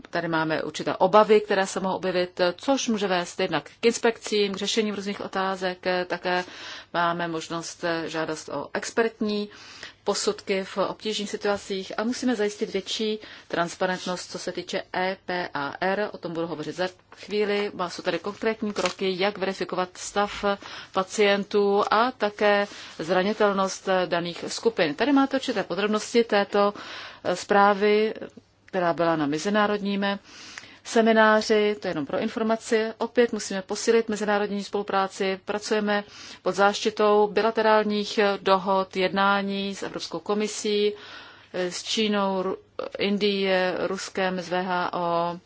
Tady máme určité obavy, které se mohou objevit, což může vést jednak k inspekcím, k řešení různých otázek. Také máme možnost žádost o expertní posudky v obtížných situacích a musíme zajistit větší transparentnost, co se týče EPAR. O tom budu hovořit za chvíli. Má jsou tady konkrétní kroky, jak verifikovat stav pacientů a také zranitelnost daných skupin. Tady máte určité podrobnosti této eh, zprávy, která byla na mezinárodním eh, semináři, to je jenom pro informaci. Opět musíme posílit mezinárodní spolupráci, pracujeme pod záštitou bilaterálních dohod, jednání s Evropskou komisí, s Čínou, Indie, Ruskem, s VHO,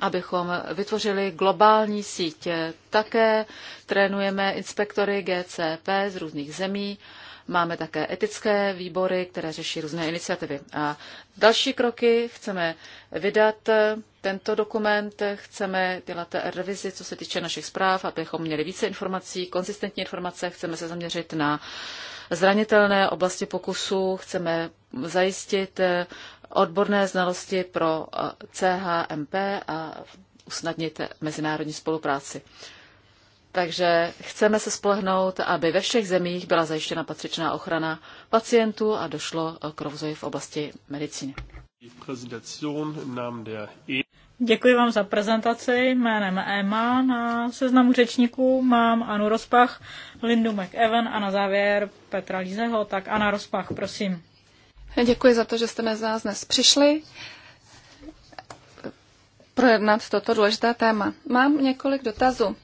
abychom vytvořili globální sítě. Také trénujeme inspektory GCP z různých zemí, máme také etické výbory, které řeší různé iniciativy. A další kroky chceme vydat tento dokument, chceme dělat revizi, co se týče našich zpráv, abychom měli více informací, konzistentní informace, chceme se zaměřit na zranitelné oblasti pokusu, chceme zajistit odborné znalosti pro CHMP a usnadnit mezinárodní spolupráci. Takže chceme se spolehnout, aby ve všech zemích byla zajištěna patřičná ochrana pacientů a došlo k rozvoji v oblasti medicíny. Děkuji vám za prezentaci. Jménem Emma na seznamu řečníků mám Anu Rozpach, Lindu McEwen a na závěr Petra Lízeho. Tak Ana Rozpach, prosím. Děkuji za to, že jste mezi nás dnes přišli projednat toto důležité téma. Mám několik dotazů.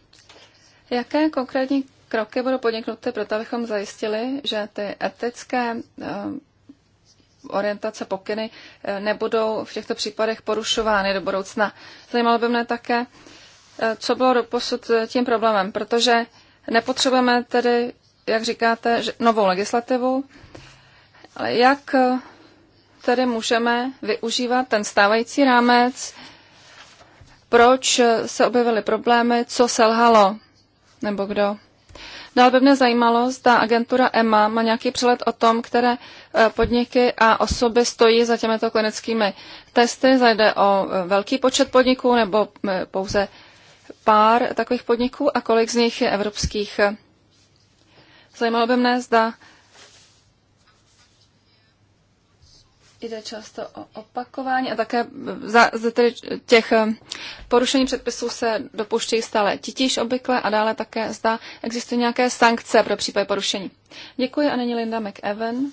Jaké konkrétní kroky budou podniknuty pro to, abychom zajistili, že ty etické eh, orientace, pokyny eh, nebudou v těchto případech porušovány do budoucna. Zajímalo by mne také, eh, co bylo doposud eh, tím problémem, protože nepotřebujeme tedy, jak říkáte, novou legislativu, ale jak tedy můžeme využívat ten stávající rámec, proč se objevily problémy, co selhalo, nebo kdo. Dále no, by mě zajímalo, zda agentura EMA má nějaký přehled o tom, které e, podniky a osoby stojí za těmito klinickými testy. Zajde o e, velký počet podniků nebo e, pouze pár takových podniků a kolik z nich je evropských. Zajímalo by mne, zda jde často o opakování a také za, za tedy těch eh, porušení předpisů se dopouštějí stále titíž obvykle a dále také zda existují nějaké sankce pro případ porušení. Děkuji a není Linda McEwen.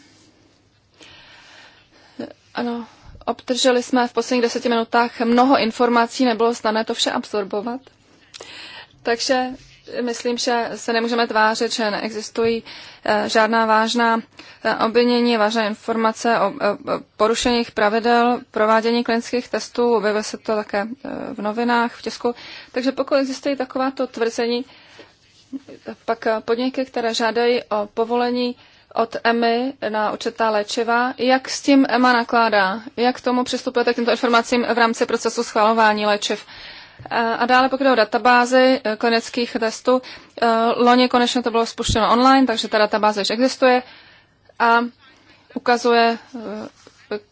Ano, obdrželi jsme v posledních deseti minutách mnoho informací, nebylo snadné to vše absorbovat. Takže myslím, že se nemůžeme tvářit, že neexistují eh, žádná vážná eh, obvinění, vážné informace o porušeních pravidel provádění klinických testů. Objevuje se to také eh, v novinách, v tisku. Takže pokud existují takováto tvrzení, pak podniky, které žádají o povolení od EMI na určitá léčiva. Jak s tím EMA nakládá? Jak k tomu přistupujete k těmto informacím v rámci procesu schvalování léčiv? Eh, a dále pokud o databázy eh, klinických testů, eh, loni konečně to bylo spuštěno online, takže ta databáze už existuje a ukazuje,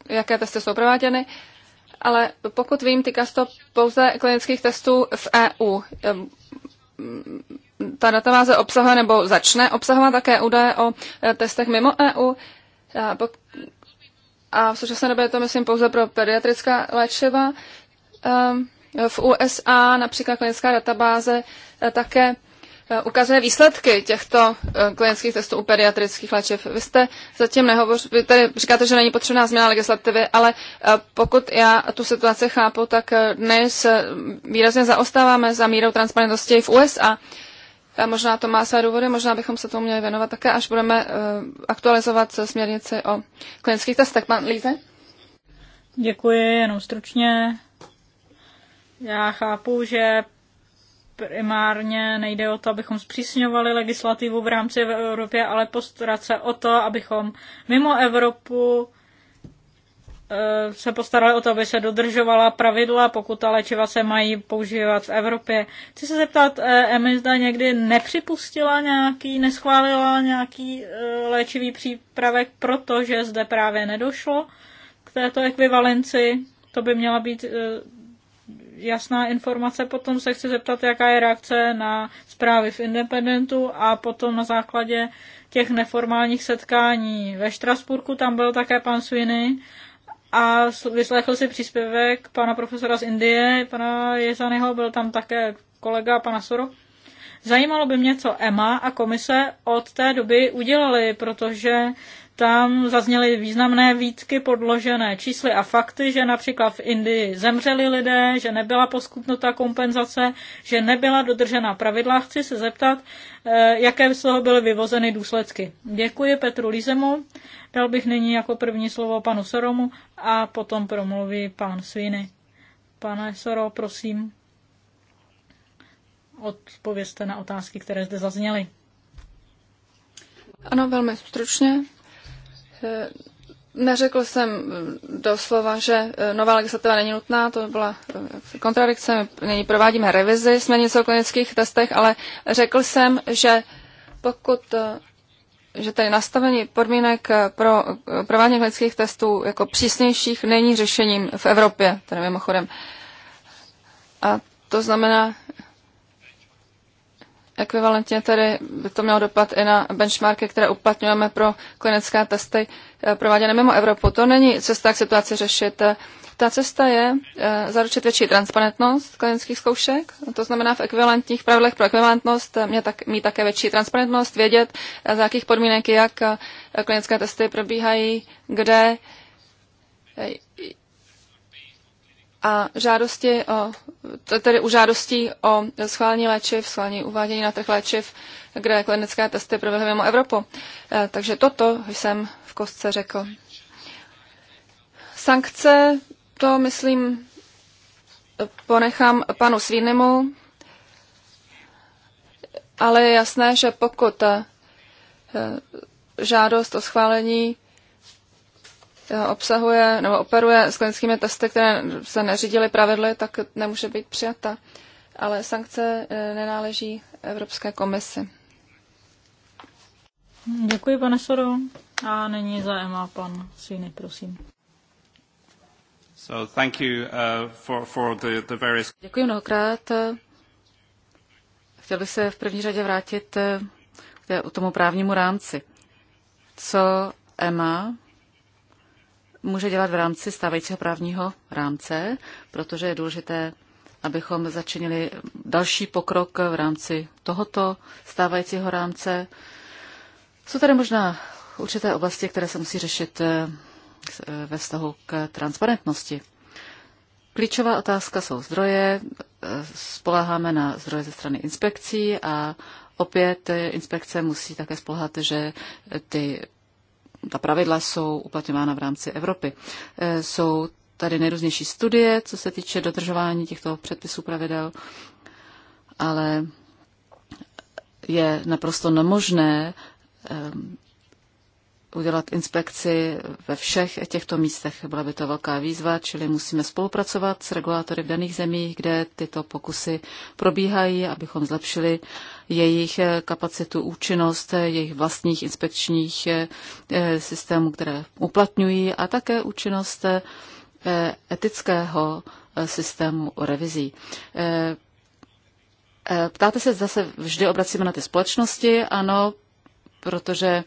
jaké testy jsou prováděny. Ale pokud vím, týká se to pouze klinických testů v EU. Ta databáze obsahuje nebo začne obsahovat také údaje o testech mimo EU. A v současné době je to, myslím, pouze pro pediatrická léčiva. Um, v USA například klinická databáze eh, také eh, ukazuje výsledky těchto eh, klinických testů u pediatrických léčiv. Vy jste zatím nehovoř, vy tady říkáte, že není potřebná změna legislativy, ale pokud já tu situaci chápu, tak dnes výrazně zaostáváme za mírou transparentnosti v USA. A možná to má své důvody, možná bychom se tomu měli věnovat také, až budeme aktualizovat směrnici o klinických testech. Pan Líze? Děkuji, jenom stručně. Já chápu, že primárně nejde o to, abychom zpřísňovali legislativu v rámci v Evropě, ale postarat se o to, abychom mimo Evropu eh, se postarali o to, aby se dodržovala pravidla, pokud ta léčiva se mají používat v Evropě. Chci se zeptat, eh, EMI zda někdy nepřipustila nějaký, neschválila nějaký eh, léčivý přípravek, protože zde právě nedošlo k této ekvivalenci. To by měla být jasná informace. Potom se chci zeptat, jaká je reakce na zprávy v Independentu a potom na základě těch neformálních setkání ve Štrasburku, tam byl také pan Swiny a vyslechl si příspěvek pana profesora z Indie, pana Jezanyho, byl tam také kolega pana Soro. Zajímalo by mě, co EMA a komise od té doby udělali, protože tam zazněly významné výtky podložené čísly a fakty, že například v Indii zemřeli lidé, že nebyla poskytnuta kompenzace, že nebyla dodržena pravidla. Chci se zeptat, eh, jaké z toho byly vyvozeny důsledky. Děkuji Petru Lízemu, dal bych nyní jako první slovo panu Soromu a potom promluví pán Sviny. Pane Soro, prosím, odpovězte na otázky, které zde zazněly. Ano, velmi stručně. Eh, neřekl jsem eh, doslova, že eh, nová legislativa není nutná, to byla kontradikce, nyní provádíme revizi směrnice o klinických testech, ale řekl jsem, že pokud že tady nastavení podmínek pro provádění klinických testů jako přísnějších není řešením v Evropě, tedy mimochodem. A to znamená, Ekvivalentně tedy by to mělo dopad i na benchmarky, které uplatňujeme pro klinické testy eh, prováděné mimo Evropu. To není cesta, jak situaci řešit. Ta cesta je eh, zaručit větší transparentnost klinických zkoušek, to znamená v ekvivalentních pravidlech pro ekvivalentnost eh, mě tak, mít také větší transparentnost, vědět, za jakých podmínek, jak klinické testy probíhají, kde, a žádosti o, tedy u žádostí o schválení léčiv, schválení uvádění na trh léčiv, kde klinické testy proběhly mimo Evropu. E, takže toto jsem v kostce řekl. Sankce, to myslím, ponechám panu Svínimu, ale je jasné, že pokud e, žádost o schválení Eh, obsahuje nebo operuje s klinickými testy, které se neřídily pravidly, tak nemůže být přijata. Ale sankce eh, nenáleží Evropské komisi. Děkuji, pane Soro. A není zájem pan Svíny, prosím. So thank you, uh, for, for the, the various... Děkuji mnohokrát. Chtěl bych se v první řadě vrátit eh, k tomu právnímu rámci. Co EMA může dělat v rámci stávajícího právního rámce, protože je důležité, abychom začinili další pokrok v rámci tohoto stávajícího rámce. Jsou tady možná určité oblasti, které se musí řešit eh, ve vztahu k transparentnosti. Klíčová otázka jsou zdroje. Spoláháme na zdroje ze strany inspekcí a opět eh, inspekce musí také spolehat, že ty ta pravidla jsou uplatňována v rámci Evropy. E, jsou tady nejrůznější studie, co se týče dodržování těchto předpisů pravidel, ale je naprosto nemožné udělat inspekci ve všech těchto místech. Byla by to velká výzva, čili musíme spolupracovat s regulátory v daných zemích, kde tyto pokusy probíhají, abychom zlepšili jejich kapacitu, účinnost, jejich vlastních inspekčních eh, systémů, které uplatňují a také účinnost eh, etického eh, systému revizí. Ptáte se, zase vždy obracíme na ty společnosti? Ano, protože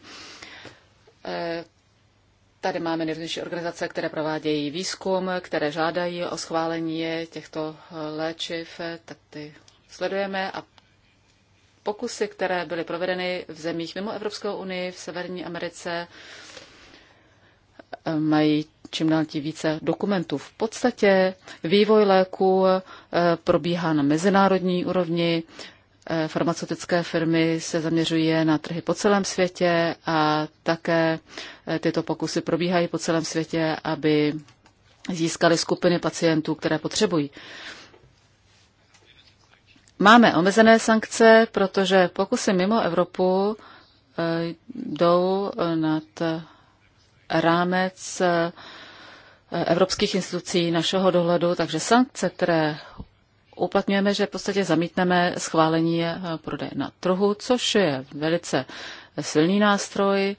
Tady máme nejrůznější organizace, které provádějí výzkum, které žádají o schválení těchto eh, léčiv, tak ty sledujeme a pokusy, které byly provedeny v zemích mimo Evropskou unii, v Severní Americe, eh, mají čím dál tím více dokumentů. V podstatě vývoj léku eh, probíhá na mezinárodní úrovni, Eh, farmaceutické firmy se zaměřují na trhy po celém světě a také eh, tyto pokusy probíhají po celém světě, aby získali skupiny pacientů, které potřebují. Máme omezené sankce, protože pokusy mimo Evropu eh, jdou nad rámec evropských institucí našeho dohledu, takže sankce, které uplatňujeme, že v podstatě zamítneme schválení eh, prodeje na trhu, což je velice silný nástroj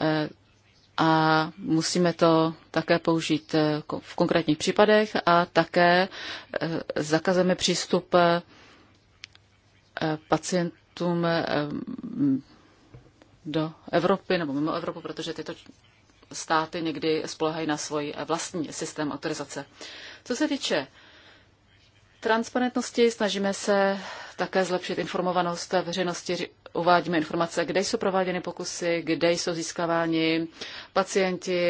eh, a musíme to také použít eh, v konkrétních případech a také zakazujeme přístup pacientům do Evropy nebo mimo Evropu, protože tyto státy někdy spolehají na svůj vlastní systém autorizace. Co se týče transparentnosti, snažíme se také zlepšit informovanost veřejnosti. Uvádíme informace, kde jsou prováděny pokusy, kde jsou získáváni pacienti,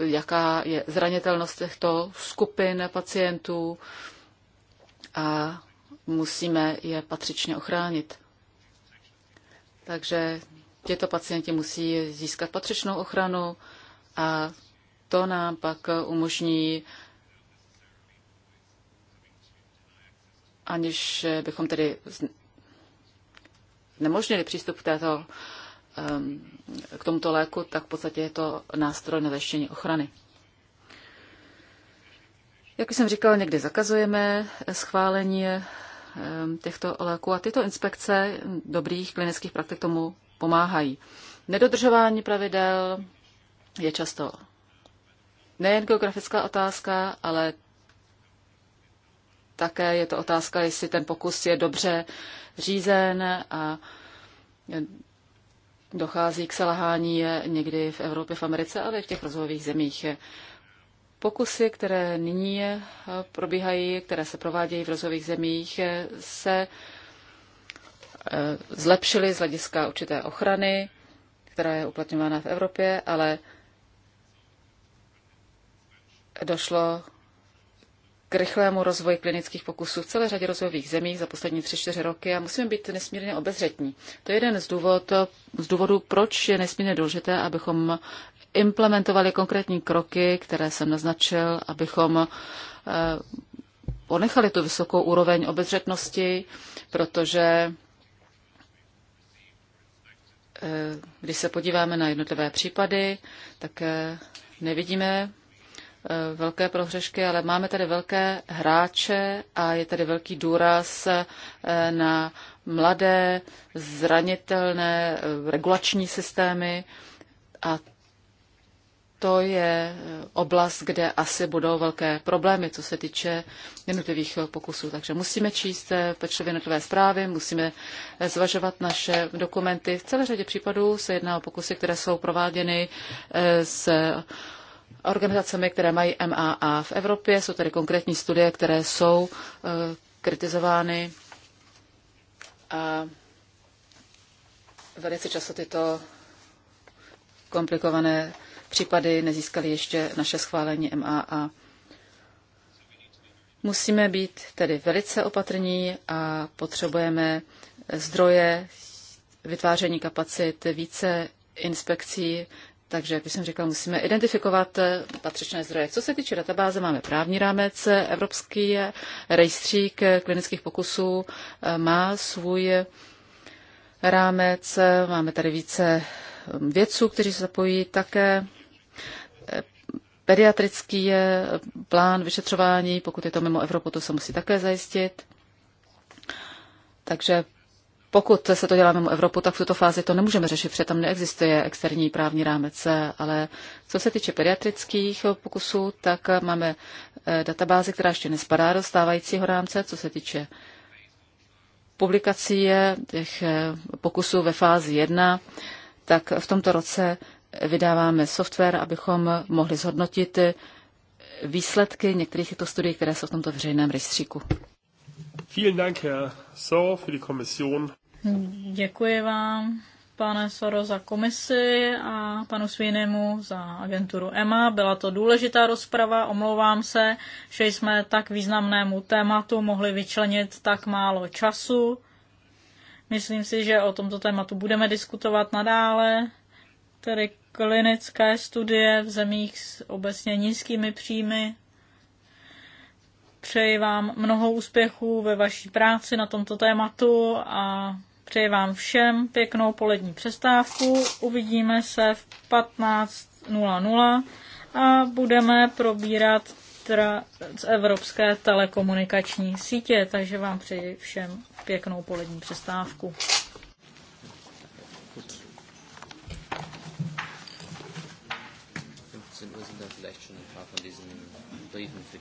jaká je zranitelnost těchto skupin pacientů a musíme je patřičně ochránit. Takže těto pacienti musí získat patřičnou ochranu a to nám pak umožní aniž bychom tedy nemožnili přístup k, této, k tomuto léku, tak v podstatě je to nástroj na zajištění ochrany. Jak jsem říkal, někdy zakazujeme schválení těchto léků a tyto inspekce dobrých klinických praktik tomu pomáhají. Nedodržování pravidel je často nejen geografická otázka, ale také je to otázka, jestli ten pokus je dobře řízen a dochází k selhání někdy v Evropě, v Americe, ale i v těch rozvojových zemích. Pokusy, které nyní probíhají, které se provádějí v rozvojových zemích, se eh, zlepšily z hlediska určité ochrany, která je uplatňována v Evropě, ale došlo k rychlému rozvoji klinických pokusů v celé řadě rozvojových zemí za poslední 3-4 roky a musíme být nesmírně obezřetní. To je jeden z, důvod, z důvodů, proč je nesmírně důležité, abychom implementovali konkrétní kroky, které jsem naznačil, abychom eh, ponechali tu vysokou úroveň obezřetnosti, protože eh, když se podíváme na jednotlivé případy, tak eh, nevidíme Eh, velké prohřešky, ale máme tady velké hráče a je tady velký důraz eh, na mladé, zranitelné eh, regulační systémy a to je oblast, kde asi budou velké problémy, co se týče jednotlivých pokusů. Takže musíme číst pečlivě jednotlivé zprávy, musíme zvažovat naše dokumenty. V celé řadě případů se jedná o pokusy, které jsou prováděny s organizacemi, které mají MAA v Evropě. Jsou tady konkrétní studie, které jsou eh, kritizovány a velice často tyto komplikované případy nezískaly ještě naše schválení MAA. Musíme být tedy velice opatrní a potřebujeme zdroje, vytváření kapacit, více inspekcí, takže, jak jsem řekla, musíme identifikovat eh, patřičné zdroje. Co se týče databáze, máme právní rámec. Eh, Evropský eh, rejstřík klinických pokusů má svůj rámec. Máme tady více vědců, kteří se zapojí také pediatrický je plán vyšetřování, pokud je to mimo Evropu, to se musí také zajistit. Takže pokud se to dělá mimo Evropu, tak v tuto fázi to nemůžeme řešit, protože tam neexistuje externí právní rámec. Ale co se týče pediatrických pokusů, tak máme eh, databázi, která ještě nespadá do stávajícího rámce, co se týče publikací těch eh, pokusů ve fázi 1, tak v tomto roce vydáváme software, abychom mohli zhodnotit výsledky některých těchto studií, které jsou v tomto veřejném rejstříku. Vielen Dank, Herr Sor, für die Kommission. Děkuji vám, pane Soro, za komisi a panu Svinemu za agenturu EMA. Byla to důležitá rozprava, omlouvám se, že jsme tak významnému tématu mohli vyčlenit tak málo času. Myslím si, že o tomto tématu budeme diskutovat nadále, tedy klinické studie v zemích s obecně nízkými příjmy Přeji vám mnoho úspěchů ve vaší práci na tomto tématu a přeji vám všem pěknou polední přestávku. Uvidíme se v 15.00 a budeme probírat z evropské telekomunikační sítě, takže vám přeji všem pěknou polední přestávku. Sind da vielleicht schon ein paar von diesen Briefen für